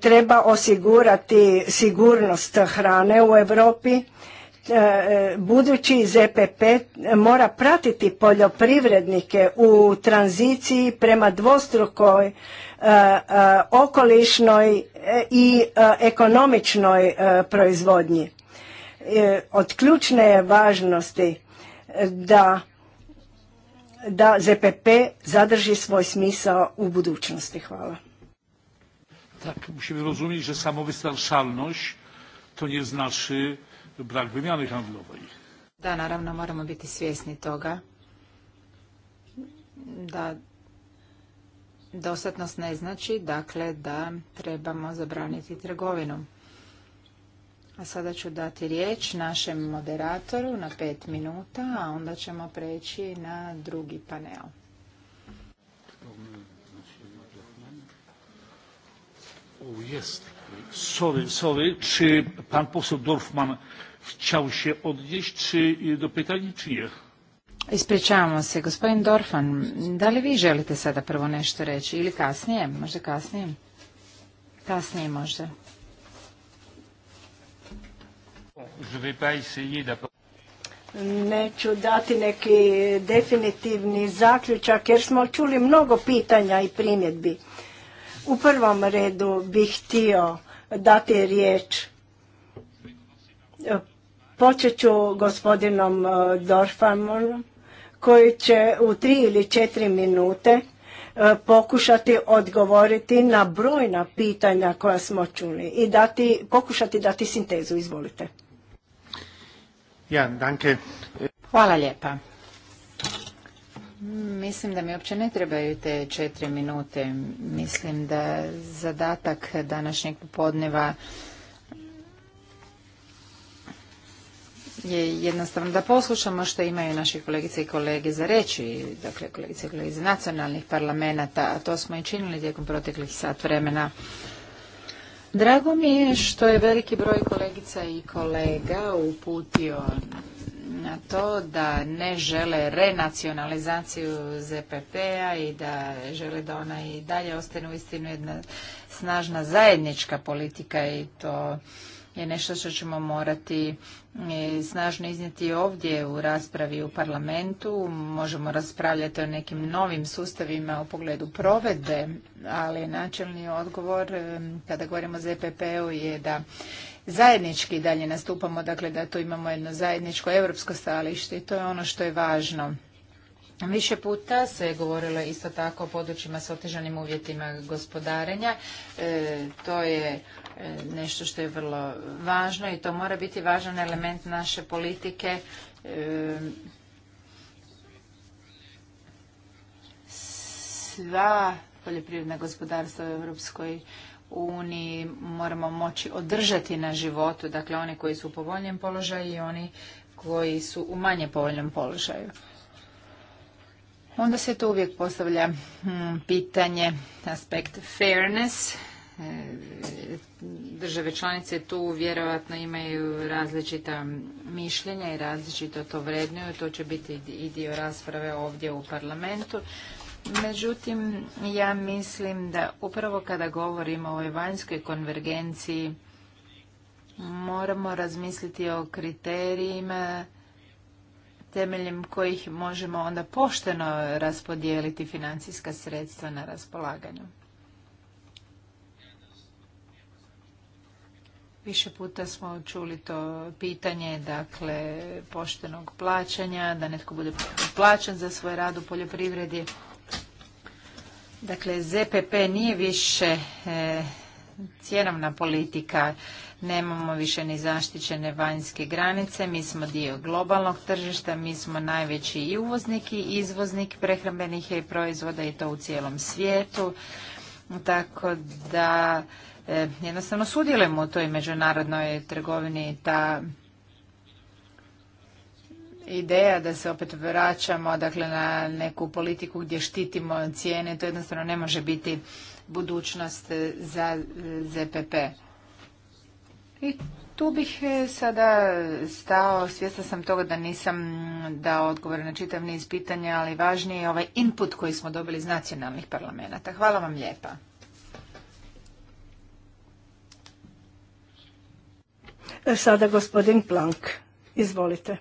Treba osigurati sigurnost hrane u Europi E, budući ZPP mora pratiti poljoprivrednike u tranziciji prema dvostrukoj e, e, okolišnoj i ekonomičnoj proizvodnji. Od ključne je važnosti da, da ZPP zadrži svoj smisao u budućnosti. Hvala. Tak, musimy rozumieć, że samowystarczalność to nie znaczy da, naravno moramo biti svjesni toga da dostatnost ne znači dakle da trebamo zabraniti trgovinu. A sada ću dati riječ našem moderatoru na pet minuta, a onda ćemo preći na drugi panel. O, jest. Sorry, sorry. Czy pan Dorfman chciał się odnieść czy do pytań, czy nie? Ispričavamo se, gospodin Dorfan, da li vi želite sada prvo nešto reći ili kasnije, možda kasnije? Kasnije možda. Neću dati neki definitivni zaključak jer smo čuli mnogo pitanja i primjedbi. U prvom redu bih htio dati riječ Počet ću gospodinom e, Dorfamonom koji će u tri ili četiri minute e, pokušati odgovoriti na brojna pitanja koja smo čuli i dati, pokušati dati sintezu. Izvolite. Ja, danke. Hvala lijepa. Mislim da mi uopće ne trebaju te četiri minute. Mislim da zadatak današnjeg popodneva je jednostavno da poslušamo što imaju naši kolegice i kolege za reći, dakle kolegice i iz nacionalnih parlamenta, a to smo i činili tijekom proteklih sat vremena. Drago mi je što je veliki broj kolegica i kolega uputio na to da ne žele renacionalizaciju ZPP-a i da žele da ona i dalje ostane u istinu jedna snažna zajednička politika i to je nešto što ćemo morati e, snažno iznijeti ovdje u raspravi u parlamentu. Možemo raspravljati o nekim novim sustavima u pogledu provedbe, ali načelni odgovor e, kada govorimo o ZPP-u je da zajednički dalje nastupamo, dakle da tu imamo jedno zajedničko europsko stajalište i to je ono što je važno. Više puta se govorilo isto tako o područjima s otežanim uvjetima gospodarenja. E, to je E, nešto što je vrlo važno i to mora biti važan element naše politike e, sva poljoprivredna gospodarstva u Europskoj uniji moramo moći održati na životu, dakle oni koji su u povoljnijem položaju i oni koji su u manje povoljnom položaju. Onda se tu uvijek postavlja mm, pitanje aspekt fairness, države članice tu vjerojatno imaju različita mišljenja i različito to vrednuju. To će biti i dio rasprave ovdje u parlamentu. Međutim, ja mislim da upravo kada govorimo o ovoj vanjskoj konvergenciji moramo razmisliti o kriterijima temeljem kojih možemo onda pošteno raspodijeliti financijska sredstva na raspolaganju. Više puta smo čuli to pitanje, dakle, poštenog plaćanja, da netko bude plaćan za svoj rad u poljoprivredi. Dakle, ZPP nije više e, cjenovna politika, nemamo više ni zaštićene vanjske granice, mi smo dio globalnog tržišta, mi smo najveći i uvoznik i izvoznik prehrambenih proizvoda i to u cijelom svijetu. Tako da E, jednostavno sudjelujemo u toj međunarodnoj trgovini ta ideja da se opet vraćamo dakle na neku politiku gdje štitimo cijene to jednostavno ne može biti budućnost za ZPP i tu bih e, sada stao, svjesna sam toga da nisam dao odgovor na čitav niz pitanja, ali važniji je ovaj input koji smo dobili iz nacionalnih parlamenta. Hvala vam lijepa. E, sada gospodin Plank. Izvolite.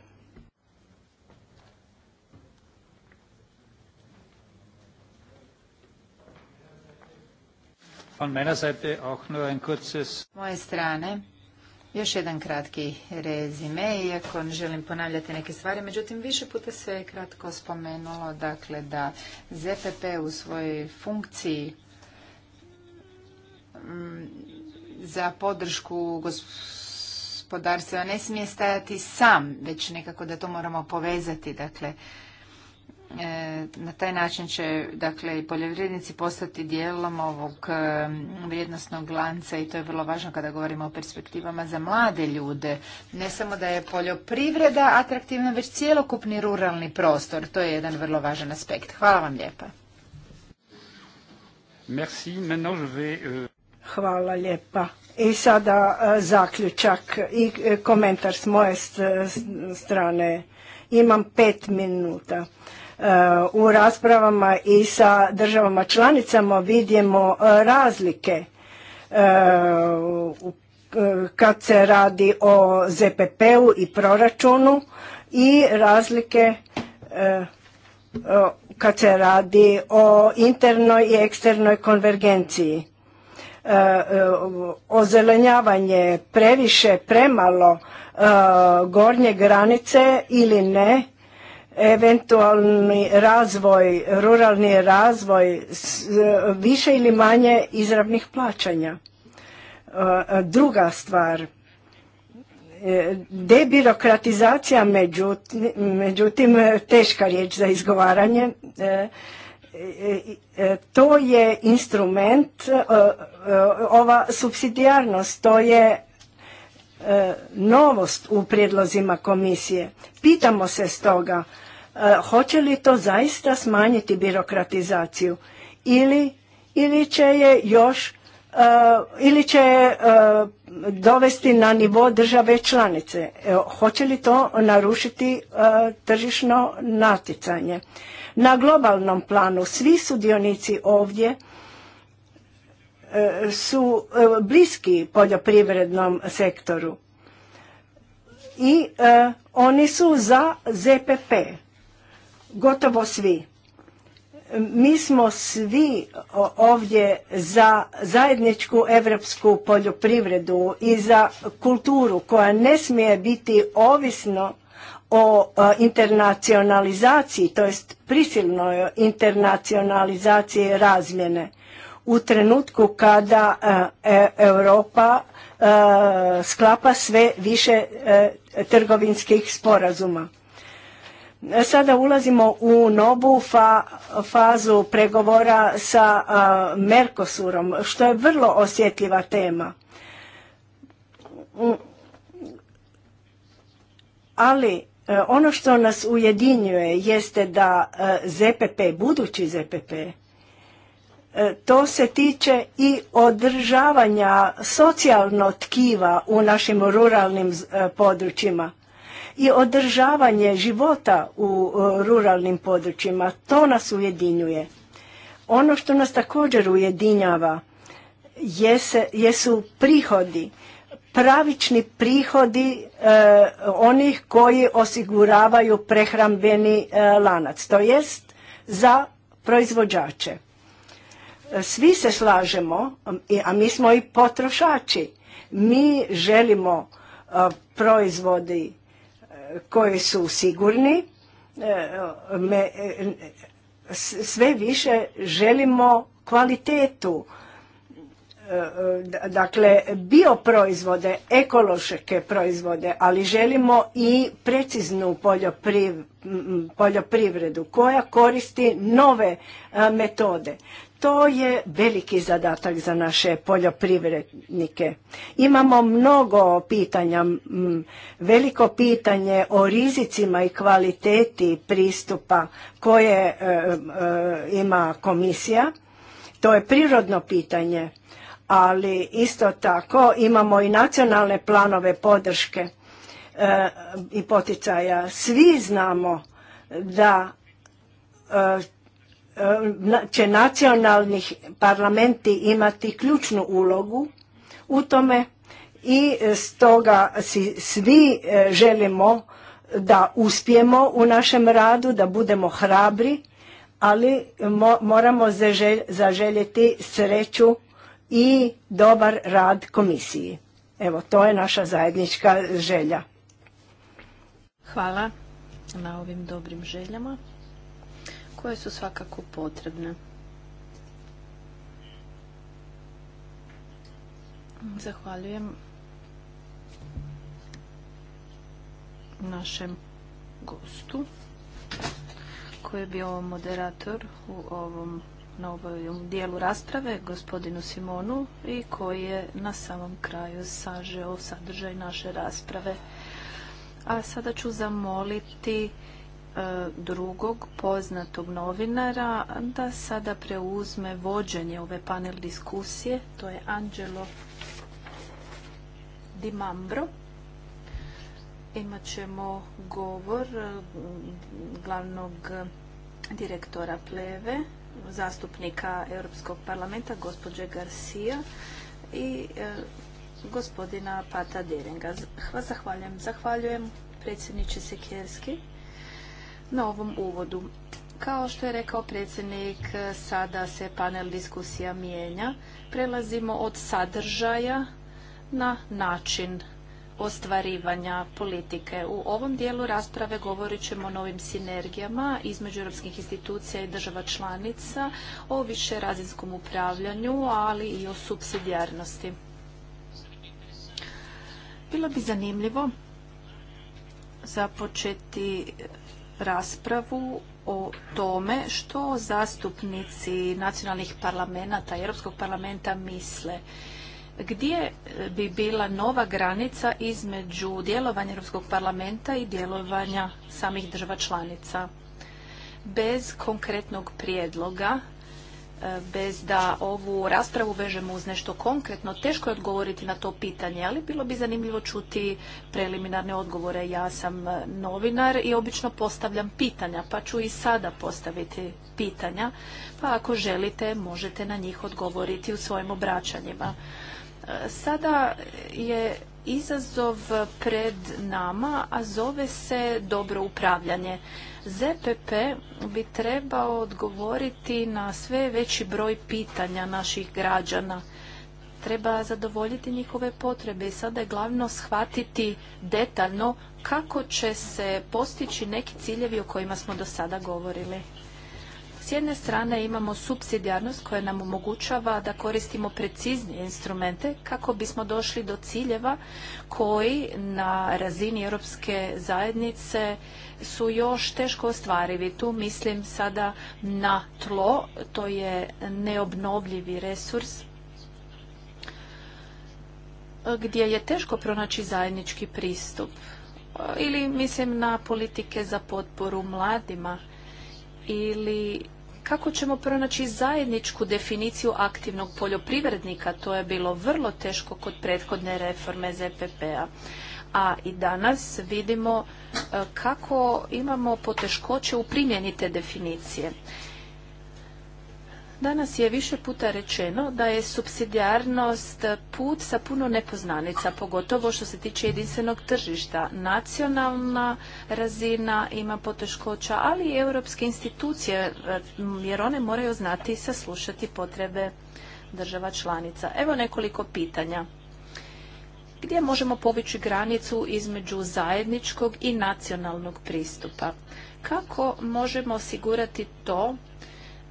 Moje strane, još jedan kratki rezime, iako ne želim ponavljati neke stvari, međutim više puta se je kratko spomenulo dakle, da ZPP u svojoj funkciji mm, za podršku gospodinu gospodarstva ne smije stajati sam, već nekako da to moramo povezati. Dakle, e, na taj način će dakle i poljoprivrednici postati dijelom ovog e, vrijednosnog lanca i to je vrlo važno kada govorimo o perspektivama za mlade ljude. Ne samo da je poljoprivreda atraktivna, već cjelokupni ruralni prostor. To je jedan vrlo važan aspekt. Hvala vam lijepa. Merci. Maintenant je euh, Hvala lijepa. I sada e, zaključak i e, komentar s moje e, strane. Imam pet minuta. U raspravama i sa državama članicama vidimo razlike kad se radi o ZPP-u i proračunu i razlike kad se radi o internoj i eksternoj konvergenciji E, e, ozelenjavanje previše, premalo e, gornje granice ili ne, eventualni razvoj, ruralni razvoj više ili manje izravnih plaćanja. Druga stvar, debirokratizacija međutim, teška riječ za izgovaranje, E, e, e, to je instrument, ova subsidijarnost, to je novost u prijedlozima komisije. Pitamo se stoga, hoće li to zaista smanjiti birokratizaciju ili, ili će je još ili će je dovesti na nivo države članice. Hoće li to narušiti tržišno natjecanje? na globalnom planu. Svi sudionici ovdje e, su e, bliski poljoprivrednom sektoru i e, oni su za ZPP, gotovo svi. Mi smo svi ovdje za zajedničku evropsku poljoprivredu i za kulturu koja ne smije biti ovisno o internacionalizaciji, to jest prisilnoj internacionalizaciji razmjene u trenutku kada e, Europa sklapa sve više e, trgovinskih sporazuma. Sada ulazimo u novu fa fazu pregovora sa Mercosurom, što je vrlo osjetljiva tema. Mm. Ali E, ono što nas ujedinjuje jeste da e, ZPP, budući ZPP, e, to se tiče i održavanja socijalno tkiva u našim ruralnim područjima i održavanje života u ruralnim područjima. To nas ujedinjuje. Ono što nas također ujedinjava jesu prihodi pravični prihodi e, onih koji osiguravaju prehrambeni e, lanac, to jest za proizvođače. E, svi se slažemo, a mi smo i potrošači, mi želimo proizvodi koji su sigurni, me, sve više želimo kvalitetu E, dakle bioproizvode, ekološke proizvode, ali želimo i preciznu poljoprivredu koja koristi nove e, metode. To je veliki zadatak za naše poljoprivrednike. Imamo mnogo pitanja, veliko pitanje o rizicima i kvaliteti pristupa koje e, ima komisija. To je prirodno pitanje ali isto tako imamo i nacionalne planove podrške e, i poticaja. Svi znamo da e, e, će nacionalnih parlamenti imati ključnu ulogu u tome i stoga si svi želimo da uspijemo u našem radu, da budemo hrabri, ali moramo zaželjeti sreću i dobar rad komisiji. Evo, to je naša zajednička želja. Hvala na ovim dobrim željama koje su svakako potrebne. Zahvaljujem našem gostu koji je bio moderator u ovom na ovom dijelu rasprave, gospodinu Simonu, i koji je na samom kraju sažeo sadržaj naše rasprave. A sada ću zamoliti e, drugog poznatog novinara da sada preuzme vođenje ove panel diskusije. To je Di Mambro. Imat ćemo govor glavnog direktora Pleve zastupnika Europskog parlamenta, gospođe Garcia i e, gospodina Pata Deringa. Zahvaljujem. Zahvaljujem predsjedniče Sekjerski na ovom uvodu. Kao što je rekao predsjednik, e, sada se panel diskusija mijenja. Prelazimo od sadržaja na način ostvarivanja politike. U ovom dijelu rasprave govorit ćemo o novim sinergijama između europskih institucija i država članica, o više razinskom upravljanju, ali i o subsidijarnosti. Bilo bi zanimljivo započeti raspravu o tome što zastupnici nacionalnih parlamenta, Europskog parlamenta misle gdje e, bi bila nova granica između djelovanja Europskog parlamenta i djelovanja samih država članica. Bez konkretnog prijedloga, e, bez da ovu raspravu vežemo uz nešto konkretno, teško je odgovoriti na to pitanje, ali bilo bi zanimljivo čuti preliminarne odgovore. Ja sam e, novinar i obično postavljam pitanja, pa ću i sada postaviti pitanja, pa ako želite možete na njih odgovoriti u svojim obraćanjima. Sada je izazov pred nama, a zove se dobro upravljanje. ZPP bi trebao odgovoriti na sve veći broj pitanja naših građana. Treba zadovoljiti njihove potrebe i sada je glavno shvatiti detaljno kako će se postići neki ciljevi o kojima smo do sada govorili. S jedne strane imamo subsidijarnost koja nam omogućava da koristimo preciznije instrumente kako bismo došli do ciljeva koji na razini Europske zajednice su još teško ostvarivi. Tu mislim sada na tlo, to je neobnovljivi resurs gdje je teško pronaći zajednički pristup. Ili mislim na politike za potporu mladima ili kako ćemo pronaći zajedničku definiciju aktivnog poljoprivrednika. To je bilo vrlo teško kod prethodne reforme ZPP-a. A i danas vidimo e, kako imamo poteškoće u primjeni te definicije. Danas je više puta rečeno da je subsidijarnost put sa puno nepoznanica, pogotovo što se tiče jedinstvenog tržišta. Nacionalna razina ima poteškoća, ali i europske institucije, jer one moraju znati i saslušati potrebe država članica. Evo nekoliko pitanja. Gdje možemo povići granicu između zajedničkog i nacionalnog pristupa? Kako možemo osigurati to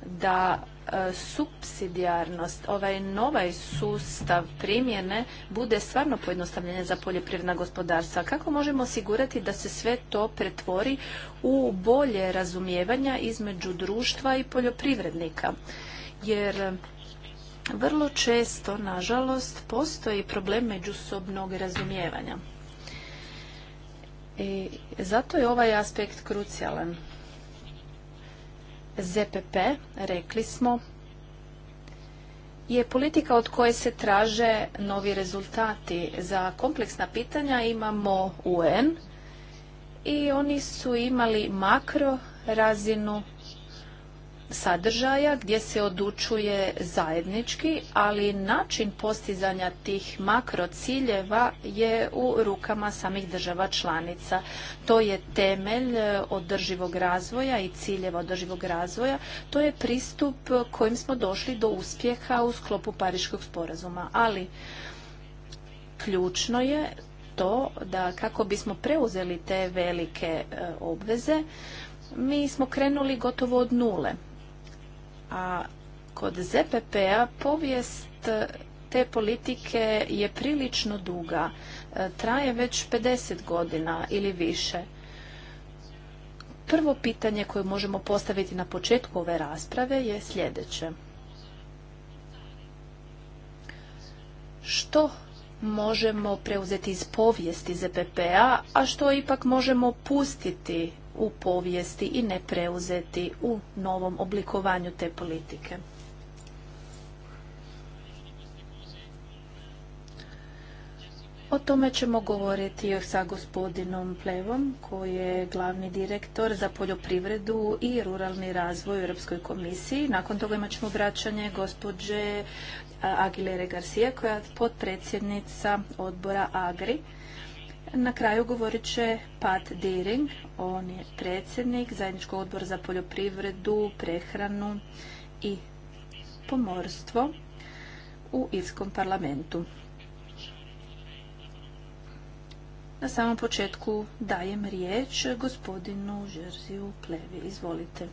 da E, subsidijarnost, ovaj novaj sustav primjene bude stvarno pojednostavljenje za poljoprivredna gospodarstva. Kako možemo osigurati da se sve to pretvori u bolje razumijevanja između društva i poljoprivrednika? Jer vrlo često, nažalost, postoji problem međusobnog razumijevanja. I zato je ovaj aspekt krucijalan. ZPP, rekli smo, je politika od koje se traže novi rezultati. Za kompleksna pitanja imamo UN i oni su imali makro razinu sadržaja gdje se odučuje zajednički, ali način postizanja tih makro ciljeva je u rukama samih država članica. To je temelj e, održivog razvoja i ciljeva održivog razvoja. To je pristup kojim smo došli do uspjeha u sklopu Pariškog sporazuma. Ali ključno je to da kako bismo preuzeli te velike e, obveze, mi smo krenuli gotovo od nule. A kod ZPP-a povijest e, te politike je prilično duga. E, traje već 50 godina ili više. Prvo pitanje koje možemo postaviti na početku ove rasprave je sljedeće. Što možemo preuzeti iz povijesti ZPP-a, a što ipak možemo pustiti u povijesti i ne preuzeti u novom oblikovanju te politike. O tome ćemo govoriti sa gospodinom Plevom, koji je glavni direktor za poljoprivredu i ruralni razvoj Europskoj komisiji. Nakon toga imat ćemo vraćanje gospođe Agilere Garcia, koja je potpredsjednica odbora AGRI na kraju govorit će Pat Dering on je predsjednik Zajedničkog odbora za poljoprivredu, prehranu i pomorstvo u Irskom parlamentu. Na samom početku dajem riječ gospodinu Žerziju Plevi. Izvolite.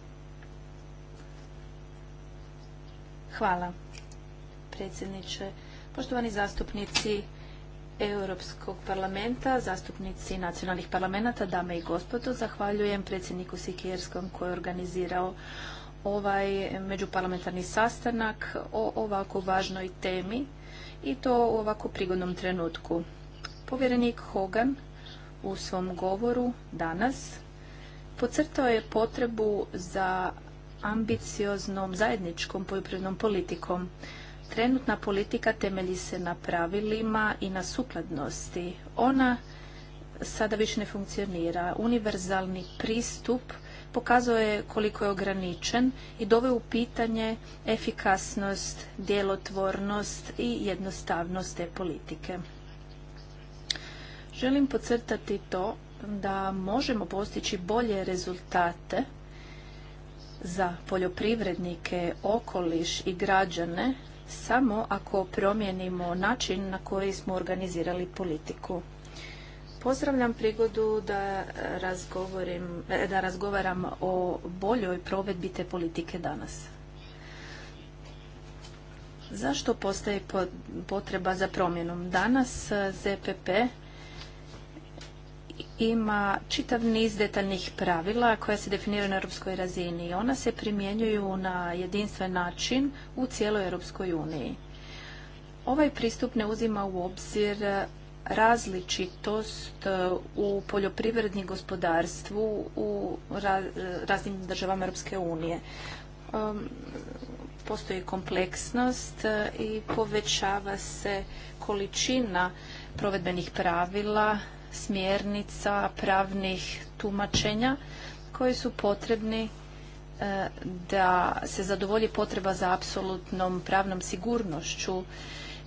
Hvala, predsjedniče. Poštovani zastupnici, Europskog parlamenta, zastupnici nacionalnih parlamenta, dame i gospodo, zahvaljujem predsjedniku Sikijerskom koji je organizirao ovaj međuparlamentarni sastanak o ovako važnoj temi i to u ovako prigodnom trenutku. Povjerenik Hogan u svom govoru danas podcrtao je potrebu za ambicioznom zajedničkom poljoprivrednom politikom Trenutna politika temelji se na pravilima i na sukladnosti. Ona sada više ne funkcionira. Univerzalni pristup pokazao je koliko je ograničen i doveo u pitanje efikasnost, djelotvornost i jednostavnost te politike. Želim pocrtati to da možemo postići bolje rezultate za poljoprivrednike, okoliš i građane samo ako promijenimo način na koji smo organizirali politiku. Pozdravljam prigodu da, da razgovaram o boljoj provedbi te politike danas. Zašto postoji potreba za promjenom? Danas eh, ZPP ima čitav niz detaljnih pravila koja se definiraju na europskoj razini i ona se primjenjuju na jedinstven način u cijeloj Europskoj uniji. Ovaj pristup ne uzima u obzir različitost uh, u poljoprivrednim gospodarstvu u raznim državama Europske unije. Um, postoji kompleksnost uh, i povećava se količina provedbenih pravila smjernica, pravnih tumačenja koji su potrebni e, da se zadovolji potreba za apsolutnom pravnom sigurnošću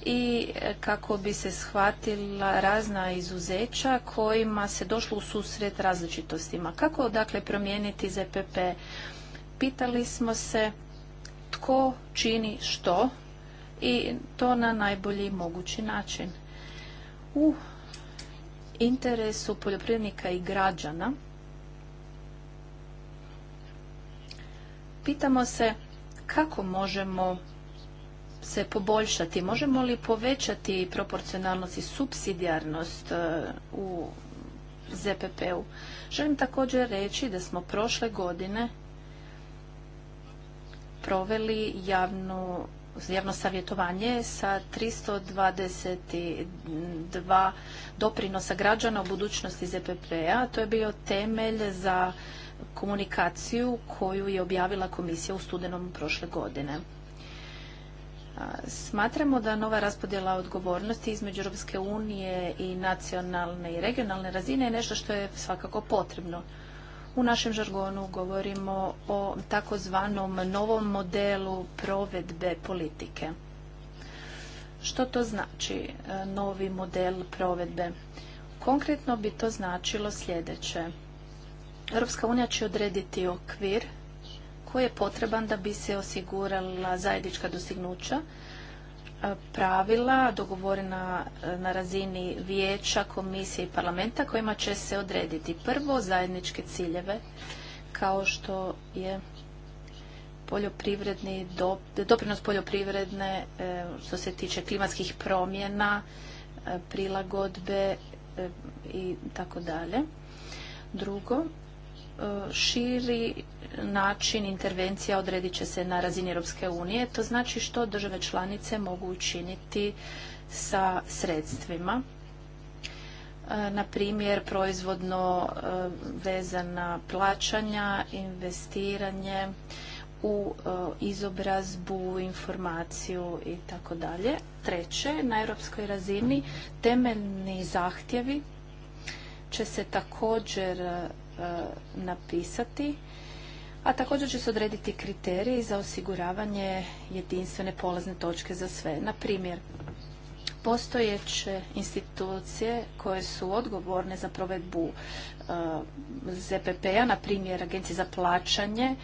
i kako bi se shvatila razna izuzeća kojima se došlo u susret različitostima. Kako dakle promijeniti ZPP? Pitali smo se tko čini što i to na najbolji mogući način. U interesu poljoprivrednika i građana. Pitamo se kako možemo se poboljšati, možemo li povećati proporcionalnost i subsidijarnost e, u ZPP-u. Želim također reći da smo prošle godine proveli javnu javno savjetovanje sa 322 doprinosa građana u budućnosti ZPP-a. To je bio temelj za komunikaciju koju je objavila komisija u studenom prošle godine. Smatramo da nova raspodjela odgovornosti između Europske unije i nacionalne i regionalne razine je nešto što je svakako potrebno. U našem žargonu govorimo o takozvanom novom modelu provedbe politike. Što to znači e, novi model provedbe? Konkretno bi to značilo sljedeće. Europska unija će odrediti okvir koji je potreban da bi se osigurala zajednička dostignuća pravila dogovorena e, na razini vijeća, komisije i parlamenta kojima će se odrediti prvo zajedničke ciljeve kao što je poljoprivredni doprinos poljoprivredne e, što se tiče klimatskih promjena, e, prilagodbe i tako dalje. Drugo, širi način intervencija odredit će se na razini Europske unije. To znači što države članice mogu učiniti sa sredstvima. E, na primjer, proizvodno e, vezana plaćanja, investiranje u e, izobrazbu, informaciju i tako dalje. Treće, na europskoj razini temeljni zahtjevi će se također napisati a također će se odrediti kriteriji za osiguravanje jedinstvene polazne točke za sve. Na primjer, postojeće institucije koje su odgovorne za provedbu e, ZPP-a, na primjer Agencije za plaćanje, e,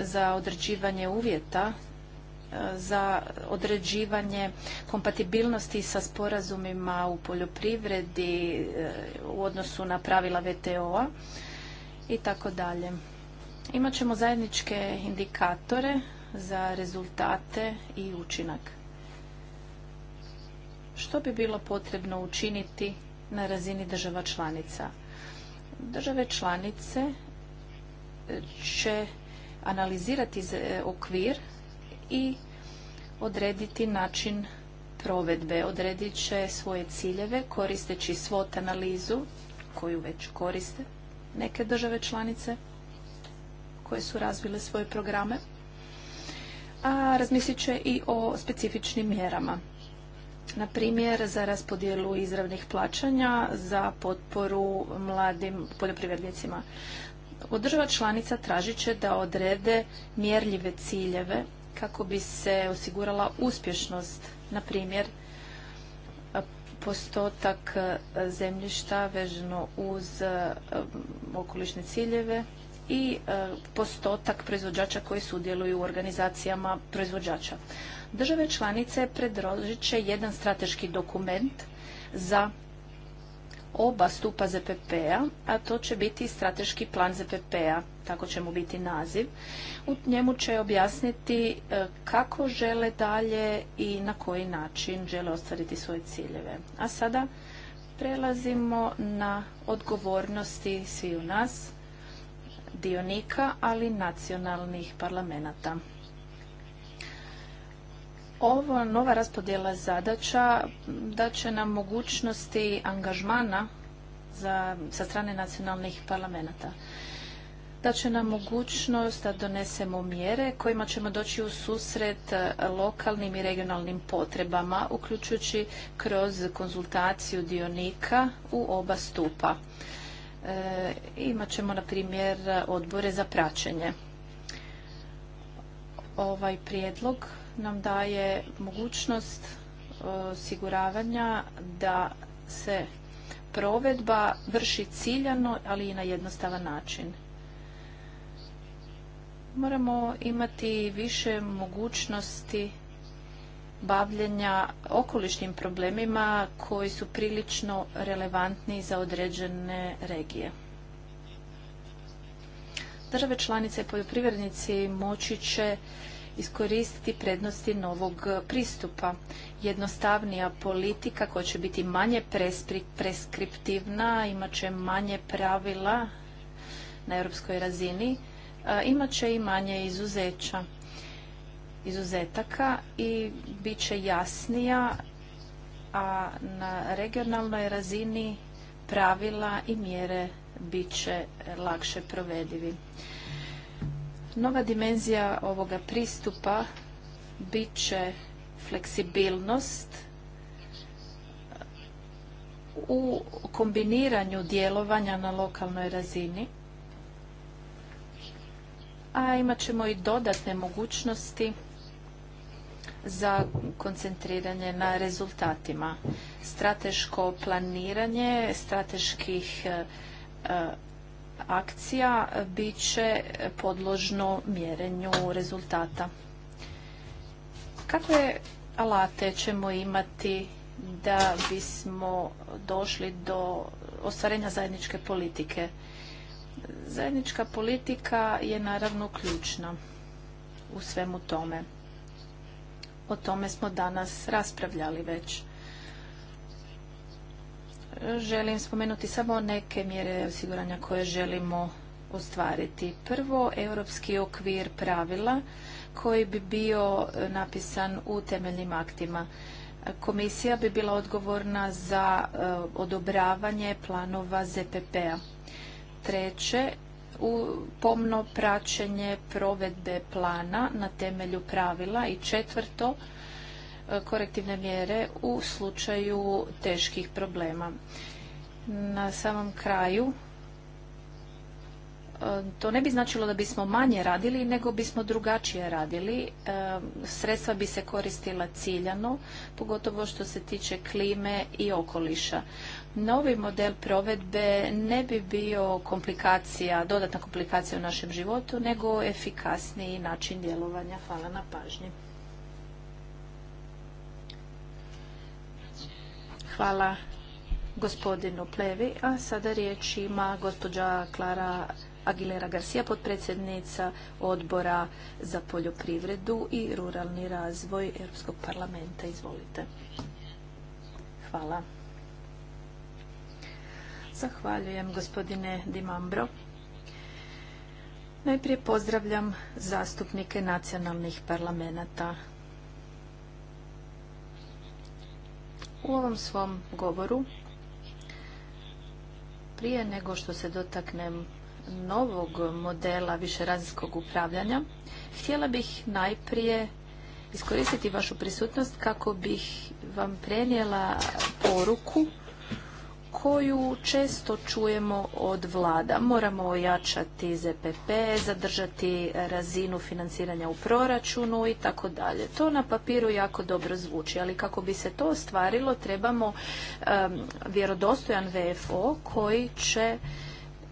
za određivanje uvjeta, e, za određivanje kompatibilnosti sa sporazumima u poljoprivredi u odnosu na pravila VTO-a i tako dalje. Imat ćemo zajedničke indikatore za rezultate i učinak. Što bi bilo potrebno učiniti na razini država članica? Države članice će analizirati okvir i odrediti način provedbe. Odredit će svoje ciljeve koristeći svot analizu koju već koriste neke države članice koje su razvile svoje programe, a razmislit će i o specifičnim mjerama. Na primjer, za raspodjelu izravnih plaćanja za potporu mladim poljoprivrednicima. Od članica tražit će da odrede mjerljive ciljeve kako bi se osigurala uspješnost, na primjer, postotak e, zemljišta vezano uz e, okolišne ciljeve i e, postotak proizvođača koji sudjeluju u organizacijama proizvođača. Države članice predrožit će jedan strateški dokument za oba stupa ZPP-a, a to će biti strateški plan ZPP-a, tako će mu biti naziv. U njemu će objasniti e, kako žele dalje i na koji način žele ostvariti svoje ciljeve. A sada prelazimo na odgovornosti svi u nas dionika, ali nacionalnih parlamentata. Ova nova raspodjela zadaća će nam mogućnosti angažmana za, sa strane nacionalnih parlamenta da će nam mogućnost da donesemo mjere kojima ćemo doći u susret lokalnim i regionalnim potrebama, uključujući kroz konzultaciju dionika u oba stupa. E, imat ćemo, na primjer, odbore za praćenje. Ovaj prijedlog nam daje mogućnost e, osiguravanja da se provedba vrši ciljano, ali i na jednostavan način. Moramo imati više mogućnosti bavljenja okolišnim problemima koji su prilično relevantni za određene regije. Države članice i poljoprivrednici moći će iskoristiti prednosti novog pristupa. Jednostavnija politika koja će biti manje preskriptivna, imat će manje pravila na europskoj razini, imat će i manje izuzeća izuzetaka i bit će jasnija, a na regionalnoj razini pravila i mjere bit će lakše provedivi. Nova dimenzija ovoga pristupa bit će fleksibilnost u kombiniranju djelovanja na lokalnoj razini, a imat ćemo i dodatne mogućnosti za koncentriranje na rezultatima. Strateško planiranje strateških e, e, akcija bit će podložno mjerenju rezultata. Kakve alate ćemo imati da bismo došli do ostvarenja zajedničke politike? Zajednička politika je naravno ključna u svemu tome. O tome smo danas raspravljali već. Želim spomenuti samo neke mjere osiguranja koje želimo ostvariti. Prvo, europski okvir pravila koji bi bio napisan u temeljnim aktima. Komisija bi bila odgovorna za e, odobravanje planova ZPP-a. Treće, u pomno praćenje provedbe plana na temelju pravila i četvrto e, korektivne mjere u slučaju teških problema. Na samom kraju e, to ne bi značilo da bismo manje radili, nego bismo drugačije radili. E, sredstva bi se koristila ciljano, pogotovo što se tiče klime i okoliša novi model provedbe ne bi bio komplikacija, dodatna komplikacija u našem životu, nego efikasniji način djelovanja. Hvala na pažnji. Hvala gospodinu Plevi. A sada riječ ima gospođa Klara Aguilera Garcia, potpredsjednica odbora za poljoprivredu i ruralni razvoj Europskog parlamenta. Izvolite. Hvala. Zahvaljujem gospodine Dimambro. Najprije pozdravljam zastupnike nacionalnih parlamenta. U ovom svom govoru, prije nego što se dotaknem novog modela višerazinskog upravljanja, htjela bih najprije iskoristiti vašu prisutnost kako bih vam prenijela poruku koju često čujemo od vlada. Moramo ojačati ZPP, zadržati razinu financiranja u proračunu i tako dalje. To na papiru jako dobro zvuči, ali kako bi se to ostvarilo trebamo vjerodostojan VFO koji će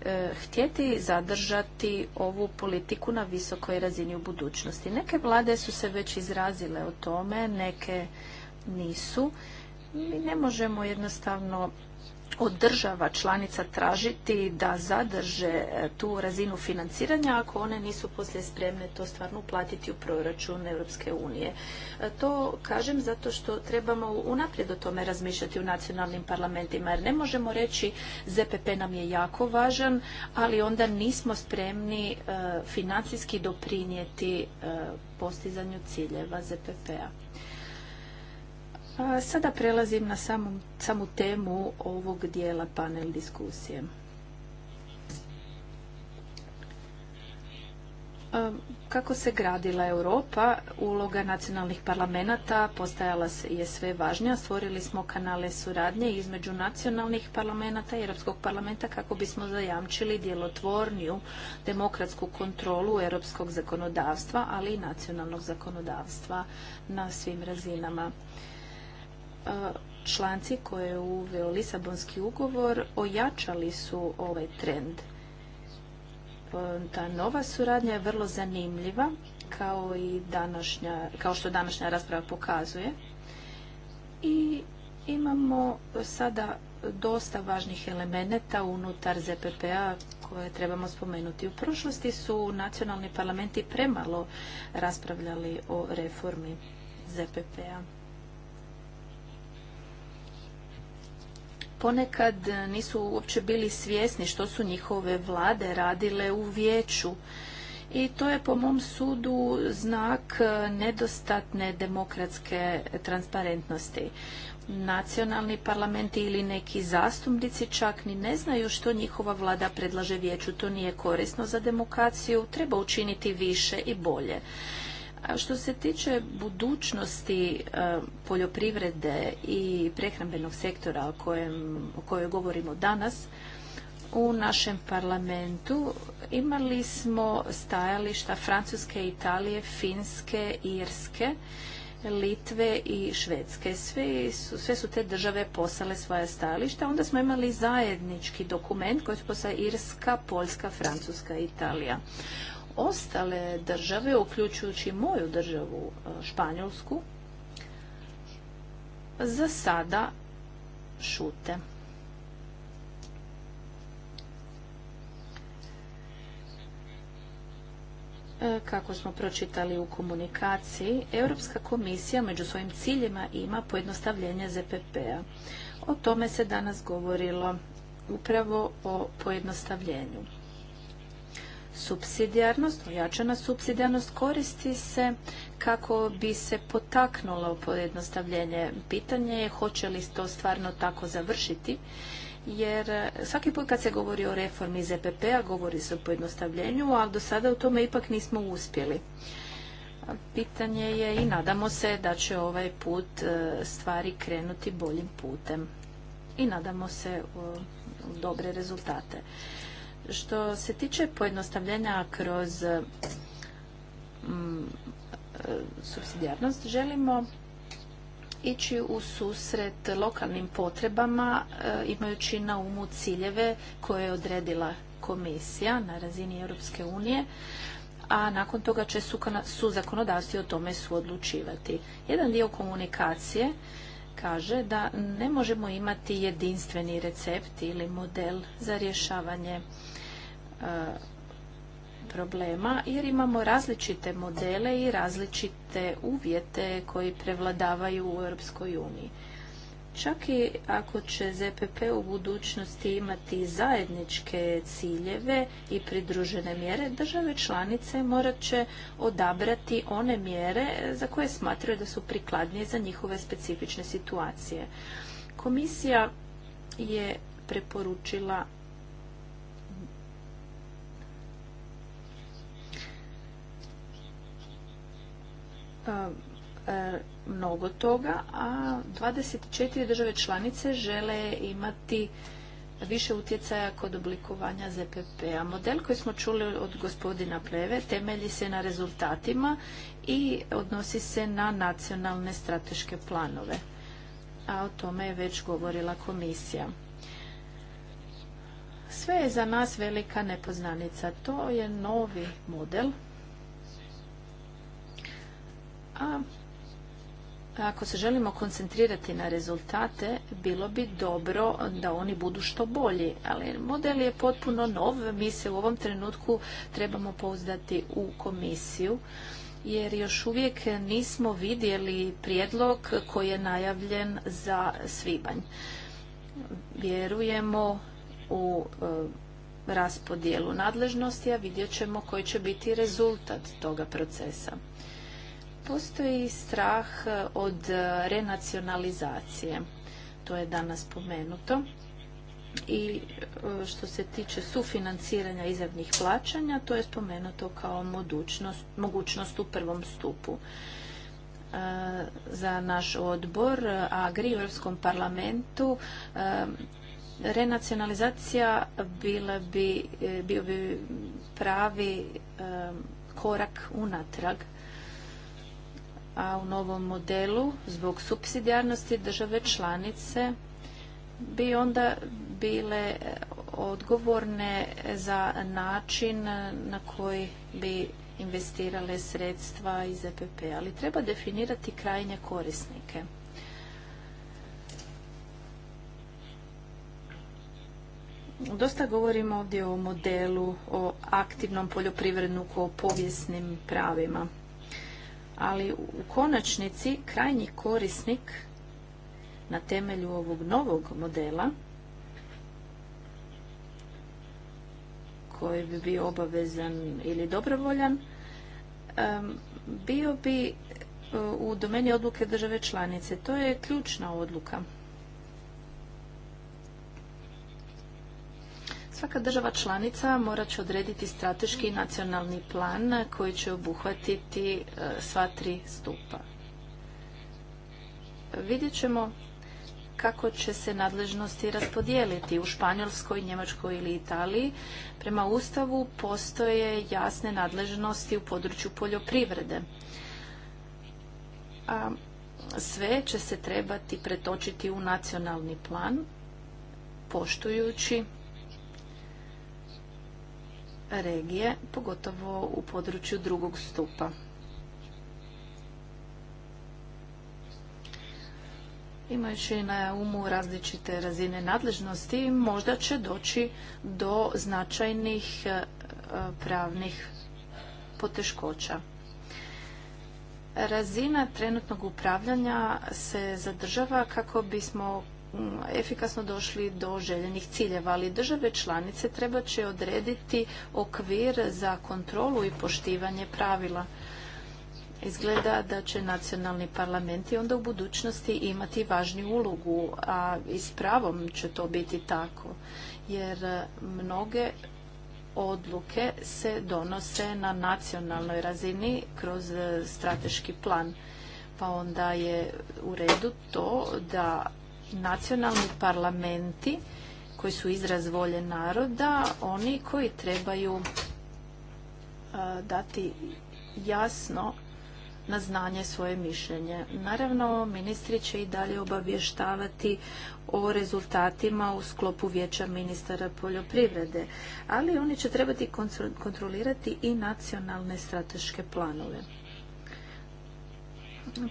eh, htjeti zadržati ovu politiku na visokoj razini u budućnosti. Neke vlade su se već izrazile o tome, neke nisu. Mi ne možemo jednostavno od država članica tražiti da zadrže e, tu razinu financiranja ako one nisu poslije spremne to stvarno uplatiti u proračun Europske unije. E, to kažem zato što trebamo unaprijed o tome razmišljati u nacionalnim parlamentima jer ne možemo reći ZPP nam je jako važan, ali onda nismo spremni e, financijski doprinijeti postizanju ciljeva ZPP-a. Sada prelazim na samu, temu ovog dijela panel diskusije. Kako se gradila Europa, uloga nacionalnih parlamenta postajala je sve važnija. Stvorili smo kanale suradnje između nacionalnih parlamenta i Europskog parlamenta kako bismo zajamčili djelotvorniju demokratsku kontrolu europskog zakonodavstva, ali i nacionalnog zakonodavstva na svim razinama članci koje je uveo Lisabonski ugovor ojačali su ovaj trend. E, ta nova suradnja je vrlo zanimljiva kao i današnja, kao što današnja rasprava pokazuje. I imamo sada dosta važnih elemenata unutar ZPP-a koje trebamo spomenuti. U prošlosti su nacionalni parlamenti premalo raspravljali o reformi ZPP-a. ponekad nisu uopće bili svjesni što su njihove vlade radile u vijeću. I to je po mom sudu znak e, nedostatne demokratske transparentnosti. Nacionalni parlamenti ili neki zastupnici čak ni ne znaju što njihova vlada predlaže vijeću. To nije korisno za demokraciju, treba učiniti više i bolje. Što se tiče budućnosti e, poljoprivrede i prehrambenog sektora o kojem kojoj govorimo danas, u našem parlamentu imali smo stajališta Francuske, Italije, Finske, Irske, Litve i Švedske. Sve su, sve su te države poslale svoja stajališta. Onda smo imali zajednički dokument koji su poslali Irska, Poljska, Francuska i Italija ostale države, uključujući moju državu e, Španjolsku, za sada šute. E, kako smo pročitali u komunikaciji, Europska komisija među svojim ciljima ima pojednostavljenje ZPP-a. O tome se danas govorilo upravo o pojednostavljenju. Subsidijarnost, ojačana subsidijarnost koristi se kako bi se potaknulo pojednostavljenje. Pitanje je hoće li to stvarno tako završiti, jer e, svaki put kad se govori o reformi ZPP-a govori se o pojednostavljenju, ali do sada u tome ipak nismo uspjeli. Pitanje je i nadamo se da će ovaj put e, stvari krenuti boljim putem i nadamo se u dobre rezultate. Što se tiče pojednostavljenja kroz mm, subsidijarnost, želimo ići u susret lokalnim potrebama e, imajući na umu ciljeve koje je odredila komisija na razini Europske unije, a nakon toga će su zakonodavstvi o tome su odlučivati. Jedan dio komunikacije kaže da ne možemo imati jedinstveni recept ili model za rješavanje E, problema jer imamo različite modele i različite uvjete koji prevladavaju u Europskoj uniji. Čak i ako će ZPP u budućnosti imati zajedničke ciljeve i pridružene mjere, države članice morat će odabrati one mjere za koje smatraju da su prikladnije za njihove specifične situacije. Komisija je preporučila E, mnogo toga, a 24 države članice žele imati više utjecaja kod oblikovanja ZPP-a. Model koji smo čuli od gospodina Pleve temelji se na rezultatima i odnosi se na nacionalne strateške planove. A o tome je već govorila komisija. Sve je za nas velika nepoznanica. To je novi model a ako se želimo koncentrirati na rezultate, bilo bi dobro da oni budu što bolji, ali model je potpuno nov. Mi se u ovom trenutku trebamo pouzdati u komisiju, jer još uvijek nismo vidjeli prijedlog koji je najavljen za svibanj. Vjerujemo u e, raspodjelu nadležnosti, a vidjet ćemo koji će biti rezultat toga procesa. Postoji strah e, od e, renacionalizacije. To je danas spomenuto. I e, što se tiče sufinanciranja izravnih plaćanja, to je spomenuto kao mogućnost, u prvom stupu. za naš odbor, a u Europskom parlamentu, renacionalizacija bila bi, bio bi pravi korak unatrag a u novom modelu zbog subsidijarnosti države članice bi onda bile odgovorne za način na koji bi investirale sredstva iz EPP, ali treba definirati krajnje korisnike. Dosta govorimo ovdje o modelu, o aktivnom poljoprivredniku, o povijesnim pravima ali u konačnici krajnji korisnik na temelju ovog novog modela koji bi bio obavezan ili dobrovoljan bio bi e, u domeni odluke države članice. To je ključna odluka. Svaka država članica morat će odrediti strateški nacionalni plan koji će obuhvatiti e, sva tri stupa. Vidjet ćemo kako će se nadležnosti raspodijeliti u Španjolskoj, Njemačkoj ili Italiji. Prema Ustavu postoje jasne nadležnosti u području poljoprivrede. A sve će se trebati pretočiti u nacionalni plan, poštujući regije, pogotovo u području drugog stupa. Imajući na umu različite razine nadležnosti, možda će doći do značajnih e, pravnih poteškoća. Razina trenutnog upravljanja se zadržava kako bismo Mm, efikasno došli do željenih ciljeva, ali države članice treba će odrediti okvir za kontrolu i poštivanje pravila. Izgleda da će nacionalni parlamenti onda u budućnosti imati važniju ulogu, a i s pravom će to biti tako, jer mnoge odluke se donose na nacionalnoj razini kroz strateški plan. Pa onda je u redu to da nacionalni parlamenti koji su izraz volje naroda, oni koji trebaju uh, dati jasno na znanje svoje mišljenje. Naravno, ministri će i dalje obavještavati o rezultatima u sklopu vijeća ministara poljoprivrede, ali oni će trebati kontrolirati i nacionalne strateške planove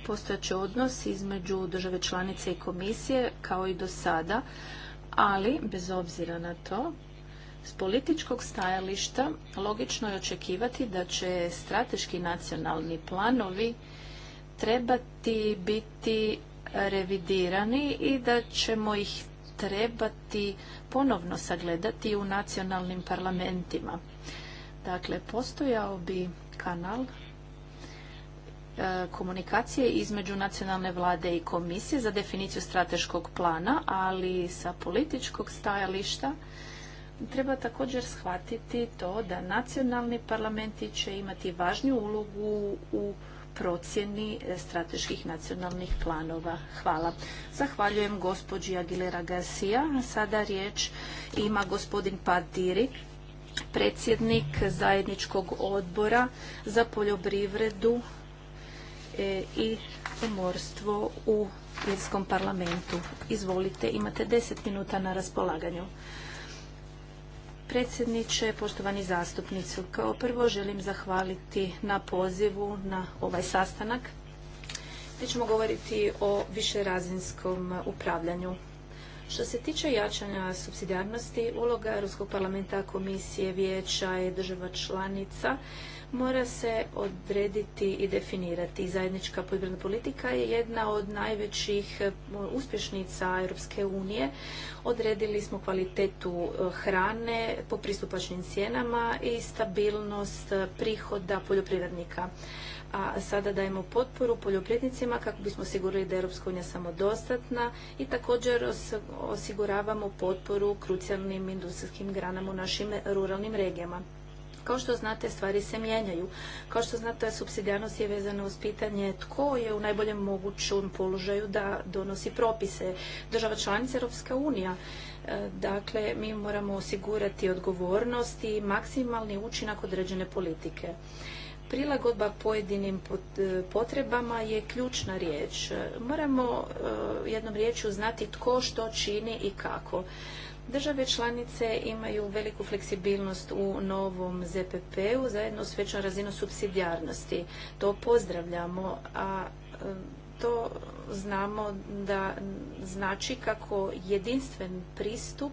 postojeći odnos između države članice i komisije kao i do sada, ali bez obzira na to, s političkog stajališta logično je očekivati da će strateški nacionalni planovi trebati biti revidirani i da ćemo ih trebati ponovno sagledati u nacionalnim parlamentima. Dakle, postojao bi kanal E, komunikacije između nacionalne vlade i komisije za definiciju strateškog plana, ali sa političkog stajališta treba također shvatiti to da nacionalni parlamenti će imati važniju ulogu u procjeni strateških nacionalnih planova. Hvala. Zahvaljujem gospođi Aguilera Garcia. Sada riječ ima gospodin Pat predsjednik zajedničkog odbora za poljoprivredu E, i pomorstvo u Irskom parlamentu. Izvolite, imate deset minuta na raspolaganju. Predsjedniče, poštovani zastupnici, kao prvo želim zahvaliti na pozivu na ovaj sastanak. Mi ćemo govoriti o višerazinskom upravljanju. Što se tiče jačanja subsidijarnosti, uloga Europskog parlamenta, komisije, vijeća i država članica mora se odrediti i definirati. Zajednička poljoprivredna politika je jedna od najvećih eh, uspješnica Europske unije. Odredili smo kvalitetu eh, hrane po pristupačnim cijenama i stabilnost eh, prihoda poljoprivrednika. A sada dajemo potporu poljoprivrednicima kako bismo osigurali da je Europska unija samodostatna i također osiguravamo potporu krucijalnim industrijskim granama u našim ruralnim regijama. Kao što znate, stvari se mijenjaju. Kao što znate, subsidijarnost je vezana uz pitanje tko je u najboljem mogućem položaju da donosi propise. Država članica Europska unija. E, dakle, mi moramo osigurati odgovornost i maksimalni učinak određene politike. Prilagodba pojedinim e, potrebama je ključna riječ. Moramo e, jednom riječju znati tko što čini i kako. Države članice imaju veliku fleksibilnost u novom ZPP-u zajedno s većom razinom subsidijarnosti. To pozdravljamo, a e, to znamo da znači kako jedinstven pristup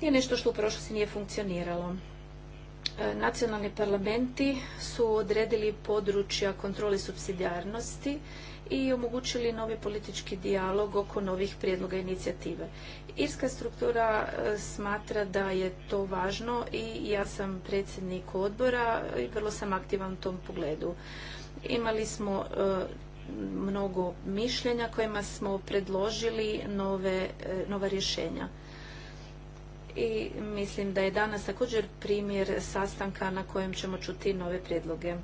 je nešto što u prošlosti nije funkcioniralo. E, nacionalni parlamenti su odredili područja kontrole subsidijarnosti i omogućili novi politički dijalog oko novih prijedloga inicijative. Irska struktura e, smatra da je to važno i ja sam predsjednik odbora i vrlo sam aktivan u tom pogledu. Imali smo e, mnogo mišljenja kojima smo predložili nove, e, nova rješenja. I mislim da je danas također primjer sastanka na kojem ćemo čuti nove prijedloge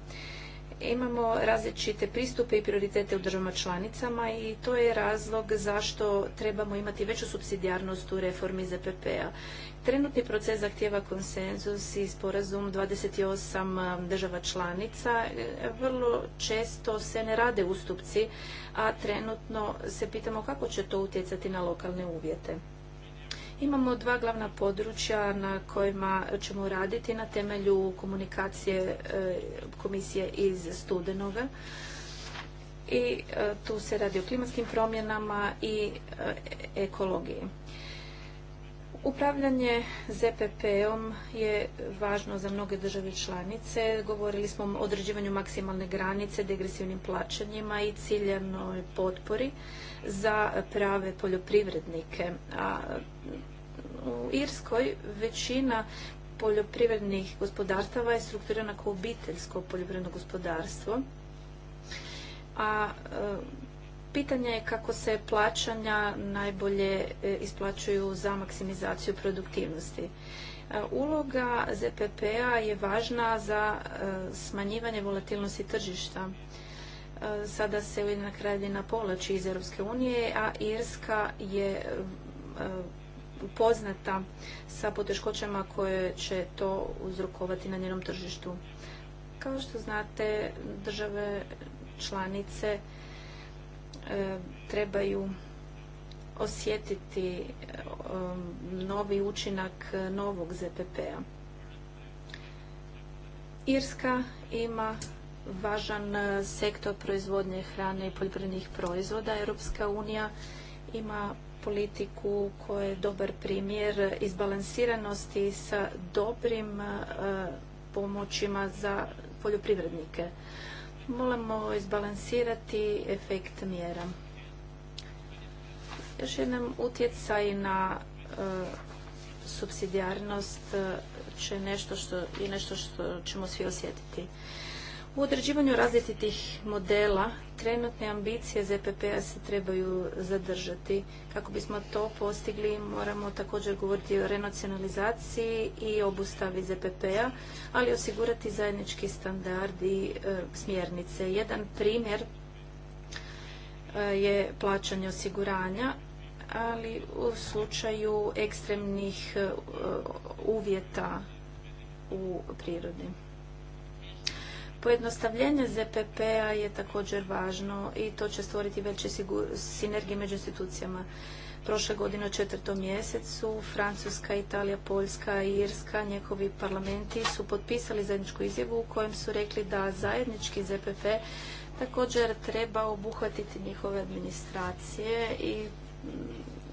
imamo različite pristupe i prioritete u državama članicama i to je razlog zašto trebamo imati veću subsidijarnost u reformi ZPP-a. Trenutni proces zahtjeva konsenzus i sporazum 28 um, država članica. E, vrlo često se ne rade ustupci, a trenutno se pitamo kako će to utjecati na lokalne uvjete. Imamo dva glavna područja na kojima ćemo raditi na temelju komunikacije e, komisije iz Studenove. I e, tu se radi o klimatskim promjenama i e, ekologiji. Upravljanje ZPP-om je važno za mnoge države članice. Govorili smo o određivanju maksimalne granice, degresivnim plaćanjima i ciljanoj potpori za prave poljoprivrednike. A u Irskoj većina poljoprivrednih gospodarstava je strukturirana kao obiteljsko poljoprivredno gospodarstvo. A pitanje je kako se plaćanja najbolje e, isplaćuju za maksimizaciju produktivnosti. E, uloga ZPP-a je važna za e, smanjivanje volatilnosti tržišta. Sada se Ujedinjena kraljevina povlači iz Europske unije, a Irska je upoznata sa poteškoćama koje će to uzrokovati na njenom tržištu. Kao što znate, države članice E, trebaju osjetiti e, um, novi učinak e, novog ZPP-a. Irska ima važan sektor proizvodnje hrane i poljoprivrednih proizvoda. Europska unija ima politiku koja je dobar primjer izbalansiranosti sa dobrim pomoćima za poljoprivrednike. Moramo izbalansirati efekt mjera. Još jednom utjecaj na e, subsidijarnost e, će nešto što, i nešto što ćemo svi osjetiti. U određivanju različitih modela trenutne ambicije ZPP-a se trebaju zadržati. Kako bismo to postigli moramo također govoriti o renacionalizaciji i obustavi ZPP-a, ali osigurati zajednički standard i e, smjernice. Jedan primjer e, je plaćanje osiguranja, ali u slučaju ekstremnih e, uvjeta u prirodi. Pojednostavljenje ZPP-a je također važno i to će stvoriti veće sinergije među institucijama. Prošle godine u četvrtom mjesecu Francuska, Italija, Poljska i Irska, njihovi parlamenti su potpisali zajedničku izjavu u kojem su rekli da zajednički ZPP također treba obuhvatiti njihove administracije i mm,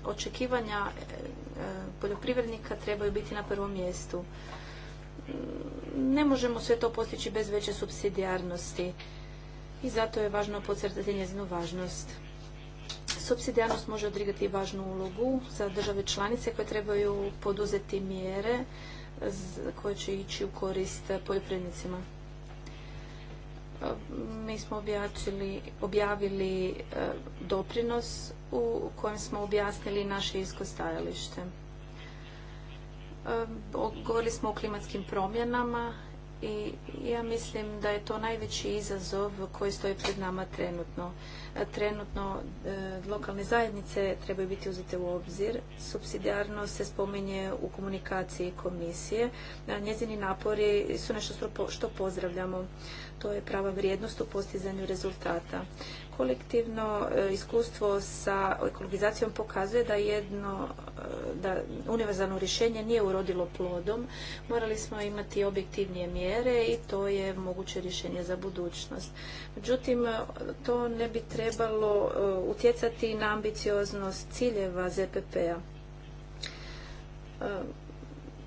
očekivanja e, e, poljoprivrednika trebaju biti na prvom mjestu ne možemo sve to postići bez veće subsidijarnosti i zato je važno podcrtati njezinu važnost. Subsidijarnost može odrigati važnu ulogu za države članice koje trebaju poduzeti mjere koje će ići u korist poljoprivrednicima. Mi smo objavili, objavili e, doprinos u kojem smo objasnili naše stajalište. Ehm, govorili smo o klimatskim promjenama i ja mislim da je to najveći izazov koji stoji pred nama trenutno. E, trenutno e, lokalne zajednice trebaju biti uzete u obzir. subsidijarno se spominje u komunikaciji komisije. Njezini napori su nešto što pozdravljamo. To je prava vrijednost u postizanju rezultata. Kolektivno e, iskustvo sa ekologizacijom pokazuje da jedno, e, da univerzalno rješenje nije urodilo plodom. Morali smo imati objektivnije mjere i to je moguće rješenje za budućnost. Međutim, e, to ne bi trebalo utjecati na ambicioznost ciljeva ZPP-a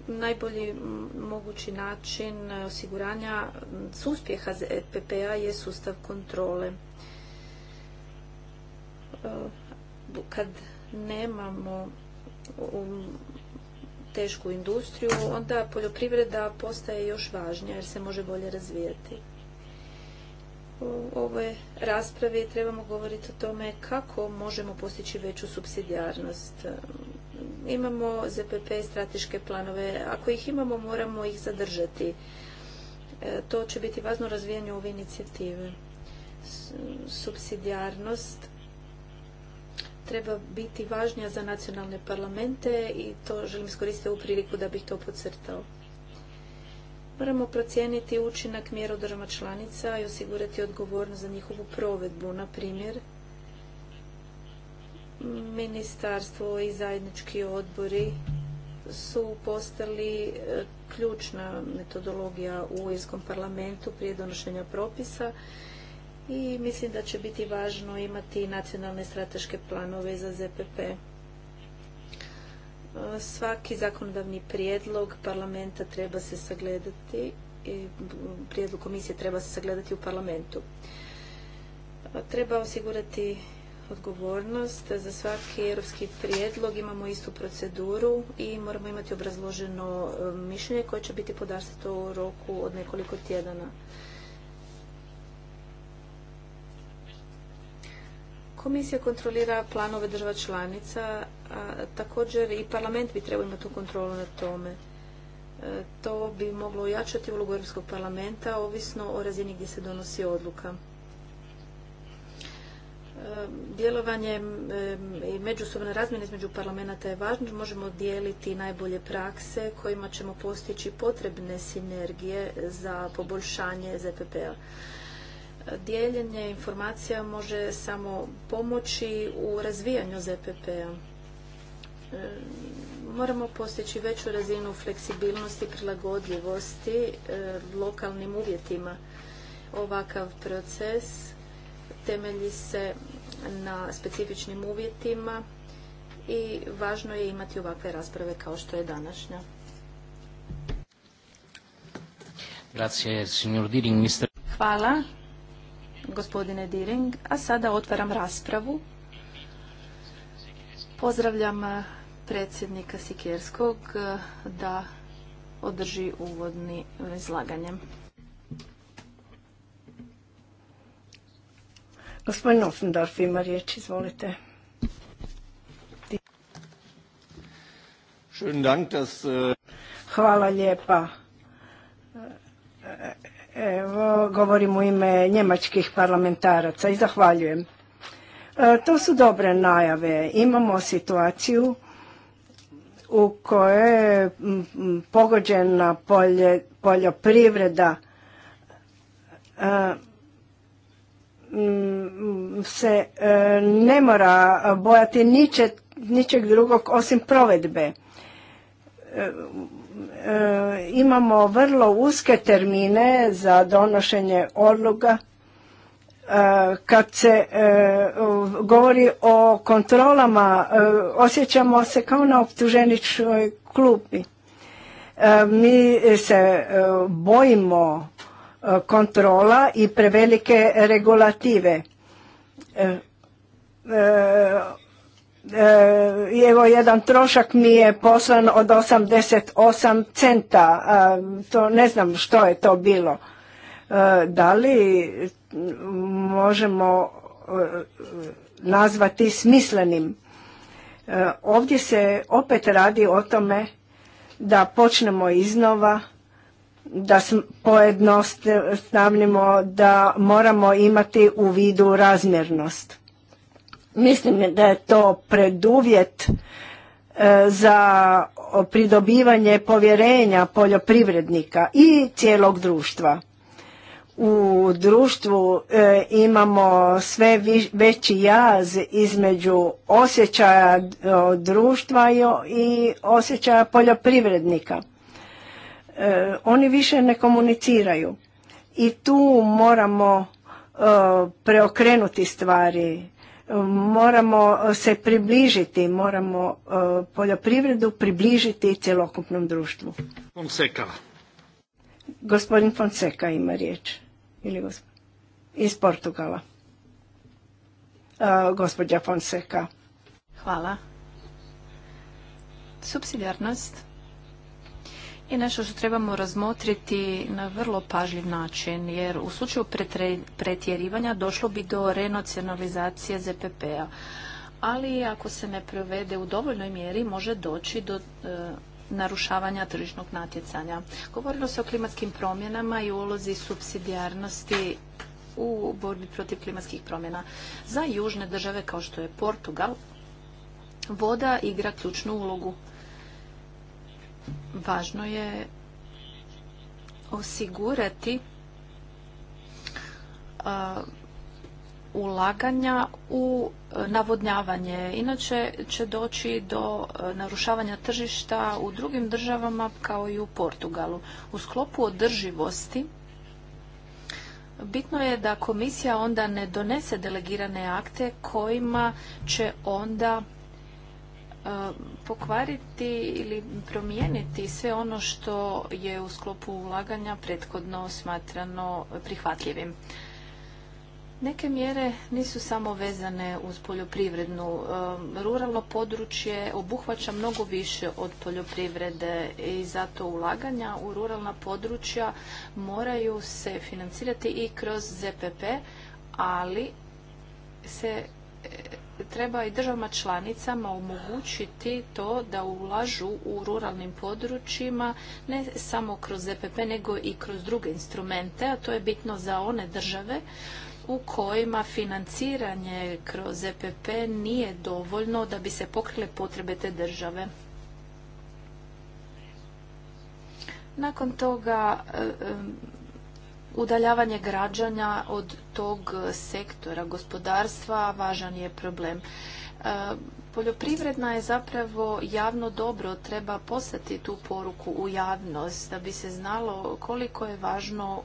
najbolji mogući način osiguranja uspjeha zpp a p-a je sustav kontrole. E, kad nemamo tešku industriju, onda poljoprivreda postaje još važnija jer se može bolje razvijati. U ovoj raspravi trebamo govoriti o tome kako možemo postići veću subsidijarnost. Imamo ZPP strateške planove. Ako ih imamo, moramo ih zadržati. E, to će biti važno u ove inicijative. Subsidijarnost treba biti važnija za nacionalne parlamente i to želim iskoristiti u priliku da bih to podcrtao. Moramo procijeniti učinak mjera država članica i osigurati odgovornost za njihovu provedbu. Na primjer, ministarstvo i zajednički odbori su postali e, ključna metodologija u Europskom parlamentu prije donošenja propisa i mislim da će biti važno imati nacionalne strateške planove za ZPP. E, svaki zakonodavni prijedlog parlamenta treba se sagledati, i prijedlog komisije treba se sagledati u parlamentu. Treba osigurati odgovornost. Za svaki europski prijedlog imamo istu proceduru i moramo imati obrazloženo e, mišljenje koje će biti podastrto u roku od nekoliko tjedana. Komisija kontrolira planove država članica, a također i parlament bi trebao imati tu kontrolu na tome. E, to bi moglo ojačati ulogu Europskog parlamenta, ovisno o razini gdje se donosi odluka. E, djelovanje e, i međusobna razmjena između parlamenta je važno. Možemo dijeliti najbolje prakse kojima ćemo postići potrebne sinergije za poboljšanje ZPP-a. Dijeljenje informacija može samo pomoći u razvijanju ZPP-a. E, moramo postići veću razinu fleksibilnosti i prilagodljivosti e, lokalnim uvjetima. Ovakav proces temelji se na specifičnim uvjetima i važno je imati ovakve rasprave kao što je današnja. Hvala gospodine Diring. A sada otvaram raspravu. Pozdravljam eh, predsjednika Sikerskog eh, da održi uvodni eh, izlaganje. Gospodin Offendorf ima riječ, izvolite. Hvala lijepa Evo, govorim u ime njemačkih parlamentaraca i zahvaljujem. E, to su dobre najave. Imamo situaciju u kojoj je pogođena poljoprivreda e, se e, ne mora bojati ničeg drugog osim provedbe E, imamo vrlo uske termine za donošenje odluga. E, kad se e, govori o kontrolama osjećamo se kao na optuženičnoj klupi mi se bojimo kontrola i prevelike regulative E, evo jedan trošak mi je poslan od 88 centa, e, to ne znam što je to bilo. E, da li možemo nazvati smislenim? Ovdje se opet radi o tome da počnemo iznova, da pojednostavnimo, da moramo imati u vidu razmjernost Mislim da je to preduvjet e, za pridobivanje povjerenja poljoprivrednika i cijelog društva. U društvu e, imamo sve veći jaz između osjećaja e, društva i osjećaja poljoprivrednika. oni više ne komuniciraju i tu moramo preokrenuti stvari Moramo e, se približiti, moramo e, poljoprivredu približiti cjelokupnom društvu. Gospodin Fonseca ima riječ. Ili Iz Portugala. Gospodja e, gospođa Fonseca. Hvala. Subsidijarnost i nešto što trebamo razmotriti na vrlo pažljiv način, jer u slučaju pretjerivanja došlo bi do renacionalizacije ZPP-a. Ali ako se ne provede u dovoljnoj mjeri, može doći do e, narušavanja tržišnog natjecanja. Govorilo se o klimatskim promjenama i ulozi subsidijarnosti u borbi protiv klimatskih promjena. Za južne države kao što je Portugal, voda igra ključnu ulogu Važno je osigurati ulaganja u e, navodnjavanje. Inače će doći do e, narušavanja tržišta u drugim državama kao i u Portugalu. U sklopu održivosti bitno je da komisija onda ne donese delegirane akte kojima će onda pokvariti ili promijeniti sve ono što je u sklopu ulaganja prethodno smatrano prihvatljivim. Neke mjere nisu samo vezane uz poljoprivrednu. Ruralno područje obuhvaća mnogo više od poljoprivrede i zato ulaganja u ruralna područja moraju se financirati i kroz ZPP, ali se treba i državama članicama omogućiti to da ulažu u ruralnim područjima ne samo kroz ZPP e nego i kroz druge instrumente, a to je bitno za one države u kojima financiranje kroz ZPP e nije dovoljno da bi se pokrile potrebe te države. Nakon toga e, Udaljavanje građana od tog e, sektora gospodarstva važan je problem. E, poljoprivredna je zapravo javno dobro, treba poslati tu poruku u javnost da bi se znalo koliko je važno e,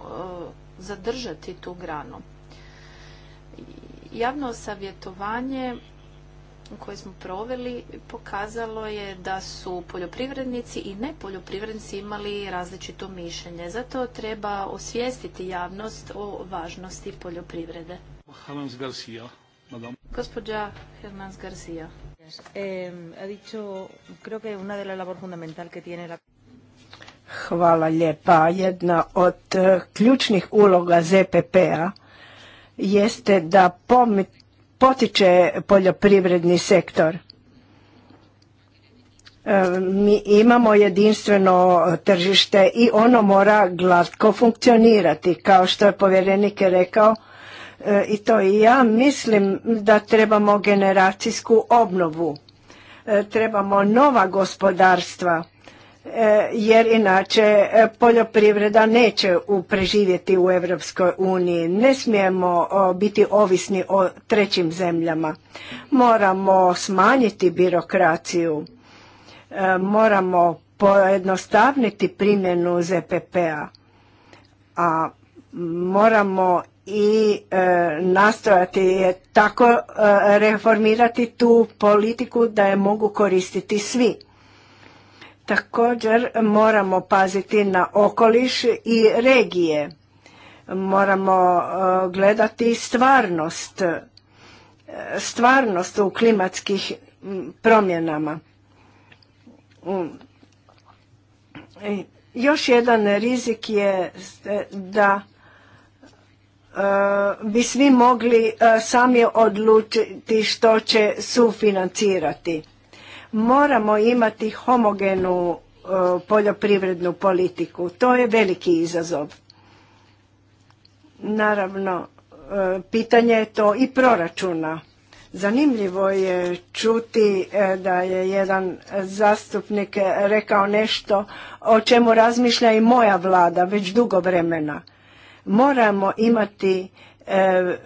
zadržati tu granu. Javno savjetovanje koje smo proveli pokazalo je da su poljoprivrednici i nepoljoprivrednici imali različito mišljenje. Zato treba osvijestiti javnost o važnosti poljoprivrede. Hermans Garcia, madame. Gospođa Hermans Garcia. Hvala lijepa. Jedna od eh, ključnih uloga ZPP-a jeste da potiče poljoprivredni sektor. E, mi imamo jedinstveno tržište i ono mora glatko funkcionirati, kao što je povjerenik rekao, e, i to i ja mislim da trebamo generacijsku obnovu, e, trebamo nova gospodarstva Eh, jer inače eh, poljoprivreda neće preživjeti u Europskoj uniji. Ne smijemo biti ovisni o trećim zemljama. Moramo smanjiti birokraciju, eh, moramo pojednostavniti primjenu ZPP-a, a moramo i nastojati tako reformirati tu politiku da je mogu koristiti svi Također moramo paziti na okoliš i regije. Moramo e, gledati stvarnost, e, stvarnost u klimatskih promjenama. Mm. E, još jedan rizik je da bi svi mogli sami odlučiti što će sufinancirati Moramo imati homogenu e, poljoprivrednu politiku. To je veliki izazov. Naravno, e, pitanje je to i proračuna. Zanimljivo je čuti e, da je jedan zastupnik rekao nešto o čemu razmišlja i moja vlada već dugo vremena. Moramo imati E, e,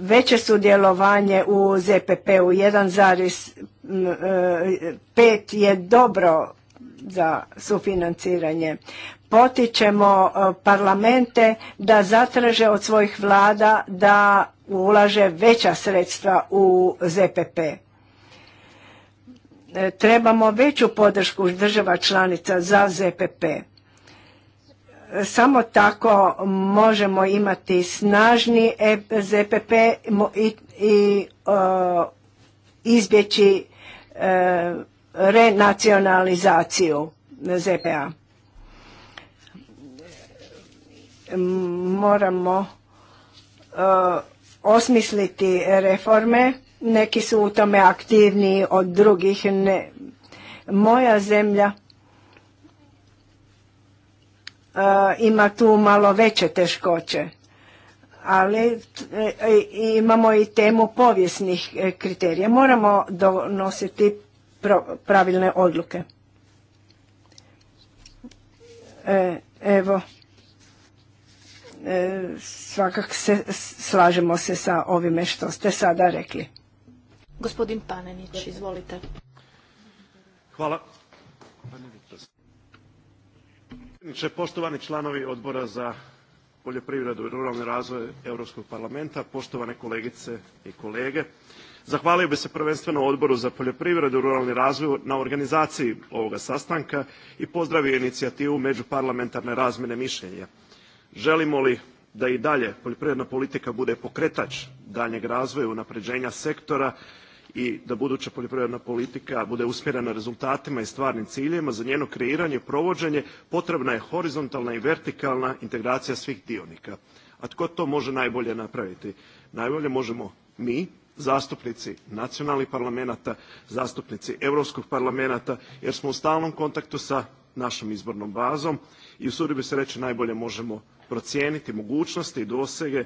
veće sudjelovanje u ZPP-u 1,5 e, je dobro za sufinanciranje. Potičemo parlamente da zatraže od svojih vlada da ulaže veća sredstva u ZPP. Trebamo veću podršku država članica za ZPP samo tako možemo imati snažni ZPP e i, izbjeći e, renacionalizaciju ZPA. Moramo osmisliti reforme, neki su u tome aktivniji od drugih. Moja zemlja ima tu malo veće teškoće. Ali e, e, imamo i temu povijesnih e, kriterija. Moramo donositi pravilne odluke. Evo, svakak se slažemo se sa ovime što ste sada rekli. Gospodin Panenić, izvolite. Hvala. Poštovani članovi odbora za poljoprivredu i ruralni razvoj Europskog parlamenta, poštovane kolegice i kolege. Zahvalio bi se prvenstveno odboru za poljoprivredu i ruralni razvoj na organizaciji ovoga sastanka i pozdravio inicijativu međuparlamentarne razmjene mišljenja. Želimo li da i dalje poljoprivredna politika bude pokretač daljnjeg razvoja i unapređenja sektora, i da buduća poljoprivredna politika bude usmjerena rezultatima i stvarnim ciljevima. Za njeno kreiranje i provođenje potrebna je horizontalna i vertikalna integracija svih dionika. A tko to može najbolje napraviti? Najbolje možemo mi, zastupnici nacionalnih parlamenata, zastupnici europskog parlamenta, jer smo u stalnom kontaktu sa našom izbornom bazom i usudio bi se reći najbolje možemo procijeniti mogućnosti i dosege e,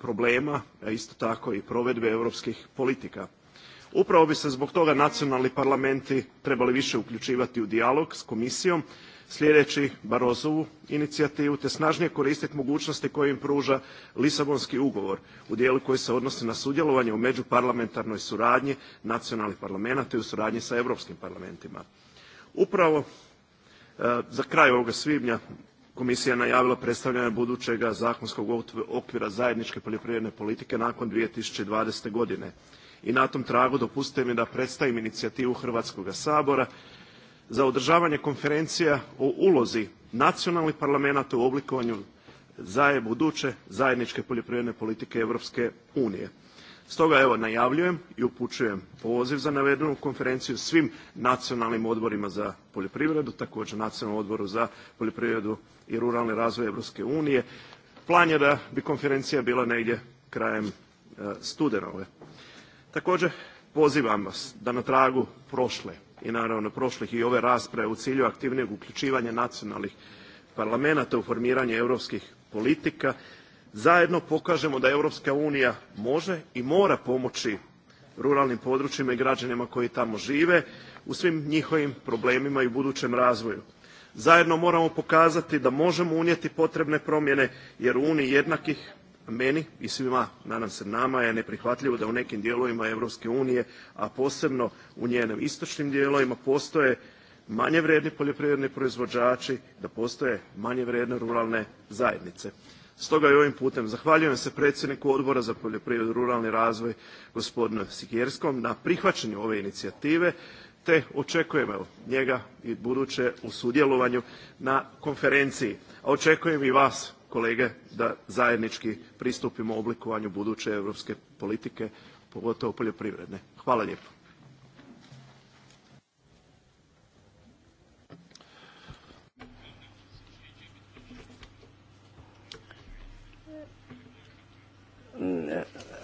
problema, a isto tako i provedbe europskih politika. Upravo bi se zbog toga nacionalni parlamenti trebali više uključivati u dijalog s komisijom, slijedeći Barozovu inicijativu te snažnije koristiti mogućnosti koje im pruža Lisabonski ugovor u dijelu koji se odnosi na sudjelovanje u međuparlamentarnoj suradnji nacionalnih parlamenta i u suradnji sa europskim parlamentima. Upravo e, za kraj ovoga svibnja komisija je najavila predstavljanje budućega zakonskog okvira zajedničke poljoprivredne politike nakon 2020. godine i na tom tragu dopustite mi da predstavim inicijativu Hrvatskoga sabora za održavanje konferencija o ulozi nacionalnih parlamenata u oblikovanju zaje buduće zajedničke poljoprivredne politike Europske unije. Stoga evo najavljujem i upućujem poziv za navedenu konferenciju svim nacionalnim odborima za poljoprivredu, također Nacionalnom odboru za poljoprivredu i ruralni razvoj Europske unije. Plan je da bi konferencija bila negdje krajem e, studenove. Također pozivam vas da na tragu prošle i naravno prošlih i ove rasprave u cilju aktivnijeg uključivanja nacionalnih parlamenata u formiranje europskih politika zajedno pokažemo da Europska unija može i mora pomoći ruralnim područjima i građanima koji tamo žive u svim njihovim problemima i budućem razvoju. Zajedno moramo pokazati da možemo unijeti potrebne promjene jer u Uniji jednakih meni i svima, nadam se nama, je neprihvatljivo da u nekim dijelovima Europske unije, a posebno u njenim istočnim dijelovima postoje manje vrijedni poljoprivredni proizvođači, da postoje manje vrijedne ruralne zajednice. Stoga i ovim putem zahvaljujem se predsjedniku Odbora za poljoprivredu i ruralni razvoj gospodinu Sikjerskom na prihvaćanju ove inicijative te očekujem njega i buduće u sudjelovanju na konferenciji. A očekujem i vas kolege da zajednički pristupimo oblikovanju buduće europske politike, pogotovo poljoprivredne. Hvala lijepo.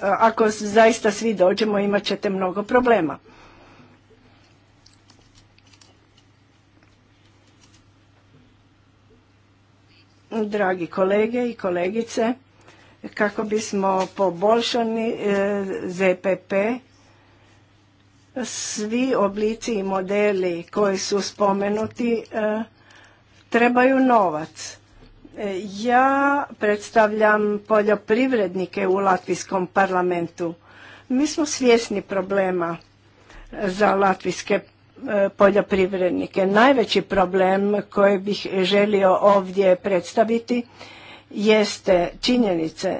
Ako zaista svi dođemo imat ćete mnogo problema. dragi kolege i kolegice, kako bismo poboljšali e, ZPP, svi oblici i modeli koji su spomenuti e, trebaju novac. E, ja predstavljam poljoprivrednike u Latvijskom parlamentu. Mi smo svjesni problema za latvijske poljoprivrednike. Najveći problem koji bih želio ovdje predstaviti jeste činjenice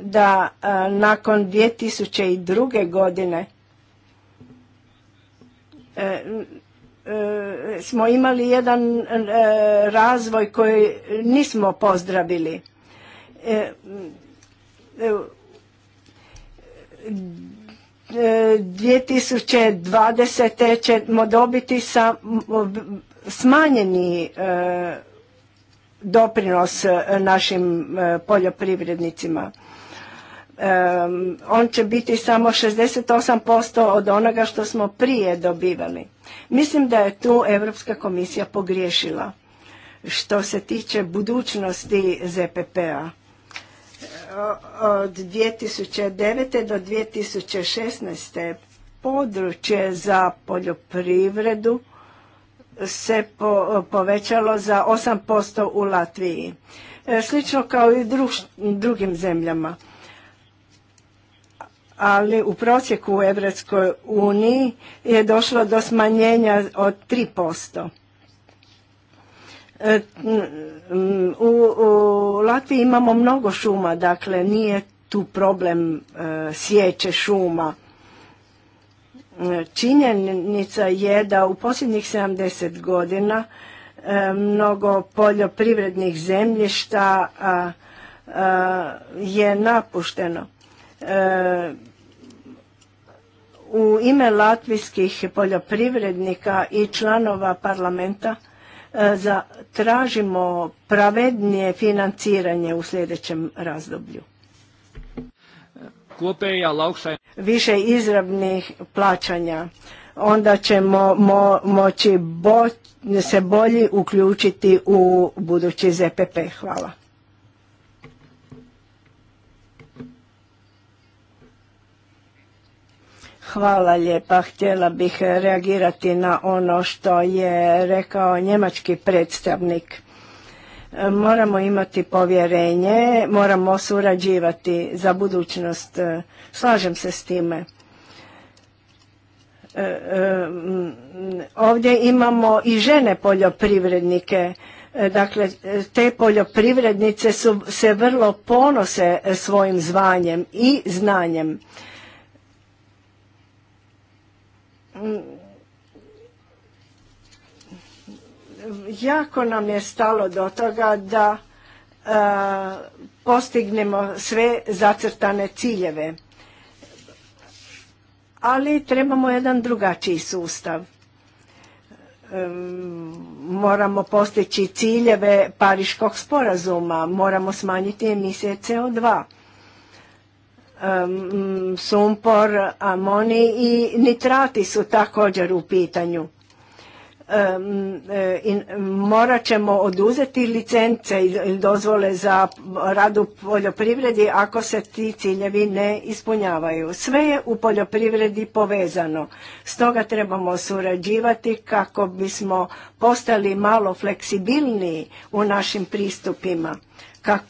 da nakon 2002. godine e, e, smo imali jedan e, razvoj koji nismo pozdravili 2020. ćemo dobiti sa smanjeni e, doprinos e, našim e, poljoprivrednicima. On će biti samo 68% od onoga što smo prije dobivali. Mislim da je tu Europska komisija pogriješila što se tiče budućnosti ZPP-a od 2009. do 2016. područje za poljoprivredu se povećalo za 8% u Latviji. E, slično kao i u drugim zemljama. Ali u prosjeku u Evropskoj uniji je došlo do smanjenja od 3%. E, mm, u, Latviji imamo mnogo šuma, dakle nije tu problem e, sjeće šuma. E, činjenica je da u posljednjih 70 godina mnogo poljoprivrednih zemljišta je napušteno. U ime latvijskih poljoprivrednika i članova parlamenta za, e, tražimo pravednije financiranje u sljedećem razdoblju. Više izravnih plaćanja, onda ćemo moći se bolje uključiti u budući ZPP. Hvala. Hvala lijepa. Htjela bih reagirati na ono što je rekao njemački predstavnik. Moramo imati povjerenje, moramo surađivati za budućnost. Slažem se s time. E, e, ovdje imamo i žene poljoprivrednike. E, dakle, te poljoprivrednice su, se vrlo ponose svojim zvanjem i znanjem. Jako nam je stalo do toga da e, postignemo sve zacrtane ciljeve. Ali trebamo jedan drugačiji sustav. Moramo postići ciljeve Pariškog sporazuma, moramo smanjiti emisije CO2 Mm, sumpor, amoni i nitrati su također u pitanju. Eh, morat ćemo oduzeti licence ili dozvole za rad u poljoprivredi ako se ti ciljevi ne ispunjavaju. Sve je u poljoprivredi povezano. Stoga trebamo surađivati kako bismo postali malo fleksibilniji u našim pristupima. Kako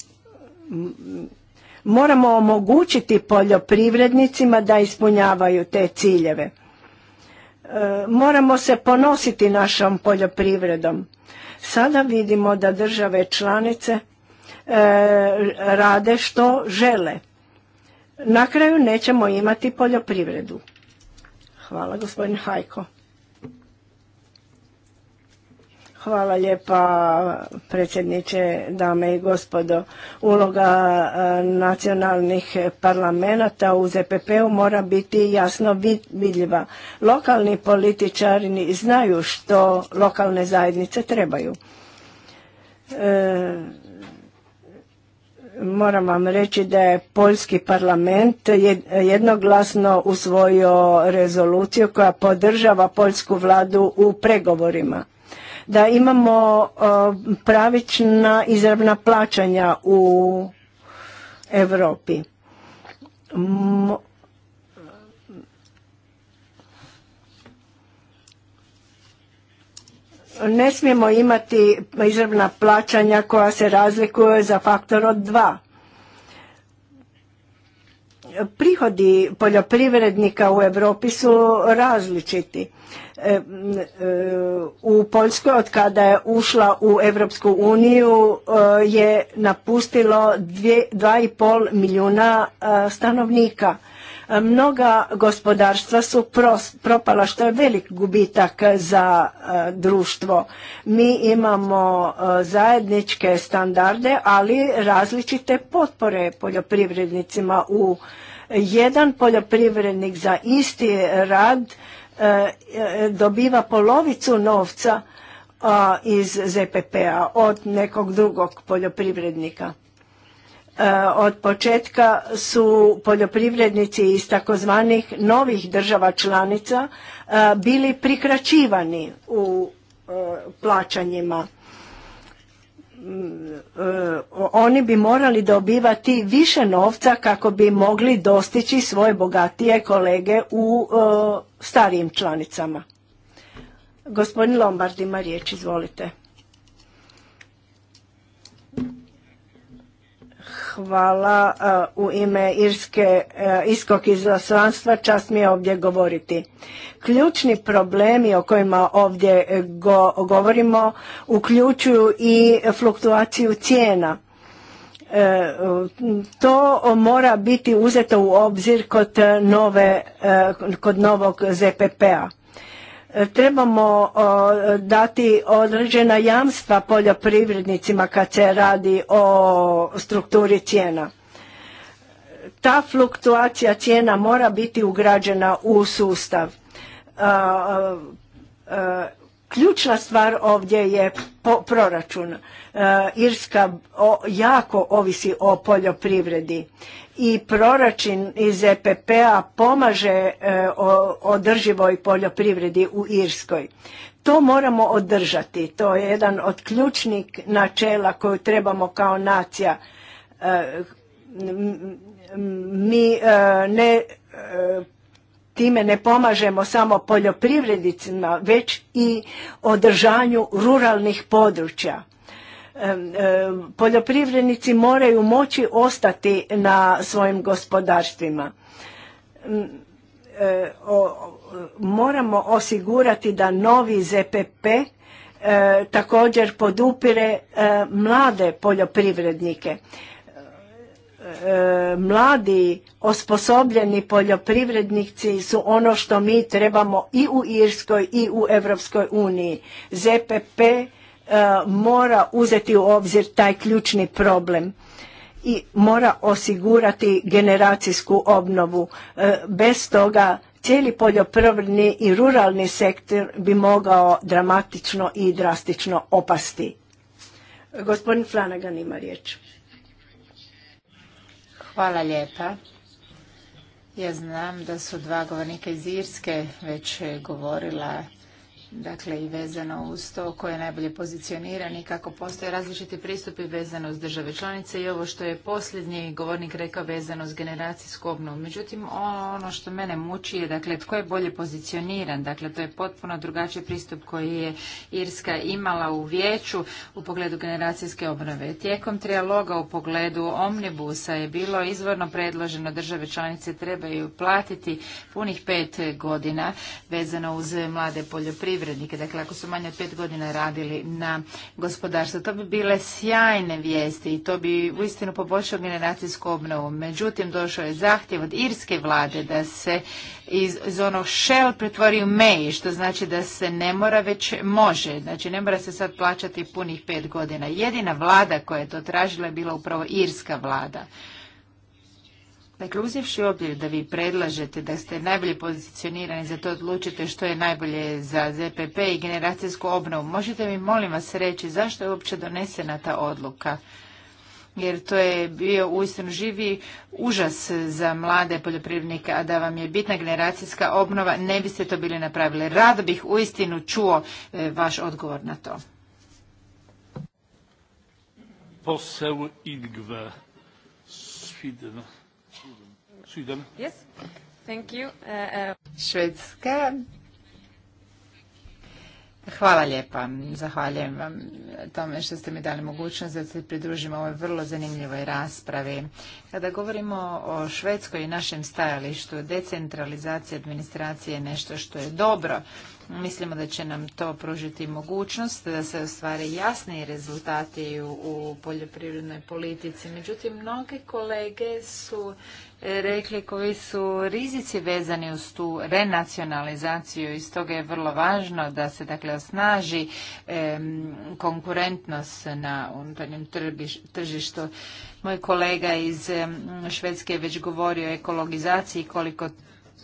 Moramo omogućiti poljoprivrednicima da ispunjavaju te ciljeve. E, moramo se ponositi našom poljoprivredom. Sada vidimo da države članice e, rade što žele. Na kraju nećemo imati poljoprivredu. Hvala gospodin Hajko. Hvala lijepa predsjedniče, dame i gospodo. Uloga e, nacionalnih parlamenta u ZPP-u mora biti jasno vidljiva. Lokalni političari znaju što lokalne zajednice trebaju. E, moram vam reći da je Poljski parlament jednoglasno usvojio rezoluciju koja podržava Poljsku vladu u pregovorima da imamo e, pravična izravna plaćanja u Europi. Ne smijemo imati izravna plaćanja koja se razlikuje za faktor od dva prihodi poljoprivrednika u Europi su različiti. E, e, u Poljskoj od kada je ušla u Europsku uniju e, je napustilo 2,5 milijuna stanovnika. Mnoga gospodarstva su propala što je velik gubitak za e, društvo. Mi imamo e, zajedničke standarde, ali različite potpore poljoprivrednicima u jedan poljoprivrednik za isti rad e, dobiva polovicu novca iz ZPP-a od nekog drugog poljoprivrednika E, od početka su poljoprivrednici iz takozvanih novih država članica e, bili prikraćivani u e, plaćanjima. Mm, oni bi morali dobivati više novca kako bi mogli dostići svoje bogatije kolege u starijim članicama. Gospodin Lombard ima riječ, izvolite. hvala uh, u ime Irske, uh, Irskog izaslanstva, čast mi je ovdje govoriti. Ključni problemi o kojima ovdje uh, govorimo uključuju i fluktuaciju cijena. to mora biti uzeto u obzir kod, kod novog ZPP-a. Trebamo dati određena jamstva poljoprivrednicima kad se radi o strukturi cijena. Ta fluktuacija cijena mora biti ugrađena u sustav Ključna stvar ovdje je proračun. E, Irska jako ovisi o poljoprivredi i proračun iz EPP-a pomaže e, održivoj poljoprivredi u Irskoj. To moramo održati, to je jedan od ključnih načela koju trebamo kao nacija. E, mi ne time ne pomažemo samo poljoprivrednicima, već i održanju ruralnih područja. Poljoprivrednici moraju moći ostati na svojim gospodarstvima. E, moramo osigurati da novi ZPP e, također podupire e, mlade poljoprivrednike E, mladi osposobljeni poljoprivrednici su ono što mi trebamo i u Irskoj i u Europskoj uniji. ZPP e, mora uzeti u obzir taj ključni problem i mora osigurati generacijsku obnovu. E, bez toga cijeli poljoprivredni i ruralni sektor bi mogao dramatično i drastično opasti. Gospodin Flanagan ima riječ. Hvala lijepa. Ja znam da su dva govornika iz Irske već govorila dakle i vezano uz to ko je najbolje pozicioniran i kako postoje različiti pristupi vezano uz države članice i ovo što je posljednji govornik rekao vezano uz generacijsku obnovu. Međutim, ono što mene muči je dakle tko je bolje pozicioniran, dakle to je potpuno drugačiji pristup koji je Irska imala u vijeću u pogledu generacijske obnove. Tijekom trijaloga u pogledu omnibusa je bilo izvorno predloženo države članice trebaju platiti punih pet godina vezano uz mlade poljoprivrednike poljoprivrednike, dakle ako su manje od pet godina radili na gospodarstvu. To bi bile sjajne vijesti i to bi uistinu poboljšao generacijsku obnovu. Međutim, došao je zahtjev od irske vlade da se iz, iz shell pretvori u may, što znači da se ne mora već može. Znači ne mora se sad plaćati punih pet godina. Jedina vlada koja je to tražila je bila upravo irska vlada. Dakle, uzivši obzir da vi predlažete da ste najbolje pozicionirani za to odlučite što je najbolje za ZPP i generacijsku obnovu, možete mi molim vas reći zašto je uopće donesena ta odluka? Jer to je bio uistinu živi užas za mlade poljoprivrednike, a da vam je bitna generacijska obnova, ne biste to bili napravili. Rado bih uistinu čuo e, vaš odgovor na to. Poseu Sweden. Yes. Thank you. Uh, uh, Švedska. Hvala lijepa. Zahvaljujem vam tome što ste mi dali mogućnost da se pridružimo ovoj vrlo zanimljivoj raspravi. Kada govorimo o Švedskoj i našem stajalištu, decentralizacija administracije je nešto što je dobro Mislimo da će nam to pružiti mogućnost da se ostvare jasni rezultati u, poljoprivrednoj politici. Međutim, mnogi kolege su e, rekli koji su rizici vezani uz tu renacionalizaciju i stoga je vrlo važno da se dakle osnaži konkurentnost na unutarnjem tržištu. Moj kolega iz Švedske je već govorio o ekologizaciji koliko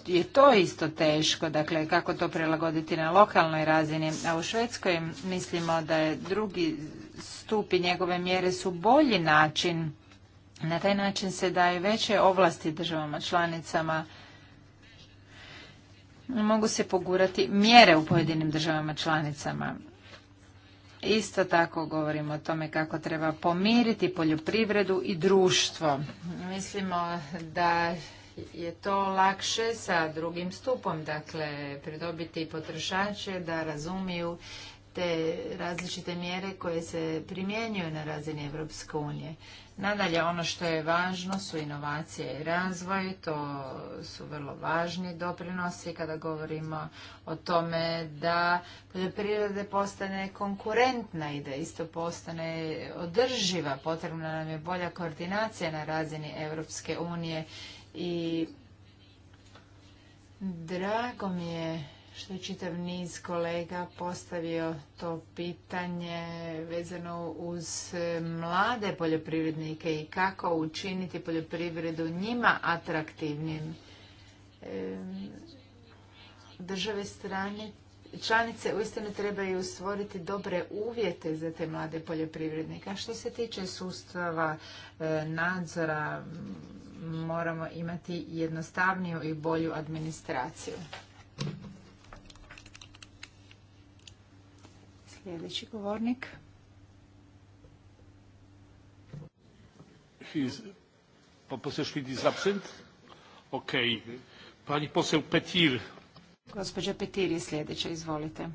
je to isto teško, dakle kako to prilagoditi na lokalnoj razini. A u Švedskoj mislimo da je drugi stup i njegove mjere su bolji način. Na taj način se daje veće ovlasti državama članicama. Mogu se pogurati mjere u pojedinim državama članicama. Isto tako govorimo o tome kako treba pomiriti poljoprivredu i društvo. Mislimo da je to lakše sa drugim stupom, dakle, pridobiti potrošače da razumiju te različite mjere koje se primjenjuju na razini Europske unije. Nadalje, ono što je važno su inovacije i razvoj, to su vrlo važni doprinosi kada govorimo o tome da poljoprivrede postane konkurentna i da isto postane održiva. Potrebna nam je bolja koordinacija na razini Europske unije i drago mi je što je čitav niz kolega postavio to pitanje vezano uz mlade poljoprivrednike i kako učiniti poljoprivredu njima atraktivnim. države strane, članice uistinu trebaju stvoriti dobre uvjete za te mlade poljoprivrednike. A što se tiče sustava e, nadzora moramo imati jednostavniju i bolju administraciju. Sljedeći govornik. Pani poseł Petir. Gospođa Petir je sljedeća, izvolite.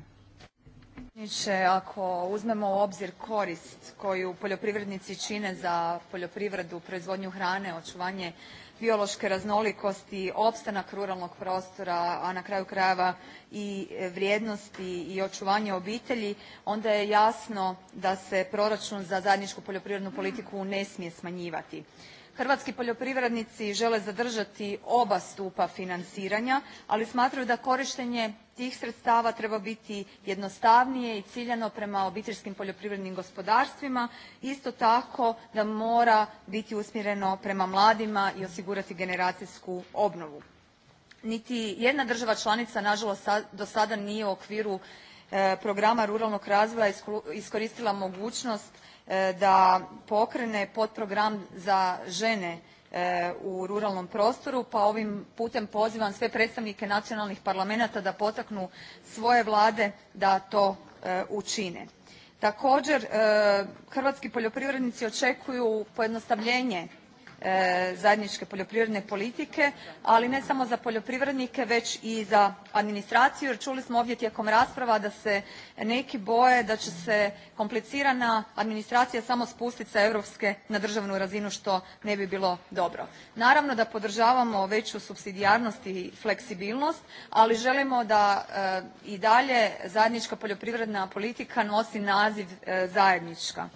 Ako uzmemo u obzir korist koju poljoprivrednici čine za poljoprivredu, proizvodnju hrane, očuvanje biološke raznolikosti, opstanak ruralnog prostora, a na kraju krajeva i vrijednosti i očuvanje obitelji, onda je jasno da se proračun za zajedničku poljoprivrednu politiku ne smije smanjivati hrvatski poljoprivrednici žele zadržati oba stupa financiranja ali smatraju da korištenje tih sredstava treba biti jednostavnije i ciljano prema obiteljskim poljoprivrednim gospodarstvima isto tako da mora biti usmjereno prema mladima i osigurati generacijsku obnovu. niti jedna država članica nažalost do sada nije u okviru e, programa ruralnog razvoja iskoristila mogućnost E, da pokrene potprogram za žene e, u ruralnom prostoru pa ovim putem pozivam sve predstavnike nacionalnih parlamenata da potaknu svoje vlade da to e, učine. također hrvatski poljoprivrednici očekuju pojednostavljenje E, zajedničke poljoprivredne politike ali ne samo za poljoprivrednike već i za administraciju jer čuli smo ovdje tijekom rasprava da se neki boje da će se komplicirana administracija samo spustiti sa europske na državnu razinu što ne bi bilo dobro. naravno da podržavamo veću supsidijarnost i fleksibilnost ali želimo da e, i dalje zajednička poljoprivredna politika nosi naziv e, zajednička.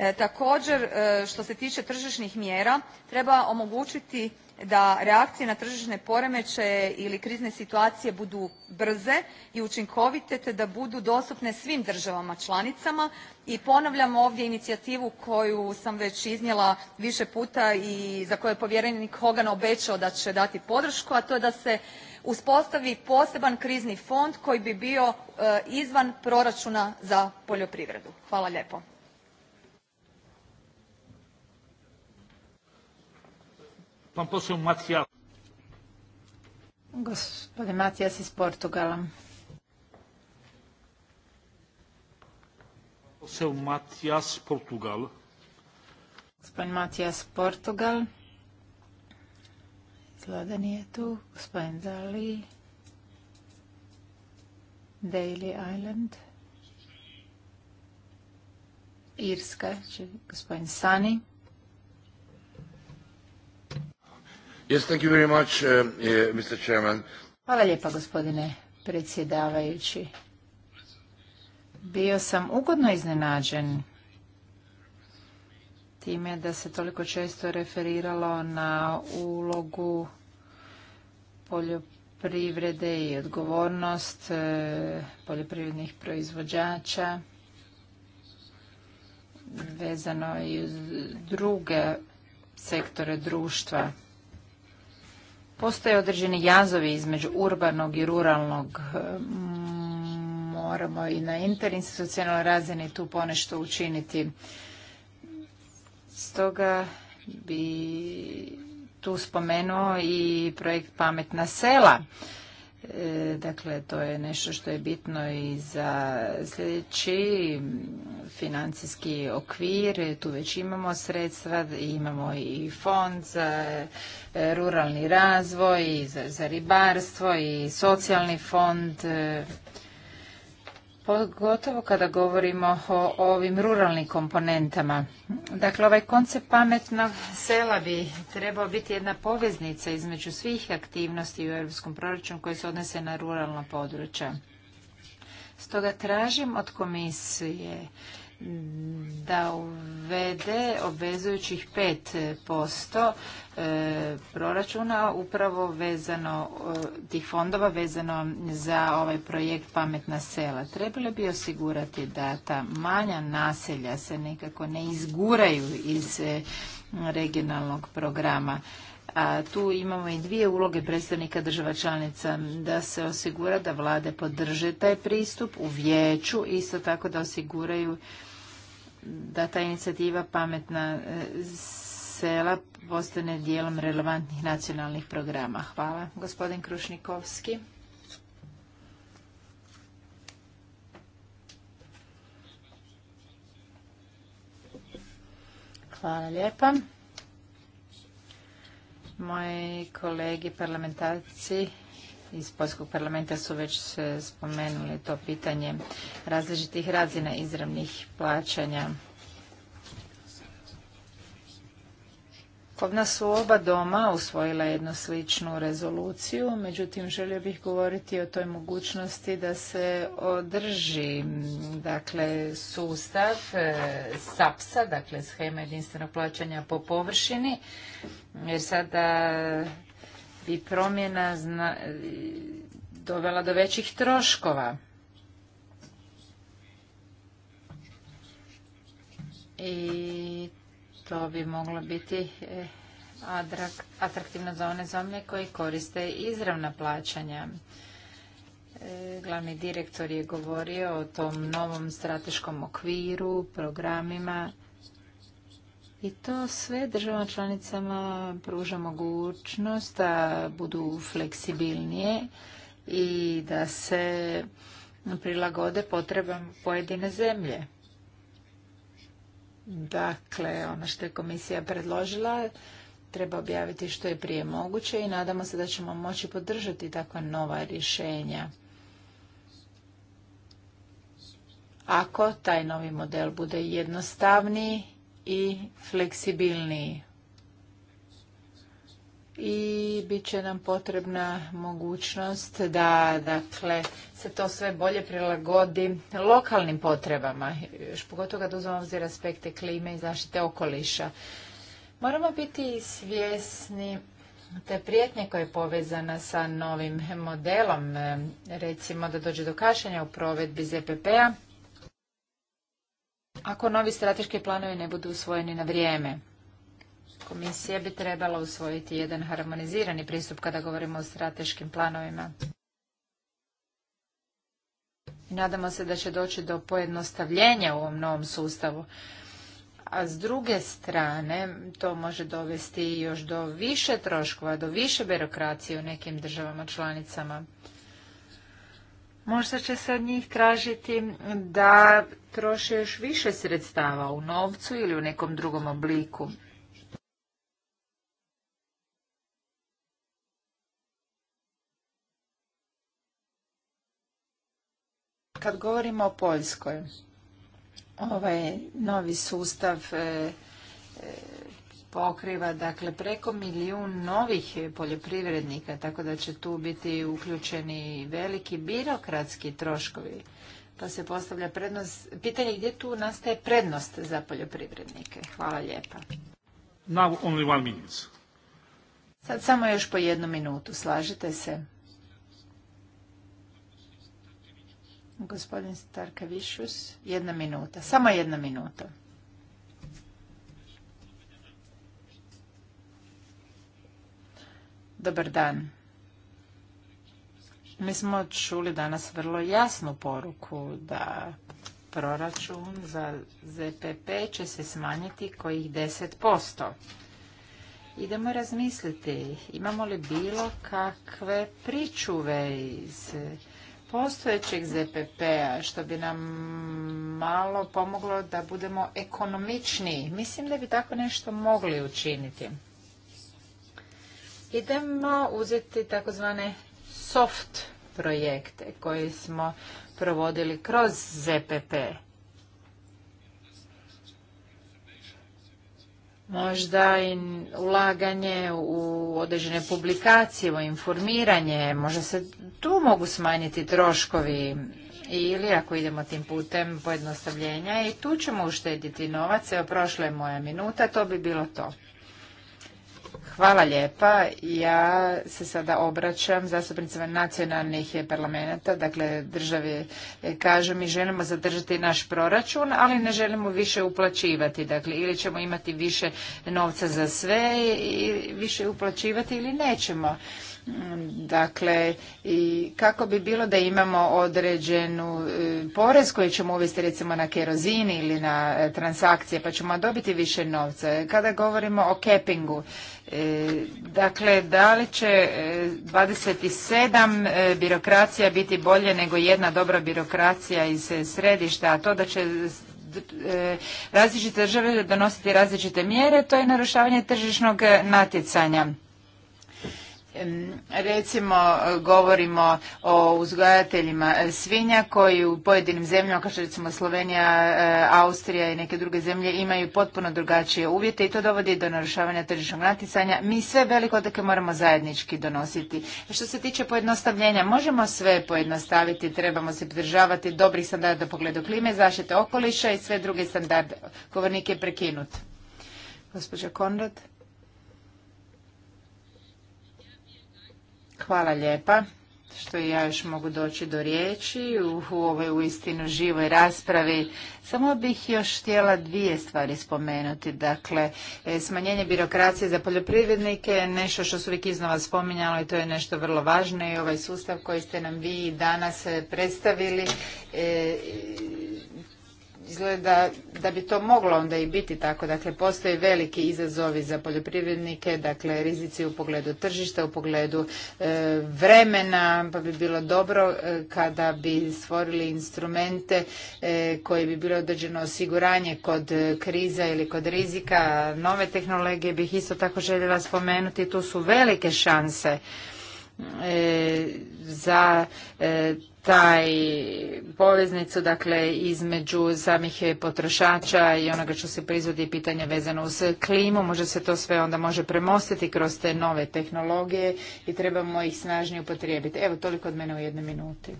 E, također e, što se tiče tržišnih mjera treba omogućiti da reakcije na tržišne poremećaje ili krizne situacije budu brze i učinkovite te da budu dostupne svim državama članicama i ponavljam ovdje inicijativu koju sam već iznijela više puta i za koju je povjerenik Hogan obećao da će dati podršku, a to je da se uspostavi poseban krizni fond koji bi bio e, izvan proračuna za poljoprivredu. Hvala lijepo. Pan poseł Matija. Gospodin Matijas iz Portugala. Poseł Matijas, Portugal. Gospodin Matijas, Portugal. Izgleda da nije tu. Gospodin Dali. Daily Island. Irska, gospodin Sani. Yes, uh, uh, Hvala lijepa gospodine predsjedavajući. Bio sam ugodno iznenađen time da se toliko često referiralo na ulogu poljoprivrede i odgovornost uh, poljoprivrednih proizvođača vezano i uz druge sektore društva. Postoje određeni jazovi između urbanog i ruralnog. E, moramo i na interinstitucionalnoj razini tu ponešto učiniti. Stoga bi tu spomenuo i projekt Pametna sela E, dakle, to je nešto što je bitno i za sljedeći financijski okvir. Tu već imamo sredstva, imamo i fond za e, ruralni razvoj, i za ribarstvo i socijalni fond. E, pogotovo kada govorimo o ovim ruralnim komponentama. Dakle, ovaj koncept pametnog sela bi trebao biti jedna poveznica između svih aktivnosti u europskom proračunu koje se odnose na ruralna područja. Stoga tražim od komisije da uvede obvezujućih 5% e, proračuna upravo vezano e, tih fondova vezano za ovaj projekt Pametna sela. Trebalo bi osigurati da ta manja naselja se nekako ne izguraju iz e, regionalnog programa. A tu imamo i dvije uloge predstavnika država članica, da se osigura da vlade podrže taj pristup u vijeću, isto tako da osiguraju da ta inicijativa Pametna e, sela postane dijelom relevantnih nacionalnih programa. Hvala. Gospodin Krušnikovski. Hvala lijepa. Moji kolegi parlamentarci iz Poljskog parlamenta su već spomenuli to pitanje različitih razina izravnih plaćanja. Kod nas su oba doma usvojila jednu sličnu rezoluciju, međutim želio bih govoriti o toj mogućnosti da se održi dakle, sustav e, SAPSA, dakle schema jedinstvenog plaćanja po površini, jer sada bi promjena dovela do većih troškova. I to bi moglo biti eh, atraktivno za one zemlje koji koriste izravna plaćanja. Eh, glavni direktor je govorio o tom novom strateškom okviru, programima i to sve državama članicama pruža mogućnost da budu fleksibilnije i da se prilagode potrebama pojedine zemlje. Dakle, ono što je komisija predložila treba objaviti što je prije moguće i nadamo se da ćemo moći podržati takva nova rješenja. Ako taj novi model bude jednostavniji, i fleksibilniji. I bit će nam potrebna mogućnost da dakle, se to sve bolje prilagodi lokalnim potrebama, još pogotovo kad uzmemo obzir aspekte klime i zaštite okoliša. Moramo biti svjesni te prijetnje koja je povezana sa novim modelom, recimo da dođe do kašenja u provedbi ZPP-a, ako novi strateški planovi ne budu usvojeni na vrijeme. Komisija bi trebala usvojiti jedan harmonizirani pristup kada govorimo o strateškim planovima. Nadamo se da će doći do pojednostavljenja u ovom novom sustavu. A s druge strane, to može dovesti još do više troškova, do više birokracije u nekim državama članicama. Možda će se od njih tražiti da troše još više sredstava u novcu ili u nekom drugom obliku. Kad govorimo o Poljskoj, ovaj novi sustav e, e, pokriva dakle preko milijun novih poljoprivrednika, tako da će tu biti uključeni veliki birokratski troškovi. Pa se postavlja prednost, pitanje gdje tu nastaje prednost za poljoprivrednike. Hvala lijepa. Now only one Sad samo još po jednu minutu, slažete se? Gospodin Starkavišus, jedna minuta, samo jedna minuta. Dobar dan. Mi smo čuli danas vrlo jasnu poruku da proračun za ZPP će se smanjiti kojih 10%. Idemo razmisliti, imamo li bilo kakve pričuve iz postojećeg ZPP-a, što bi nam malo pomoglo da budemo ekonomičniji. Mislim da bi tako nešto mogli učiniti. Idemo uzeti takozvane soft projekte koje smo provodili kroz ZPP. Možda i ulaganje u određene publikacije, u informiranje, možda se tu mogu smanjiti troškovi ili ako idemo tim putem pojednostavljenja i tu ćemo uštediti novac. Evo prošla je moja minuta, to bi bilo to. Hvala lijepa. Ja se sada obraćam zastupnicima nacionalnih parlamenta, dakle države kažu mi želimo zadržati naš proračun, ali ne želimo više uplaćivati. Dakle, ili ćemo imati više novca za sve i više uplaćivati ili nećemo. Dakle, i kako bi bilo da imamo određenu e, porez koji ćemo uvesti recimo na kerozini ili na e, transakcije pa ćemo dobiti više novca. Kada govorimo o kepingu, e, dakle, da li će 27 birokracija biti bolje nego jedna dobra birokracija iz središta, a to da će različite države donositi različite mjere, to je narušavanje tržišnog natjecanja. Recimo, govorimo o uzgajateljima svinja koji u pojedinim zemljama, kao što recimo Slovenija, e, Austrija i neke druge zemlje, imaju potpuno drugačije uvjete i to dovodi do narušavanja tržišnog natjecanja. Mi sve veliko odluke moramo zajednički donositi. Što se tiče pojednostavljenja, možemo sve pojednostaviti, trebamo se pridržavati dobrih standarda u pogledu klime, zaštite okoliša i sve druge standarde. Govornik je prekinut. Gospođa Konrad. Hvala lijepa što ja još mogu doći do riječi u, u ovoj uistinu živoj raspravi. Samo bih još htjela dvije stvari spomenuti. Dakle, e, smanjenje birokracije za poljoprivrednike je nešto što su uvijek iznova spominjalo i to je nešto vrlo važno i ovaj sustav koji ste nam vi danas e, predstavili e, izgleda da bi to moglo onda i biti tako. Dakle, postoje veliki izazovi za poljoprivrednike, dakle, rizici u pogledu tržišta, u pogledu e, vremena, pa bi bilo dobro e, kada bi stvorili instrumente e, koje bi bilo određeno osiguranje kod kriza ili kod rizika. Nove tehnologije bih isto tako željela spomenuti, tu su velike šanse E, za e, taj poveznicu dakle između samih potrošača i onoga što se proizvodi pitanje vezano uz klimu. Može se to sve onda može premostiti kroz te nove tehnologije i trebamo ih snažnije upotrijebiti. Evo toliko od mene u jednoj minuti.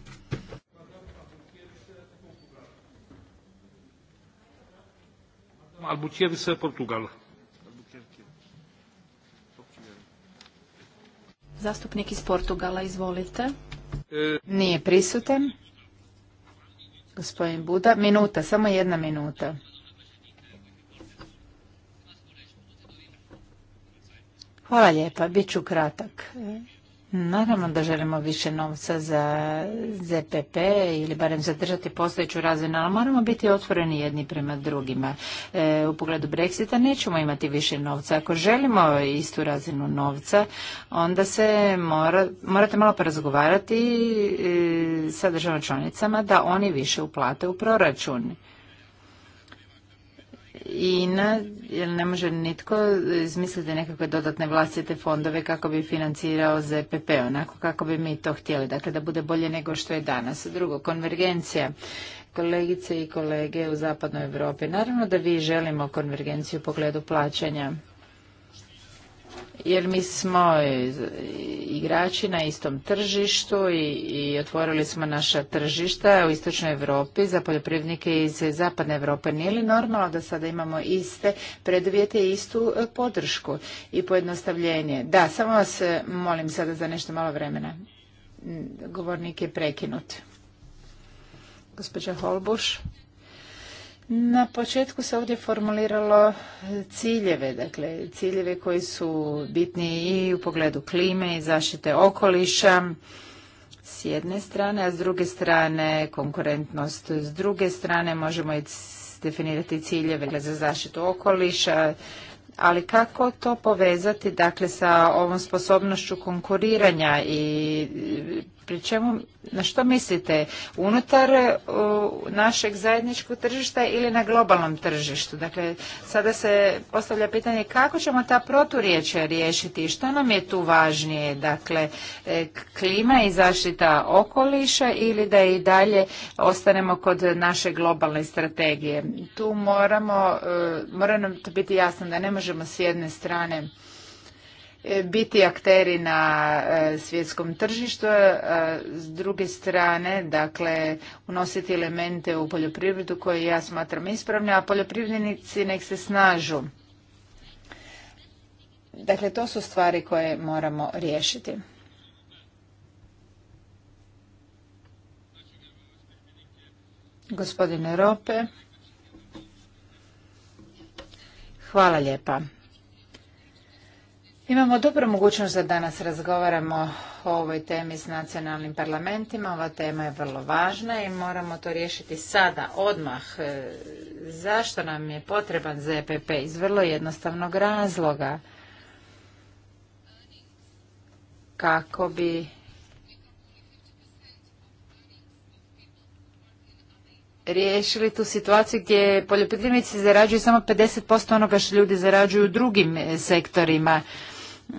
Albuquerque, Portugal. Zastupnik iz Portugala, izvolite. Nije prisutan. Gospodin Buda, minuta, samo jedna minuta. Hvala lijepa, bit ću kratak. Naravno da želimo više novca za ZPP ili barem zadržati postojeću razinu, ali moramo biti otvoreni jedni prema drugima. E, u pogledu Brexita nećemo imati više novca. Ako želimo istu razinu novca, onda se morate malo porazgovarati e, sa državom članicama da oni više uplate u proračun. INA, jer ne može nitko izmisliti nekakve dodatne vlastite fondove kako bi financirao ZPP, onako kako bi mi to htjeli, dakle da bude bolje nego što je danas. Drugo, konvergencija kolegice i kolege u zapadnoj Europi. Naravno da vi želimo konvergenciju u pogledu plaćanja jer mi smo igrači na istom tržištu i, otvorili smo naša tržišta u istočnoj Europi za poljoprivrednike iz zapadne Europe. Nije li normalno da sada imamo iste preduvjete i istu e, podršku i pojednostavljenje? Da, samo vas e, molim sada za nešto malo vremena. Govornik je prekinut. Gospođa Holbuš. Na početku se ovdje formuliralo ciljeve, dakle ciljeve koji su bitni i u pogledu klime i zaštite okoliša s jedne strane, a s druge strane konkurentnost. S druge strane možemo i definirati ciljeve dakle, za zaštitu okoliša, ali kako to povezati dakle sa ovom sposobnošću konkuriranja i pri čemu, na što mislite, unutar e, našeg zajedničkog tržišta ili na globalnom tržištu? Dakle, sada se postavlja pitanje kako ćemo ta proturječja riješiti i što nam je tu važnije? Dakle, e, klima i zaštita okoliša ili da i dalje ostanemo kod naše globalne strategije? Tu moramo, e, mora nam to biti jasno da ne možemo s jedne strane E, biti akteri na e, svjetskom tržištu, e, s druge strane, dakle, unositi elemente u poljoprivredu koje ja smatram ispravne, a poljoprivrednici nek se snažu. Dakle, to su stvari koje moramo riješiti. Gospodine Rope, hvala lijepa. Imamo dobru mogućnost da danas razgovaramo o ovoj temi s nacionalnim parlamentima. Ova tema je vrlo važna i moramo to riješiti sada, odmah. E, zašto nam je potreban ZPP? Iz vrlo jednostavnog razloga. Kako bi riješili tu situaciju gdje poljoprivrednici zarađuju samo 50% onoga što ljudi zarađuju u drugim e, sektorima.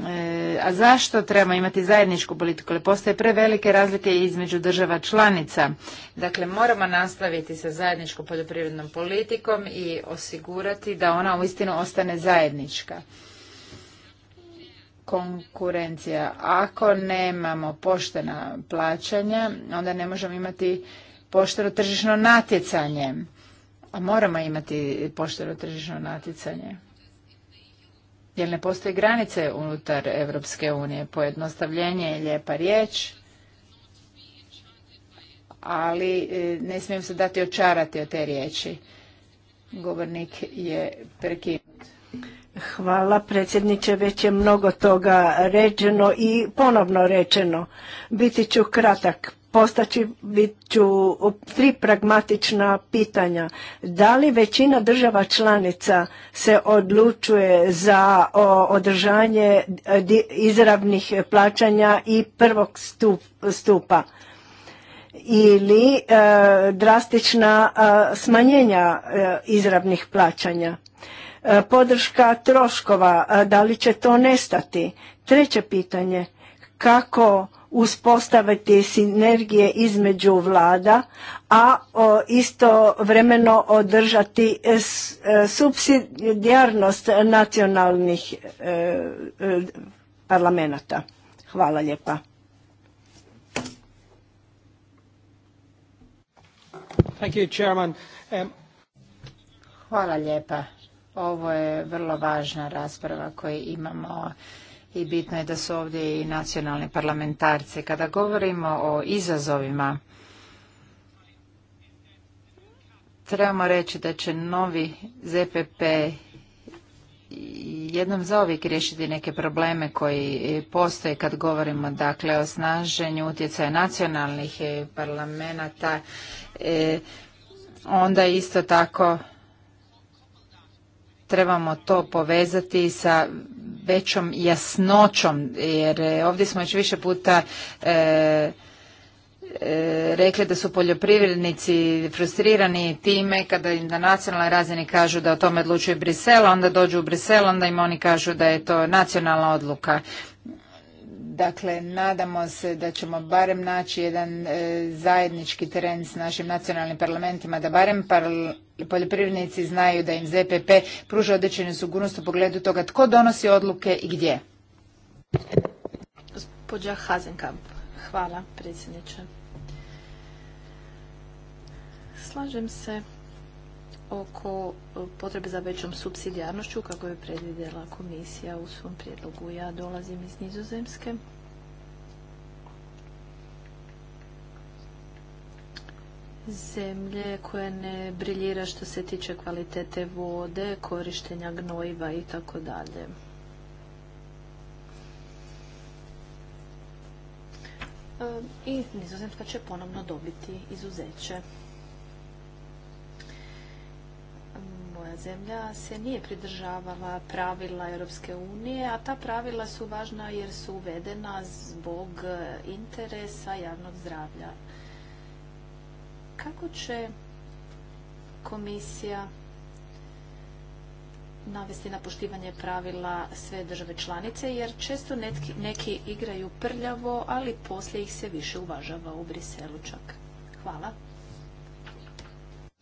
E, a zašto trebamo imati zajedničku politiku? Jer postoje prevelike razlike između država članica. Dakle, moramo nastaviti sa zajedničkom poljoprivrednom politikom i osigurati da ona uistinu ostane zajednička konkurencija. Ako nemamo poštena plaćanja, onda ne možemo imati pošteno tržišno natjecanje. A moramo imati pošteno tržišno natjecanje jer ne postoje granice unutar Europske unije. Pojednostavljenje je lijepa riječ, ali e, ne smijem se dati očarati od te riječi. Govornik je prekinut. Hvala predsjedniče, već je mnogo toga rečeno i ponovno rečeno. Biti ću kratak postaći ću tri pragmatična pitanja. Da li većina država članica se odlučuje za održanje e, izravnih plaćanja i prvog stupa ili e, drastična e, smanjenja izravnih plaćanja? Podrška troškova, da li će to nestati? Treće pitanje, kako uspostaviti sinergije između vlada, a isto vremeno održati e, e, subsidijarnost nacionalnih e, parlamenta. Hvala lijepa. Um, Hvala lijepa. Ovo je vrlo važna rasprava koju imamo i bitno je da su ovdje i nacionalni parlamentarci. Kada govorimo o izazovima, trebamo reći da će novi ZPP jednom zaovijek riješiti neke probleme koji postoje kad govorimo dakle o snaženju utjecaja nacionalnih e, parlamenta e, onda isto tako trebamo to povezati sa većom jasnoćom, jer e, ovdje smo već više puta e, e, rekli da su poljoprivrednici frustrirani time kada im na nacionalnoj razini kažu da o tome odlučuje Brisel, onda dođu u Brisel, onda im oni kažu da je to nacionalna odluka. Dakle, nadamo se da ćemo barem naći jedan zajednički teren s našim nacionalnim parlamentima, da barem poljoprivrednici znaju da im ZPP pruža određenu sigurnost u pogledu toga tko donosi odluke i gdje. Gospodja Hazenkamp, hvala predsjedniče. Slažem se oko potrebe za većom subsidijarnošću kako je predvidjela komisija u svom prijedlogu. Ja dolazim iz Nizozemske zemlje koja ne briljira što se tiče kvalitete vode, korištenja gnojiva i tako dalje. E, I nizozemska će ponovno dobiti izuzeće. Moja zemlja se nije pridržavala pravila Europske unije, a ta pravila su važna jer su uvedena zbog interesa javnog zdravlja kako će komisija navesti na poštivanje pravila sve države članice, jer često neki, igraju prljavo, ali poslije ih se više uvažava u Briselu čak. Hvala.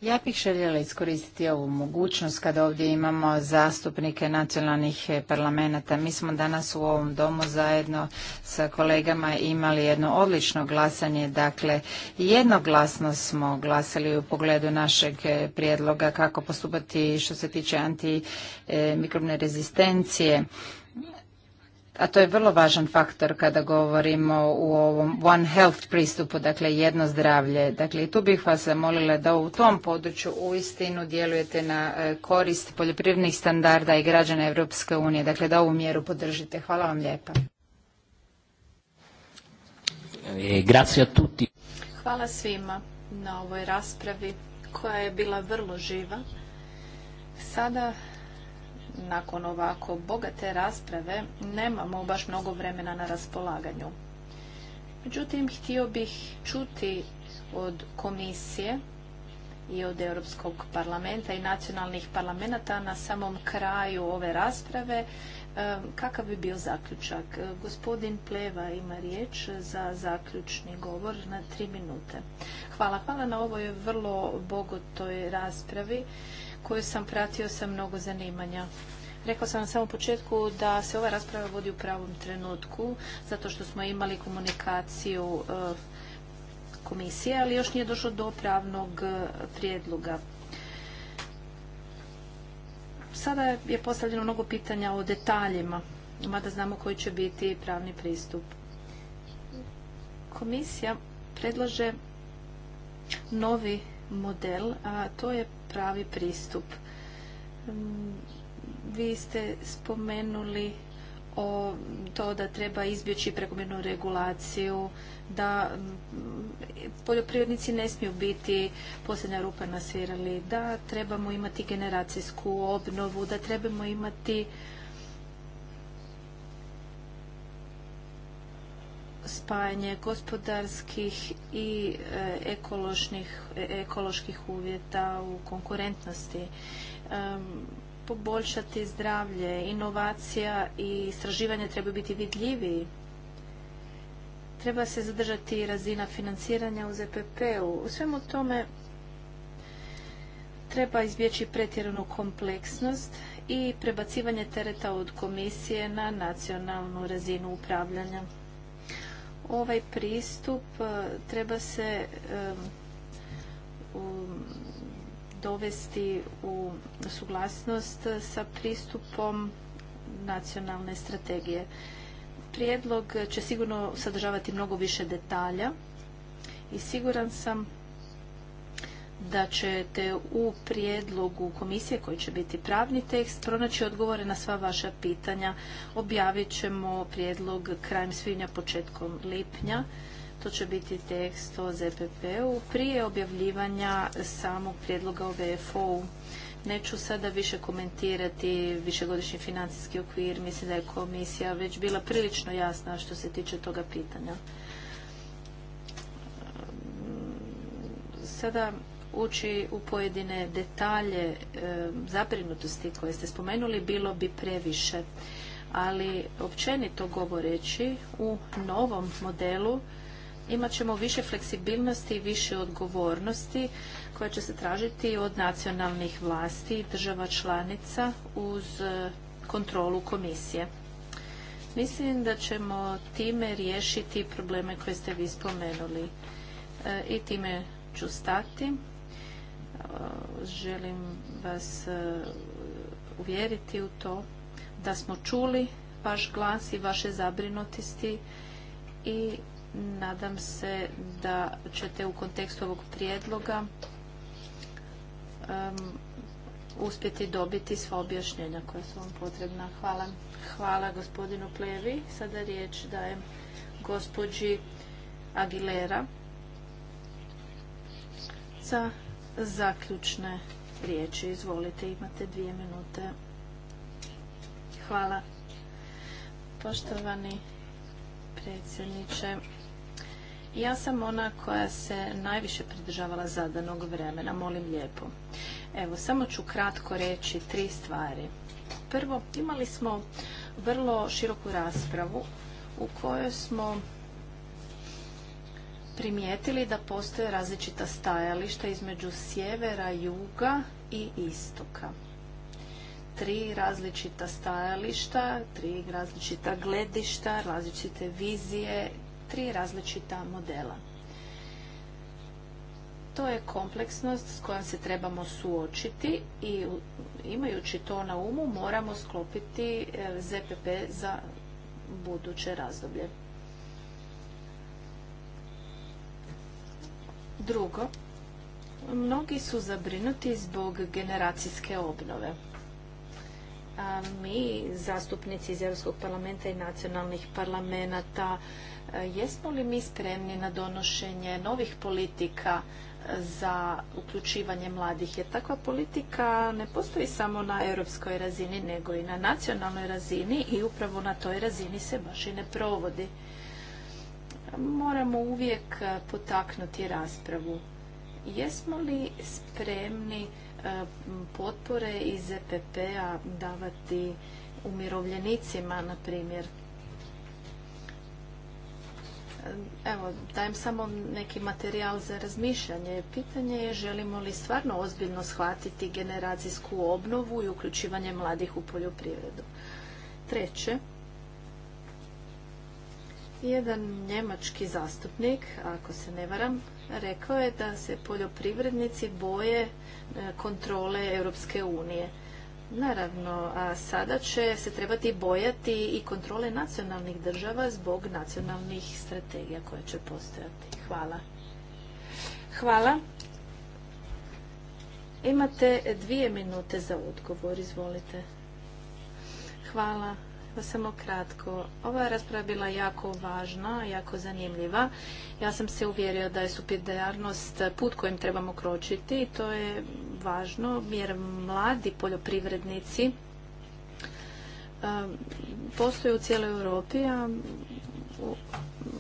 Ja bih željela iskoristiti ovu mogućnost kada ovdje imamo zastupnike nacionalnih parlamenta. Mi smo danas u ovom domu zajedno sa kolegama imali jedno odlično glasanje, dakle jednoglasno smo glasali u pogledu našeg prijedloga kako postupati što se tiče antimikrobne rezistencije a to je vrlo važan faktor kada govorimo u ovom One Health pristupu, dakle jedno zdravlje. Dakle, i tu bih vas zamolila da u tom području uistinu djelujete na e, korist poljoprivrednih standarda i građana Europske unije. Dakle, da ovu mjeru podržite. Hvala vam lijepa. E, Hvala svima na ovoj raspravi koja je bila vrlo živa. Sada nakon ovako bogate rasprave nemamo baš mnogo vremena na raspolaganju. Međutim, htio bih čuti od komisije i od Europskog parlamenta i nacionalnih parlamenta na samom kraju ove rasprave e, kakav bi bio zaključak. Gospodin Pleva ima riječ za zaključni govor na tri minute. Hvala, hvala na ovoj vrlo bogatoj raspravi koju sam pratio sa mnogo zanimanja. Rekao sam na samom početku da se ova rasprava vodi u pravom trenutku, zato što smo imali komunikaciju eh, komisije, ali još nije došlo do pravnog eh, prijedloga. Sada je postavljeno mnogo pitanja o detaljima, mada znamo koji će biti pravni pristup. Komisija predlaže novi model, a to je pravi pristup. Mm, vi ste spomenuli o to da treba izbjeći prekomjernu regulaciju, da mm, poljoprivrednici ne smiju biti posljednja rupa nasirali, da trebamo imati generacijsku obnovu, da trebamo imati spajanje gospodarskih i e, e, ekoloških uvjeta u konkurentnosti, poboljšati zdravlje, inovacija i istraživanje trebaju biti vidljiviji. Treba se zadržati razina financiranja u ZPP-u. U svemu tome treba izbjeći pretjeranu kompleksnost i prebacivanje tereta od komisije na nacionalnu razinu upravljanja ovaj pristup e, treba se dovesti u suglasnost sa pristupom nacionalne strategije. Prijedlog će sigurno sadržavati mnogo više detalja i siguran sam da ćete u prijedlogu komisije koji će biti pravni tekst pronaći odgovore na sva vaša pitanja. Objavit ćemo prijedlog krajem svibnja, početkom lipnja. To će biti tekst o ZPP-u prije objavljivanja samog prijedloga o VFO-u. Neću sada više komentirati višegodišnji financijski okvir. Mislim da je komisija već bila prilično jasna što se tiče toga pitanja. Sada ući u pojedine detalje e, zabrinutosti koje ste spomenuli bilo bi previše. Ali općenito govoreći u novom modelu imat ćemo više fleksibilnosti i više odgovornosti koja će se tražiti od nacionalnih vlasti i država članica uz e, kontrolu komisije. Mislim da ćemo time riješiti probleme koje ste vi spomenuli. E, I time ću stati. Želim vas e, uvjeriti u to da smo čuli vaš glas i vaše zabrinutosti i nadam se da ćete u kontekstu ovog prijedloga uspjeti dobiti sva objašnjenja koja su vam potrebna. Hvala. Hvala gospodinu Plevi. Sada riječ dajem gospođi Aguilera za zaključne riječi. Izvolite, imate dvije minute. Hvala. Poštovani predsjedniče, ja sam ona koja se najviše pridržavala zadanog vremena, molim lijepo. Evo, samo ću kratko reći tri stvari. Prvo, imali smo vrlo široku raspravu u kojoj smo primijetili da postoje različita stajališta između sjevera, juga i istoka. Tri različita stajališta, tri različita gledišta, različite vizije, tri različita modela. To je kompleksnost s kojom se trebamo suočiti i imajući to na umu moramo sklopiti e, ZPP za buduće razdoblje. Drugo, mnogi su zabrinuti zbog generacijske obnove. mi, zastupnici iz Europskog parlamenta i nacionalnih parlamenta, e, jesmo li mi spremni na donošenje novih politika e, za uključivanje mladih? Jer takva politika ne postoji samo na europskoj razini, nego i na nacionalnoj razini i upravo na toj razini se baš i ne provodi moramo uvijek e, potaknuti raspravu. Jesmo li spremni e, potpore iz EPP-a davati umirovljenicima, na primjer? E, evo, dajem samo neki materijal za razmišljanje. Pitanje je želimo li stvarno ozbiljno shvatiti generacijsku obnovu i uključivanje mladih u poljoprivredu. Treće, jedan njemački zastupnik, ako se ne varam, rekao je da se poljoprivrednici boje e, kontrole Europske unije. Naravno, a sada će se trebati bojati i kontrole nacionalnih država zbog nacionalnih strategija koje će postojati. Hvala. Hvala. Imate dvije minute za odgovor, izvolite. Hvala pa samo kratko. Ova rasprava je bila jako važna, jako zanimljiva. Ja sam se uvjerio da je supsidijarnost put kojim trebamo kročiti i to je važno jer mladi poljoprivrednici um, postoje u cijeloj Europi, a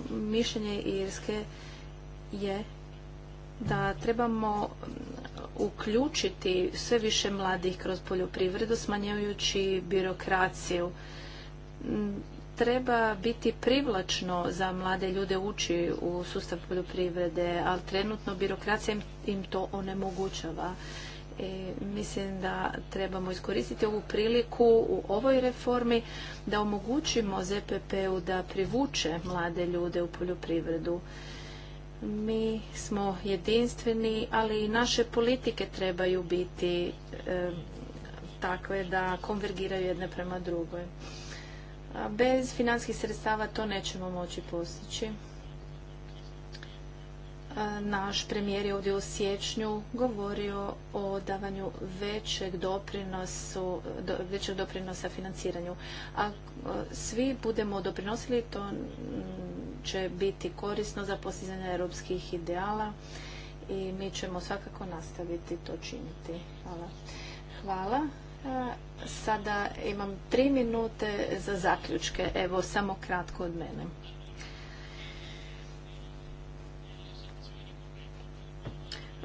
mišljenje Irske je da trebamo um, uključiti sve više mladih kroz poljoprivredu smanjujući birokraciju treba biti privlačno za mlade ljude ući u sustav poljoprivrede, ali trenutno birokracija im to onemogućava. E, mislim da trebamo iskoristiti ovu priliku u ovoj reformi da omogućimo ZPP-u da privuče mlade ljude u poljoprivredu. Mi smo jedinstveni, ali i naše politike trebaju biti e, takve da konvergiraju jedne prema drugoj bez financijskih sredstava to nećemo moći postići. E, naš premijer je ovdje u siječnju govorio o davanju većeg, doprinosa financiranju. A e, svi budemo doprinosili, to će biti korisno za postizanje europskih ideala i mi ćemo svakako nastaviti to činiti. Hvala. Sada imam tri minute za zaključke. Evo, samo kratko od mene.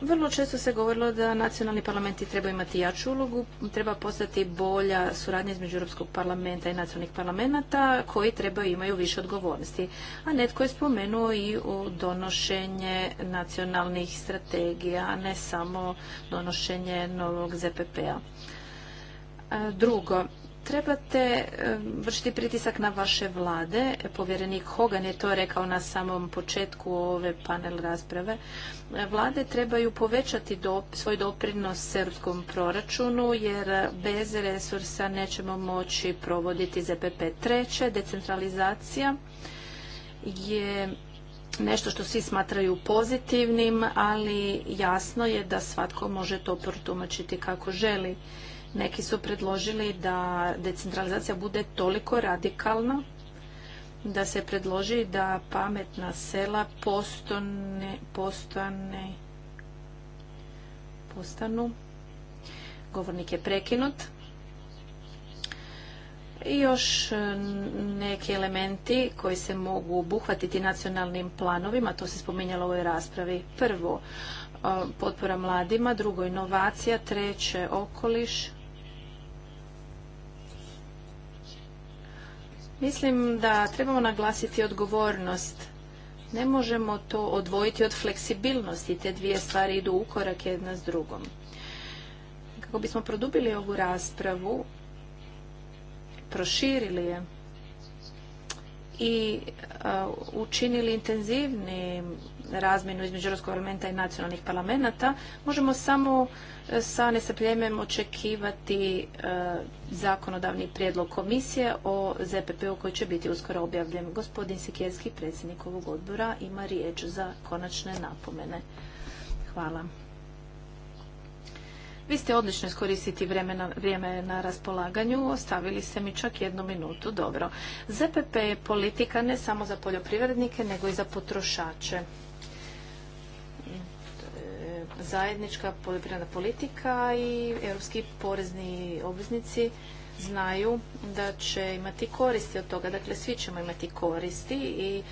Vrlo često se govorilo da nacionalni parlamenti trebaju imati jaču ulogu, treba postati bolja suradnja između Europskog parlamenta i nacionalnih parlamenta koji trebaju imaju više odgovornosti. A netko je spomenuo i u donošenje nacionalnih strategija, a ne samo donošenje novog ZPP-a. E, drugo, trebate e, vršiti pritisak na vaše vlade. E, povjerenik Hogan je to rekao na samom početku ove panel rasprave. Vlade trebaju povećati svoj doprinos srpskom proračunu jer bez resursa nećemo moći provoditi ZPP. Treće, decentralizacija je nešto što svi smatraju pozitivnim, ali jasno je da svatko može to protumačiti kako želi. Neki su predložili da decentralizacija bude toliko radikalna da se predloži da pametna sela postane, postane, postanu. Govornik je prekinut. I još e, neki elementi koji se mogu obuhvatiti nacionalnim planovima, to se spominjalo u ovoj raspravi. Prvo, e, potpora mladima, drugo, inovacija, treće, okoliš, Mislim da trebamo naglasiti odgovornost. Ne možemo to odvojiti od fleksibilnosti. Te dvije stvari idu u korak jedna s drugom. Kako bismo produbili ovu raspravu, proširili je i učinili intenzivni razmjenu između Europskog parlamenta i nacionalnih parlamenta, možemo samo sa nestrpljenjem očekivati e, zakonodavni prijedlog komisije o ZPP-u koji će biti uskoro objavljen. Gospodin Sikijevski, predsjednik ovog odbora, ima riječ za konačne napomene. Hvala. Vi ste odlično iskoristiti vrijeme na raspolaganju, ostavili ste mi čak jednu minutu, dobro. ZPP je politika ne samo za poljoprivrednike, nego i za potrošače zajednička poljoprivredna politika i europski porezni obveznici znaju da će imati koristi od toga. Dakle, svi ćemo imati koristi i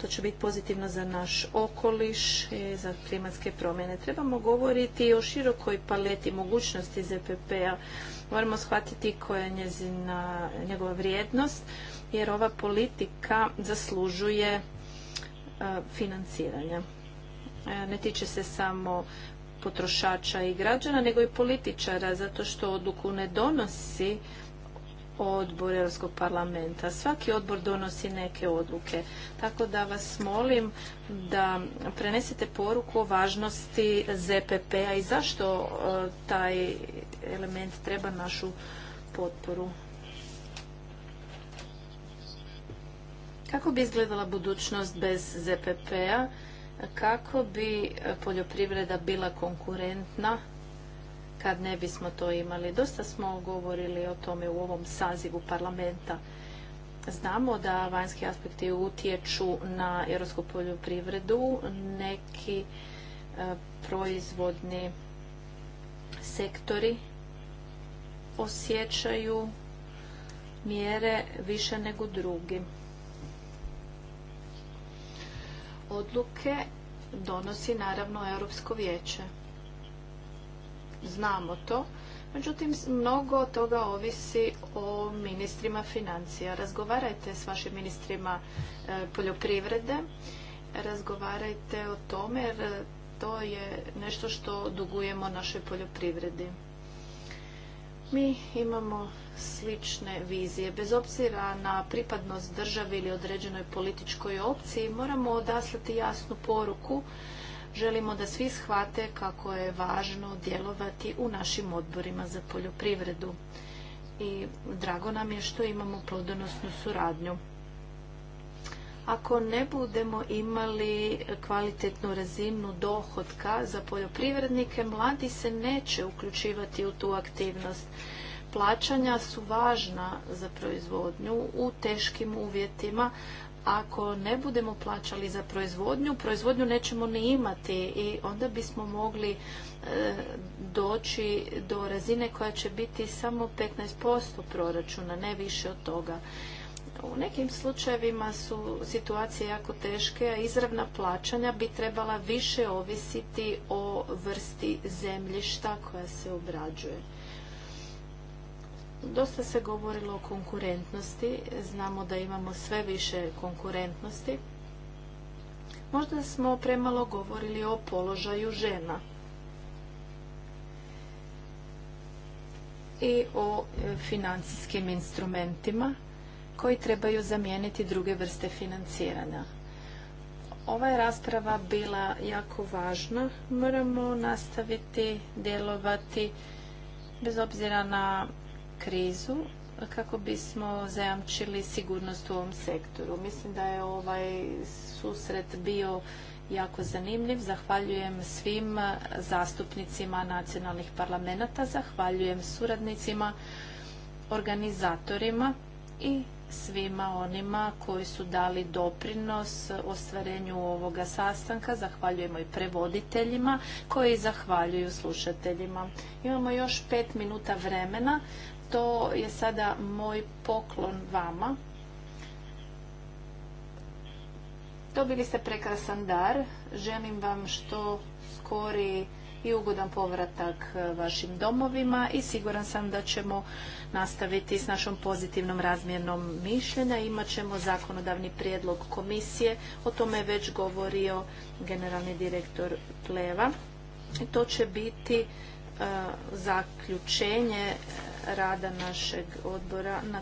to će biti pozitivno za naš okoliš i za klimatske promjene. Trebamo govoriti o širokoj paleti mogućnosti ZPP-a. Moramo shvatiti koja je njegova vrijednost, jer ova politika zaslužuje e, financiranja. E, ne tiče se samo potrošača i građana, nego i političara, zato što odluku ne donosi odbor Europskog parlamenta. Svaki odbor donosi neke odluke. Tako da vas molim da prenesete poruku o važnosti ZPP-a i zašto e, taj element treba našu potporu. Kako bi izgledala budućnost bez ZPP-a? kako bi e, poljoprivreda bila konkurentna kad ne bismo to imali. Dosta smo govorili o tome u ovom sazivu parlamenta. Znamo da vanjski aspekti utječu na europsku poljoprivredu. Neki e, proizvodni sektori osjećaju mjere više nego drugi odluke donosi naravno Europsko vijeće. Znamo to. Međutim, mnogo toga ovisi o ministrima financija. Razgovarajte s vašim ministrima e, poljoprivrede, razgovarajte o tome jer to je nešto što dugujemo našoj poljoprivredi. Mi imamo slične vizije. Bez obzira na pripadnost državi ili određenoj političkoj opciji, moramo odaslati jasnu poruku. Želimo da svi shvate kako je važno djelovati u našim odborima za poljoprivredu. I drago nam je što imamo plodonosnu suradnju ako ne budemo imali kvalitetnu razinu dohodka za poljoprivrednike, mladi se neće uključivati u tu aktivnost. Plaćanja su važna za proizvodnju u teškim uvjetima. Ako ne budemo plaćali za proizvodnju, proizvodnju nećemo ni imati i onda bismo mogli e, doći do razine koja će biti samo 15% proračuna, ne više od toga. Dakle, u nekim slučajevima su situacije jako teške, a izravna plaćanja bi trebala više ovisiti o vrsti zemljišta koja se obrađuje. Dosta se govorilo o konkurentnosti, znamo da imamo sve više konkurentnosti. Možda smo premalo govorili o položaju žena i o e, financijskim instrumentima koji trebaju zamijeniti druge vrste financiranja. Ova je rasprava bila jako važna. Moramo nastaviti djelovati bez obzira na krizu kako bismo zajamčili sigurnost u ovom sektoru. Mislim da je ovaj susret bio jako zanimljiv. Zahvaljujem svim zastupnicima nacionalnih parlamenta, zahvaljujem suradnicima, organizatorima i svima onima koji su dali doprinos ostvarenju ovoga sastanka. Zahvaljujemo i prevoditeljima koji zahvaljuju slušateljima. Imamo još pet minuta vremena. To je sada moj poklon vama. Dobili ste prekrasan dar. Želim vam što skori i ugodan povratak e, vašim domovima i siguran sam da ćemo nastaviti s našom pozitivnom razmjernom mišljenja. Imat ćemo zakonodavni prijedlog komisije, o tome je već govorio generalni direktor Pleva. To će biti e, zaključenje e, rada našeg odbora na